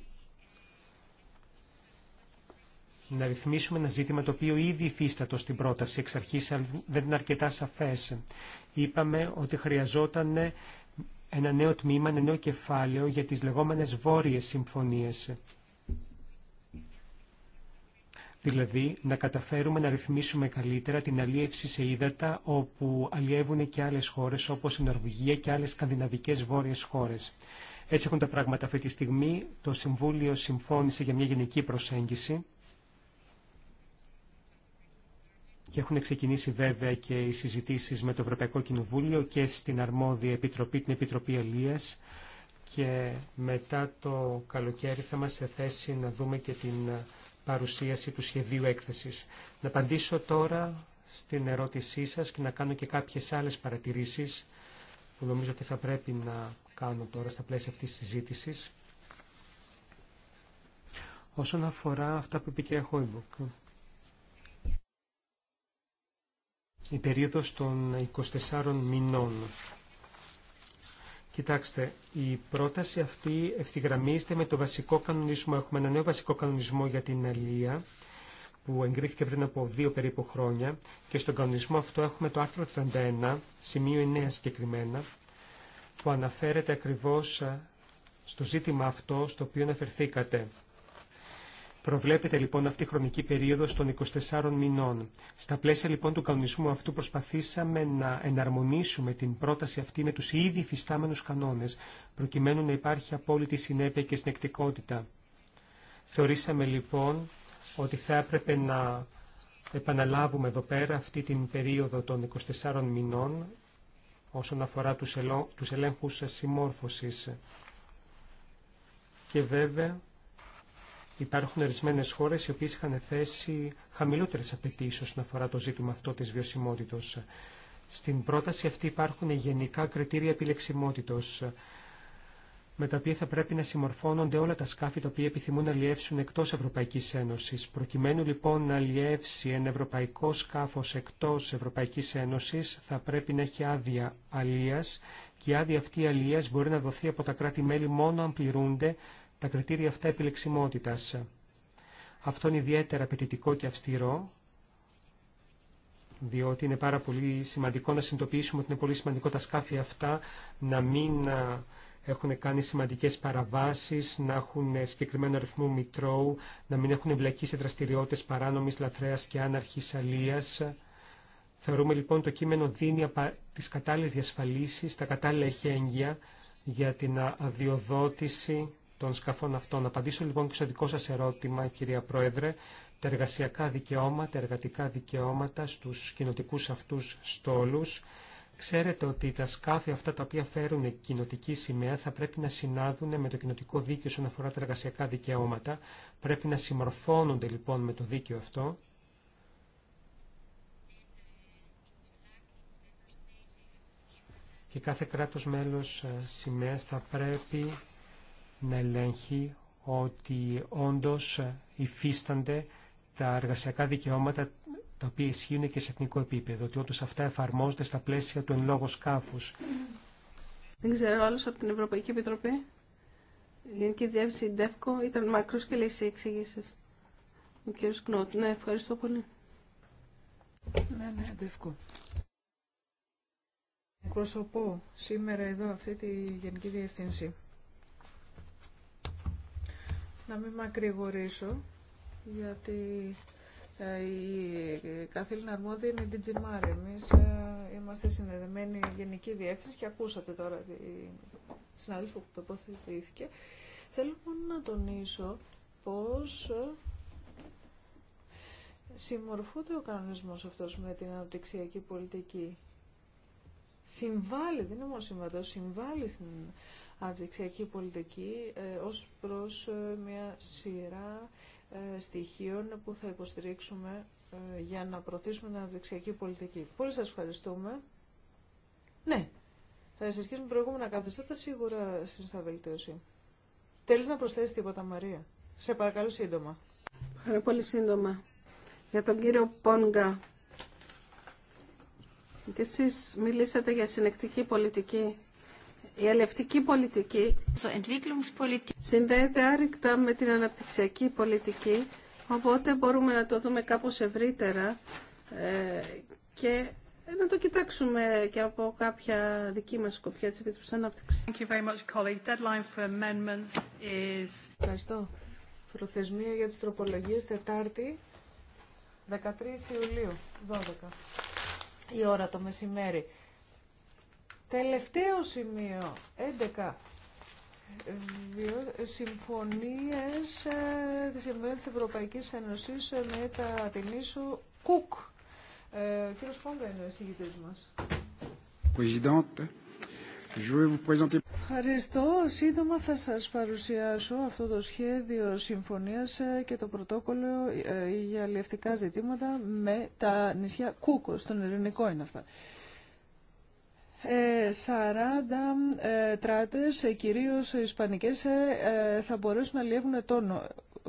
να ρυθμίσουμε ένα ζήτημα το οποίο ήδη υφίστατο στην πρόταση εξ αρχής, δεν είναι αρκετά σαφές. Είπαμε ότι χρειαζόταν ένα νέο τμήμα, ένα νέο κεφάλαιο για τις λεγόμενες βόρειες συμφωνίες. Δηλαδή, να καταφέρουμε να ρυθμίσουμε καλύτερα την αλίευση σε ύδατα όπου αλλιεύουν και άλλες χώρες όπως η Νορβηγία και άλλες σκανδιναβικές βόρειες χώρες. Έτσι έχουν τα πράγματα αυτή τη στιγμή. Το Συμβούλιο συμφώνησε για μια γενική προσέγγιση. και έχουν ξεκινήσει βέβαια και οι συζητήσεις με το Ευρωπαϊκό Κοινοβούλιο και στην αρμόδια επιτροπή, την Επιτροπή Ελίας. και μετά το καλοκαίρι θα μας σε θέση να δούμε και την παρουσίαση του σχεδίου έκθεσης. Να απαντήσω τώρα στην ερώτησή σας και να κάνω και κάποιες άλλες παρατηρήσεις που νομίζω ότι θα πρέπει να κάνω τώρα στα πλαίσια αυτής της συζήτησης. Όσον αφορά αυτά που είπε και η περίοδος των 24 μηνών. Κοιτάξτε, η πρόταση αυτή ευθυγραμμίζεται με το βασικό κανονισμό. Έχουμε ένα νέο βασικό κανονισμό για την αλία που εγκρίθηκε πριν από δύο περίπου χρόνια και στον κανονισμό αυτό έχουμε το άρθρο 31, σημείο 9 συγκεκριμένα, που αναφέρεται ακριβώς ε, στο ζήτημα αυτό στο οποίο αναφερθήκατε. Προβλέπεται λοιπόν αυτή η χρονική περίοδος των 24 μηνών. Στα πλαίσια λοιπόν του κανονισμού αυτού προσπαθήσαμε να εναρμονίσουμε την πρόταση αυτή με τους ήδη φυστάμενους κανόνες, προκειμένου να υπάρχει απόλυτη συνέπεια και συνεκτικότητα. Θεωρήσαμε λοιπόν ότι θα έπρεπε να επαναλάβουμε εδώ πέρα αυτή την περίοδο των 24 μηνών όσον αφορά τους ελέγχους συμμόρφωσης. Και βέβαια Υπάρχουν ορισμένε χώρε οι οποίε είχαν θέσει χαμηλότερε απαιτήσει όσον αφορά το ζήτημα αυτό τη βιωσιμότητα. Στην πρόταση αυτή υπάρχουν γενικά κριτήρια επιλεξιμότητα, με τα οποία θα πρέπει να συμμορφώνονται όλα τα σκάφη τα οποία επιθυμούν να αλλιεύσουν εκτό Ευρωπαϊκή Ένωση. Προκειμένου λοιπόν να αλλιεύσει ένα ευρωπαϊκό σκάφο εκτό Ευρωπαϊκή Ένωση, θα πρέπει να έχει άδεια αλλίας και η άδεια αυτή αλεία μπορεί να δοθεί από τα κράτη-μέλη μόνο αν πληρούνται τα κριτήρια αυτά επιλεξιμότητας. Αυτό είναι ιδιαίτερα απαιτητικό και αυστηρό, διότι είναι πάρα πολύ σημαντικό να συνειδητοποιήσουμε ότι είναι πολύ σημαντικό τα σκάφη αυτά να μην έχουν κάνει σημαντικές παραβάσεις, να έχουν συγκεκριμένο αριθμό μητρώου, να μην έχουν εμπλακεί σε δραστηριότητες παράνομης λαθρέας και άναρχης αλίας. Θεωρούμε λοιπόν το κείμενο δίνει τις κατάλληλες διασφαλίσεις, τα κατάλληλα εχέγγυα για την αδειοδότηση των σκαφών αυτών. Απαντήσω λοιπόν και στο δικό σας ερώτημα, κυρία Πρόεδρε, τα εργασιακά δικαιώματα, τα εργατικά δικαιώματα στους κοινοτικού αυτούς στόλους. Ξέρετε ότι τα σκάφη αυτά τα οποία φέρουν κοινοτική σημαία θα πρέπει να συνάδουν με το κοινοτικό δίκαιο όσον αφορά τα εργασιακά δικαιώματα. Πρέπει να συμμορφώνονται λοιπόν με το δίκαιο αυτό. Και κάθε κράτος μέλος ε, σημαίας θα πρέπει να ελέγχει ότι όντως υφίστανται τα εργασιακά δικαιώματα τα οποία ισχύουν και σε εθνικό επίπεδο, ότι όντως αυτά εφαρμόζονται στα πλαίσια του εν λόγω σκάφους. Δεν ξέρω, άλλος από την Ευρωπαϊκή Επιτροπή, η Γενική Διεύθυνση ΔΕΦΚΟ, ήταν μακρός και λύση εξηγήσει. Ο κ. Κνότ, ναι, ευχαριστώ πολύ. Ναι, ναι, ΔΕΦΚΟ. Εκπροσωπώ σήμερα εδώ αυτή τη Γενική Διευθύνση να μην μακρηγορήσω, γιατί ε, η καθήλυνα αρμόδια είναι η DGMAR. Εμείς ε, είμαστε συνδεδεμένοι γενική διεύθυνση και ακούσατε τώρα τη συνάδελφο που τοποθετήθηκε. Θέλω μόνο να τονίσω πώς ε, συμμορφούνται ο κανονισμός αυτός με την αναπτυξιακή πολιτική. Συμβάλλει, δεν είναι μόνο συμβατό, συμβάλλει στην αναπτυξιακή πολιτική ε, ως προς ε, μια σειρά ε, στοιχείων που θα υποστηρίξουμε για να προωθήσουμε την αναπτυξιακή πολιτική. Πολύ σας ευχαριστούμε. Ναι, θα σε σχέση με προηγούμενα καθεστώτα σίγουρα στην βελτίωση. Θέλεις να προσθέσεις τίποτα Μαρία. Σε παρακαλώ σύντομα. Πάρα πολύ σύντομα. Για τον κύριο Πόνγκα. εσείς μιλήσατε για συνεκτική πολιτική η ελευτική πολιτική συνδέεται άρρηκτα με την αναπτυξιακή πολιτική, οπότε μπορούμε να το δούμε κάπως ευρύτερα ε, και να το κοιτάξουμε και από κάποια δική μας σκοπιά της Επιτροπής Ανάπτυξης. Thank you very much, colleague. Deadline for amendments is... Ευχαριστώ. Προθεσμία για τις τροπολογίες Τετάρτη 13 Ιουλίου, 12. Η ώρα το μεσημέρι. Τελευταίο σημείο, 11. Συμφωνίες τη ε, της Ευρωπαϊκής Ένωσης ε, με τα την κουκ. ΚΟΚ. Ε, ο κύριος Πόγκα είναι ο εισηγητής μας. Ευχαριστώ. Σύντομα θα σας παρουσιάσω αυτό το σχέδιο συμφωνίας ε, και το πρωτόκολλο για αλληλευτικά ζητήματα με τα νησιά Κούκο. Στον ελληνικό είναι αυτά. 40 ε, τράτες, ε, κυρίως ισπανικές, ε, θα μπορέσουν να λιεύουν τόνο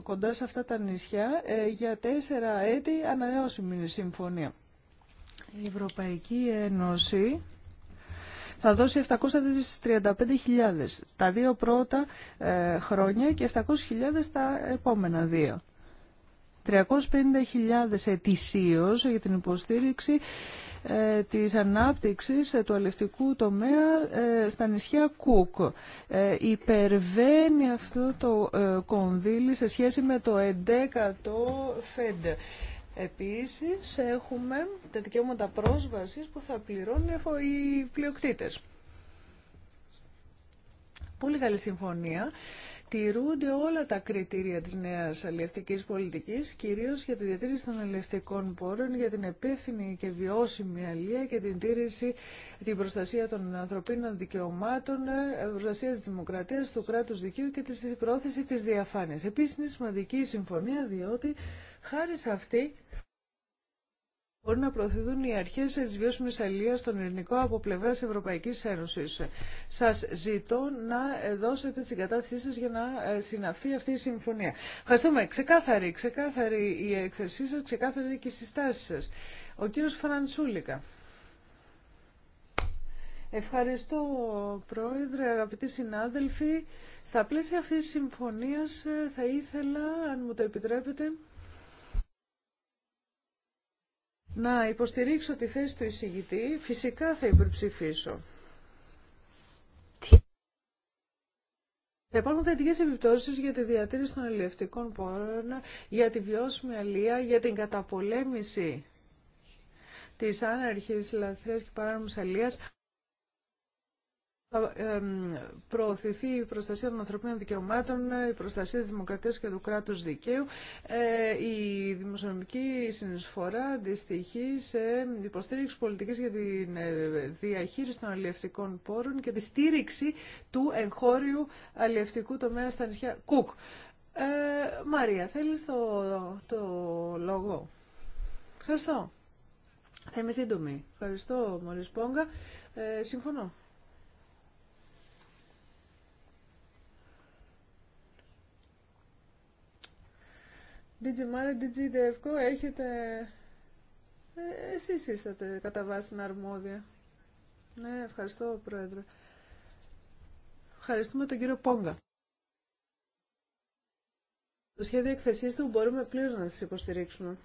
κοντά σε αυτά τα νησιά για τέσσερα έτη ανανεώσιμη συμφωνία. Η Ευρωπαϊκή Ένωση θα δώσει 735.000 τα δύο πρώτα χρόνια και 700.000 τα επόμενα δύο. 350.000 ετησίω για την υποστήριξη ε, της ανάπτυξης του αλευτικού τομέα ε, στα νησιά Κουκ. Ε, υπερβαίνει αυτό το κονδύλι σε σχέση με το 11ο ΦΕΝΤ. Επίσης έχουμε τα δικαιώματα πρόσβασης που θα πληρώνουν οι πλειοκτήτες. Πολύ καλή συμφωνία τηρούνται όλα τα κριτήρια της νέας αλληλευτικής πολιτικής, κυρίως για τη διατήρηση των αλληλευτικών πόρων, για την επίθυνη και βιώσιμη αλληλεία και την τήρηση, την προστασία των ανθρωπίνων δικαιωμάτων, ε, προστασία της δημοκρατίας, του κράτους δικαίου και της πρόθεση της διαφάνειας. Επίσης είναι σημαντική η συμφωνία διότι χάρη σε αυτή Μπορεί να προωθηθούν οι αρχέ τη βιώσιμη αλληλεία στον ελληνικό από πλευρά τη Ευρωπαϊκή Ένωση. Σα ζητώ να δώσετε την κατάθεσή σα για να ε, συναυθεί αυτή η συμφωνία. Ευχαριστούμε. Ξεκάθαρη, ξεκάθαρη η έκθεσή σα, ξεκάθαρη και οι συστάσει σα. Ο κύριο Φραντσούλικα. Ευχαριστώ, Πρόεδρε, αγαπητοί συνάδελφοι. Στα πλαίσια αυτής της συμφωνίας ε, θα ήθελα, αν μου το επιτρέπετε, να υποστηρίξω τη θέση του εισηγητή, φυσικά θα υπερψηφίσω. Θα υπάρχουν θετικέ επιπτώσει για τη διατήρηση των αλληλευτικών πόρων, για τη βιώσιμη αλεία, για την καταπολέμηση τη άναρχη λαθρέα και παράνομη αλεία θα προωθηθεί η προστασία των ανθρωπίνων δικαιωμάτων, η προστασία της δημοκρατίας και του κράτους δικαίου. Ε, η δημοσιονομική συνεισφορά αντιστοιχεί σε υποστήριξη πολιτικής για τη ε, διαχείριση των αλλιευτικών πόρων και τη στήριξη του εγχώριου αλλιευτικού τομέα στα νησιά Κουκ. Ε, Μαρία, θέλεις το, το λόγο. Ευχαριστώ. Θα είμαι σύντομη. Ευχαριστώ, Μωρίς Πόγκα. συμφωνώ Digimare, DigiDevco, έχετε... Ε, εσείς είσατε κατά βάση αρμόδια. Ναι, ευχαριστώ, Πρόεδρε. Ευχαριστούμε τον κύριο Πόγκα. Το σχέδιο εκθεσής του μπορούμε πλήρως να σας υποστηρίξουμε.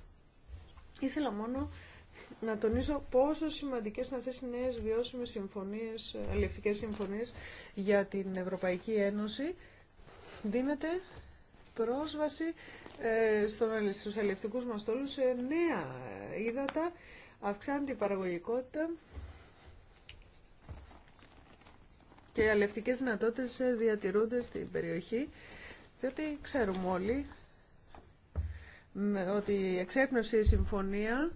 Ήθελα μόνο να τονίσω πόσο σημαντικές είναι αυτές οι νέες βιώσιμες συμφωνίες, αλληλευτικές συμφωνίες για την Ευρωπαϊκή Ένωση. Δίνεται πρόσβαση ε, στους αλληλευτικούς μας τόλους ε, νέα ύδατα, αυξάνει την παραγωγικότητα και οι αλληλευτικές δυνατότητες ε, διατηρούνται στην περιοχή, διότι ξέρουμε όλοι ότι η εξέπνευση η συμφωνία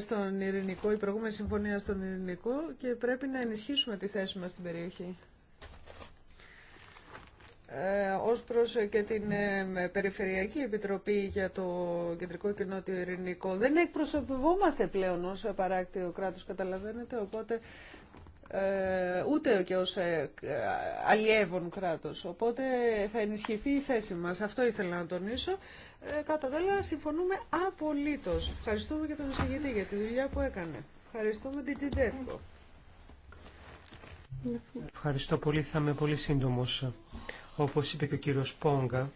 στον Ειρηνικό, η προηγούμενη συμφωνία στον Ειρηνικό και πρέπει να ενισχύσουμε τη θέση μας στην περιοχή. Ε, ως προς και την ε, Περιφερειακή Επιτροπή για το Κεντρικό Κοινό του Ειρηνικό. Δεν εκπροσωπευόμαστε πλέον ως ο κράτος, καταλαβαίνετε, οπότε ε, ούτε και ως αλλιεύων κράτος. Οπότε θα ενισχυθεί η θέση μας. Αυτό ήθελα να τονίσω. Κατά τα συμφωνούμε απολύτως. Ευχαριστούμε και τον εισηγητή για τη δουλειά που έκανε. Ευχαριστούμε την Τζιντεύκο. Ευχαριστώ πολύ. Θα είμαι πολύ σύντομος. Όπως είπε και ο κύριος Πόγκα,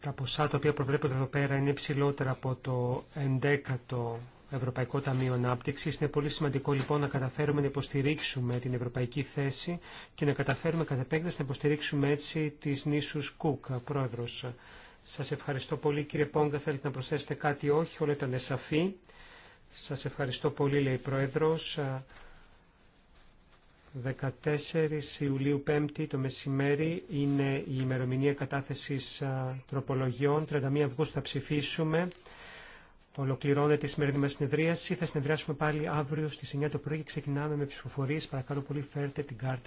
τα ποσά τα οποία προβλέπονται εδώ πέρα είναι υψηλότερα από το 11ο Ευρωπαϊκό Ταμείο Ανάπτυξη. Είναι πολύ σημαντικό λοιπόν να καταφέρουμε να υποστηρίξουμε την ευρωπαϊκή θέση και να καταφέρουμε κατά επέκταση να υποστηρίξουμε έτσι τη νήσου Κουκ, πρόεδρο. Σα ευχαριστώ πολύ κύριε Πόγκα. Θέλετε να προσθέσετε κάτι, όχι, όλα ήταν σαφή. Σα ευχαριστώ πολύ, λέει η πρόεδρο. 14 Ιουλίου 5η το μεσημέρι είναι η ημερομηνία κατάθεσης τροπολογιών. 31 Αυγούστου θα ψηφίσουμε. Ολοκληρώνεται η σημερινή μας συνεδρίαση. Θα συνεδριάσουμε πάλι αύριο στις 9 το πρωί και ξεκινάμε με ψηφοφορίες. Παρακαλώ πολύ φέρτε την κάρτα.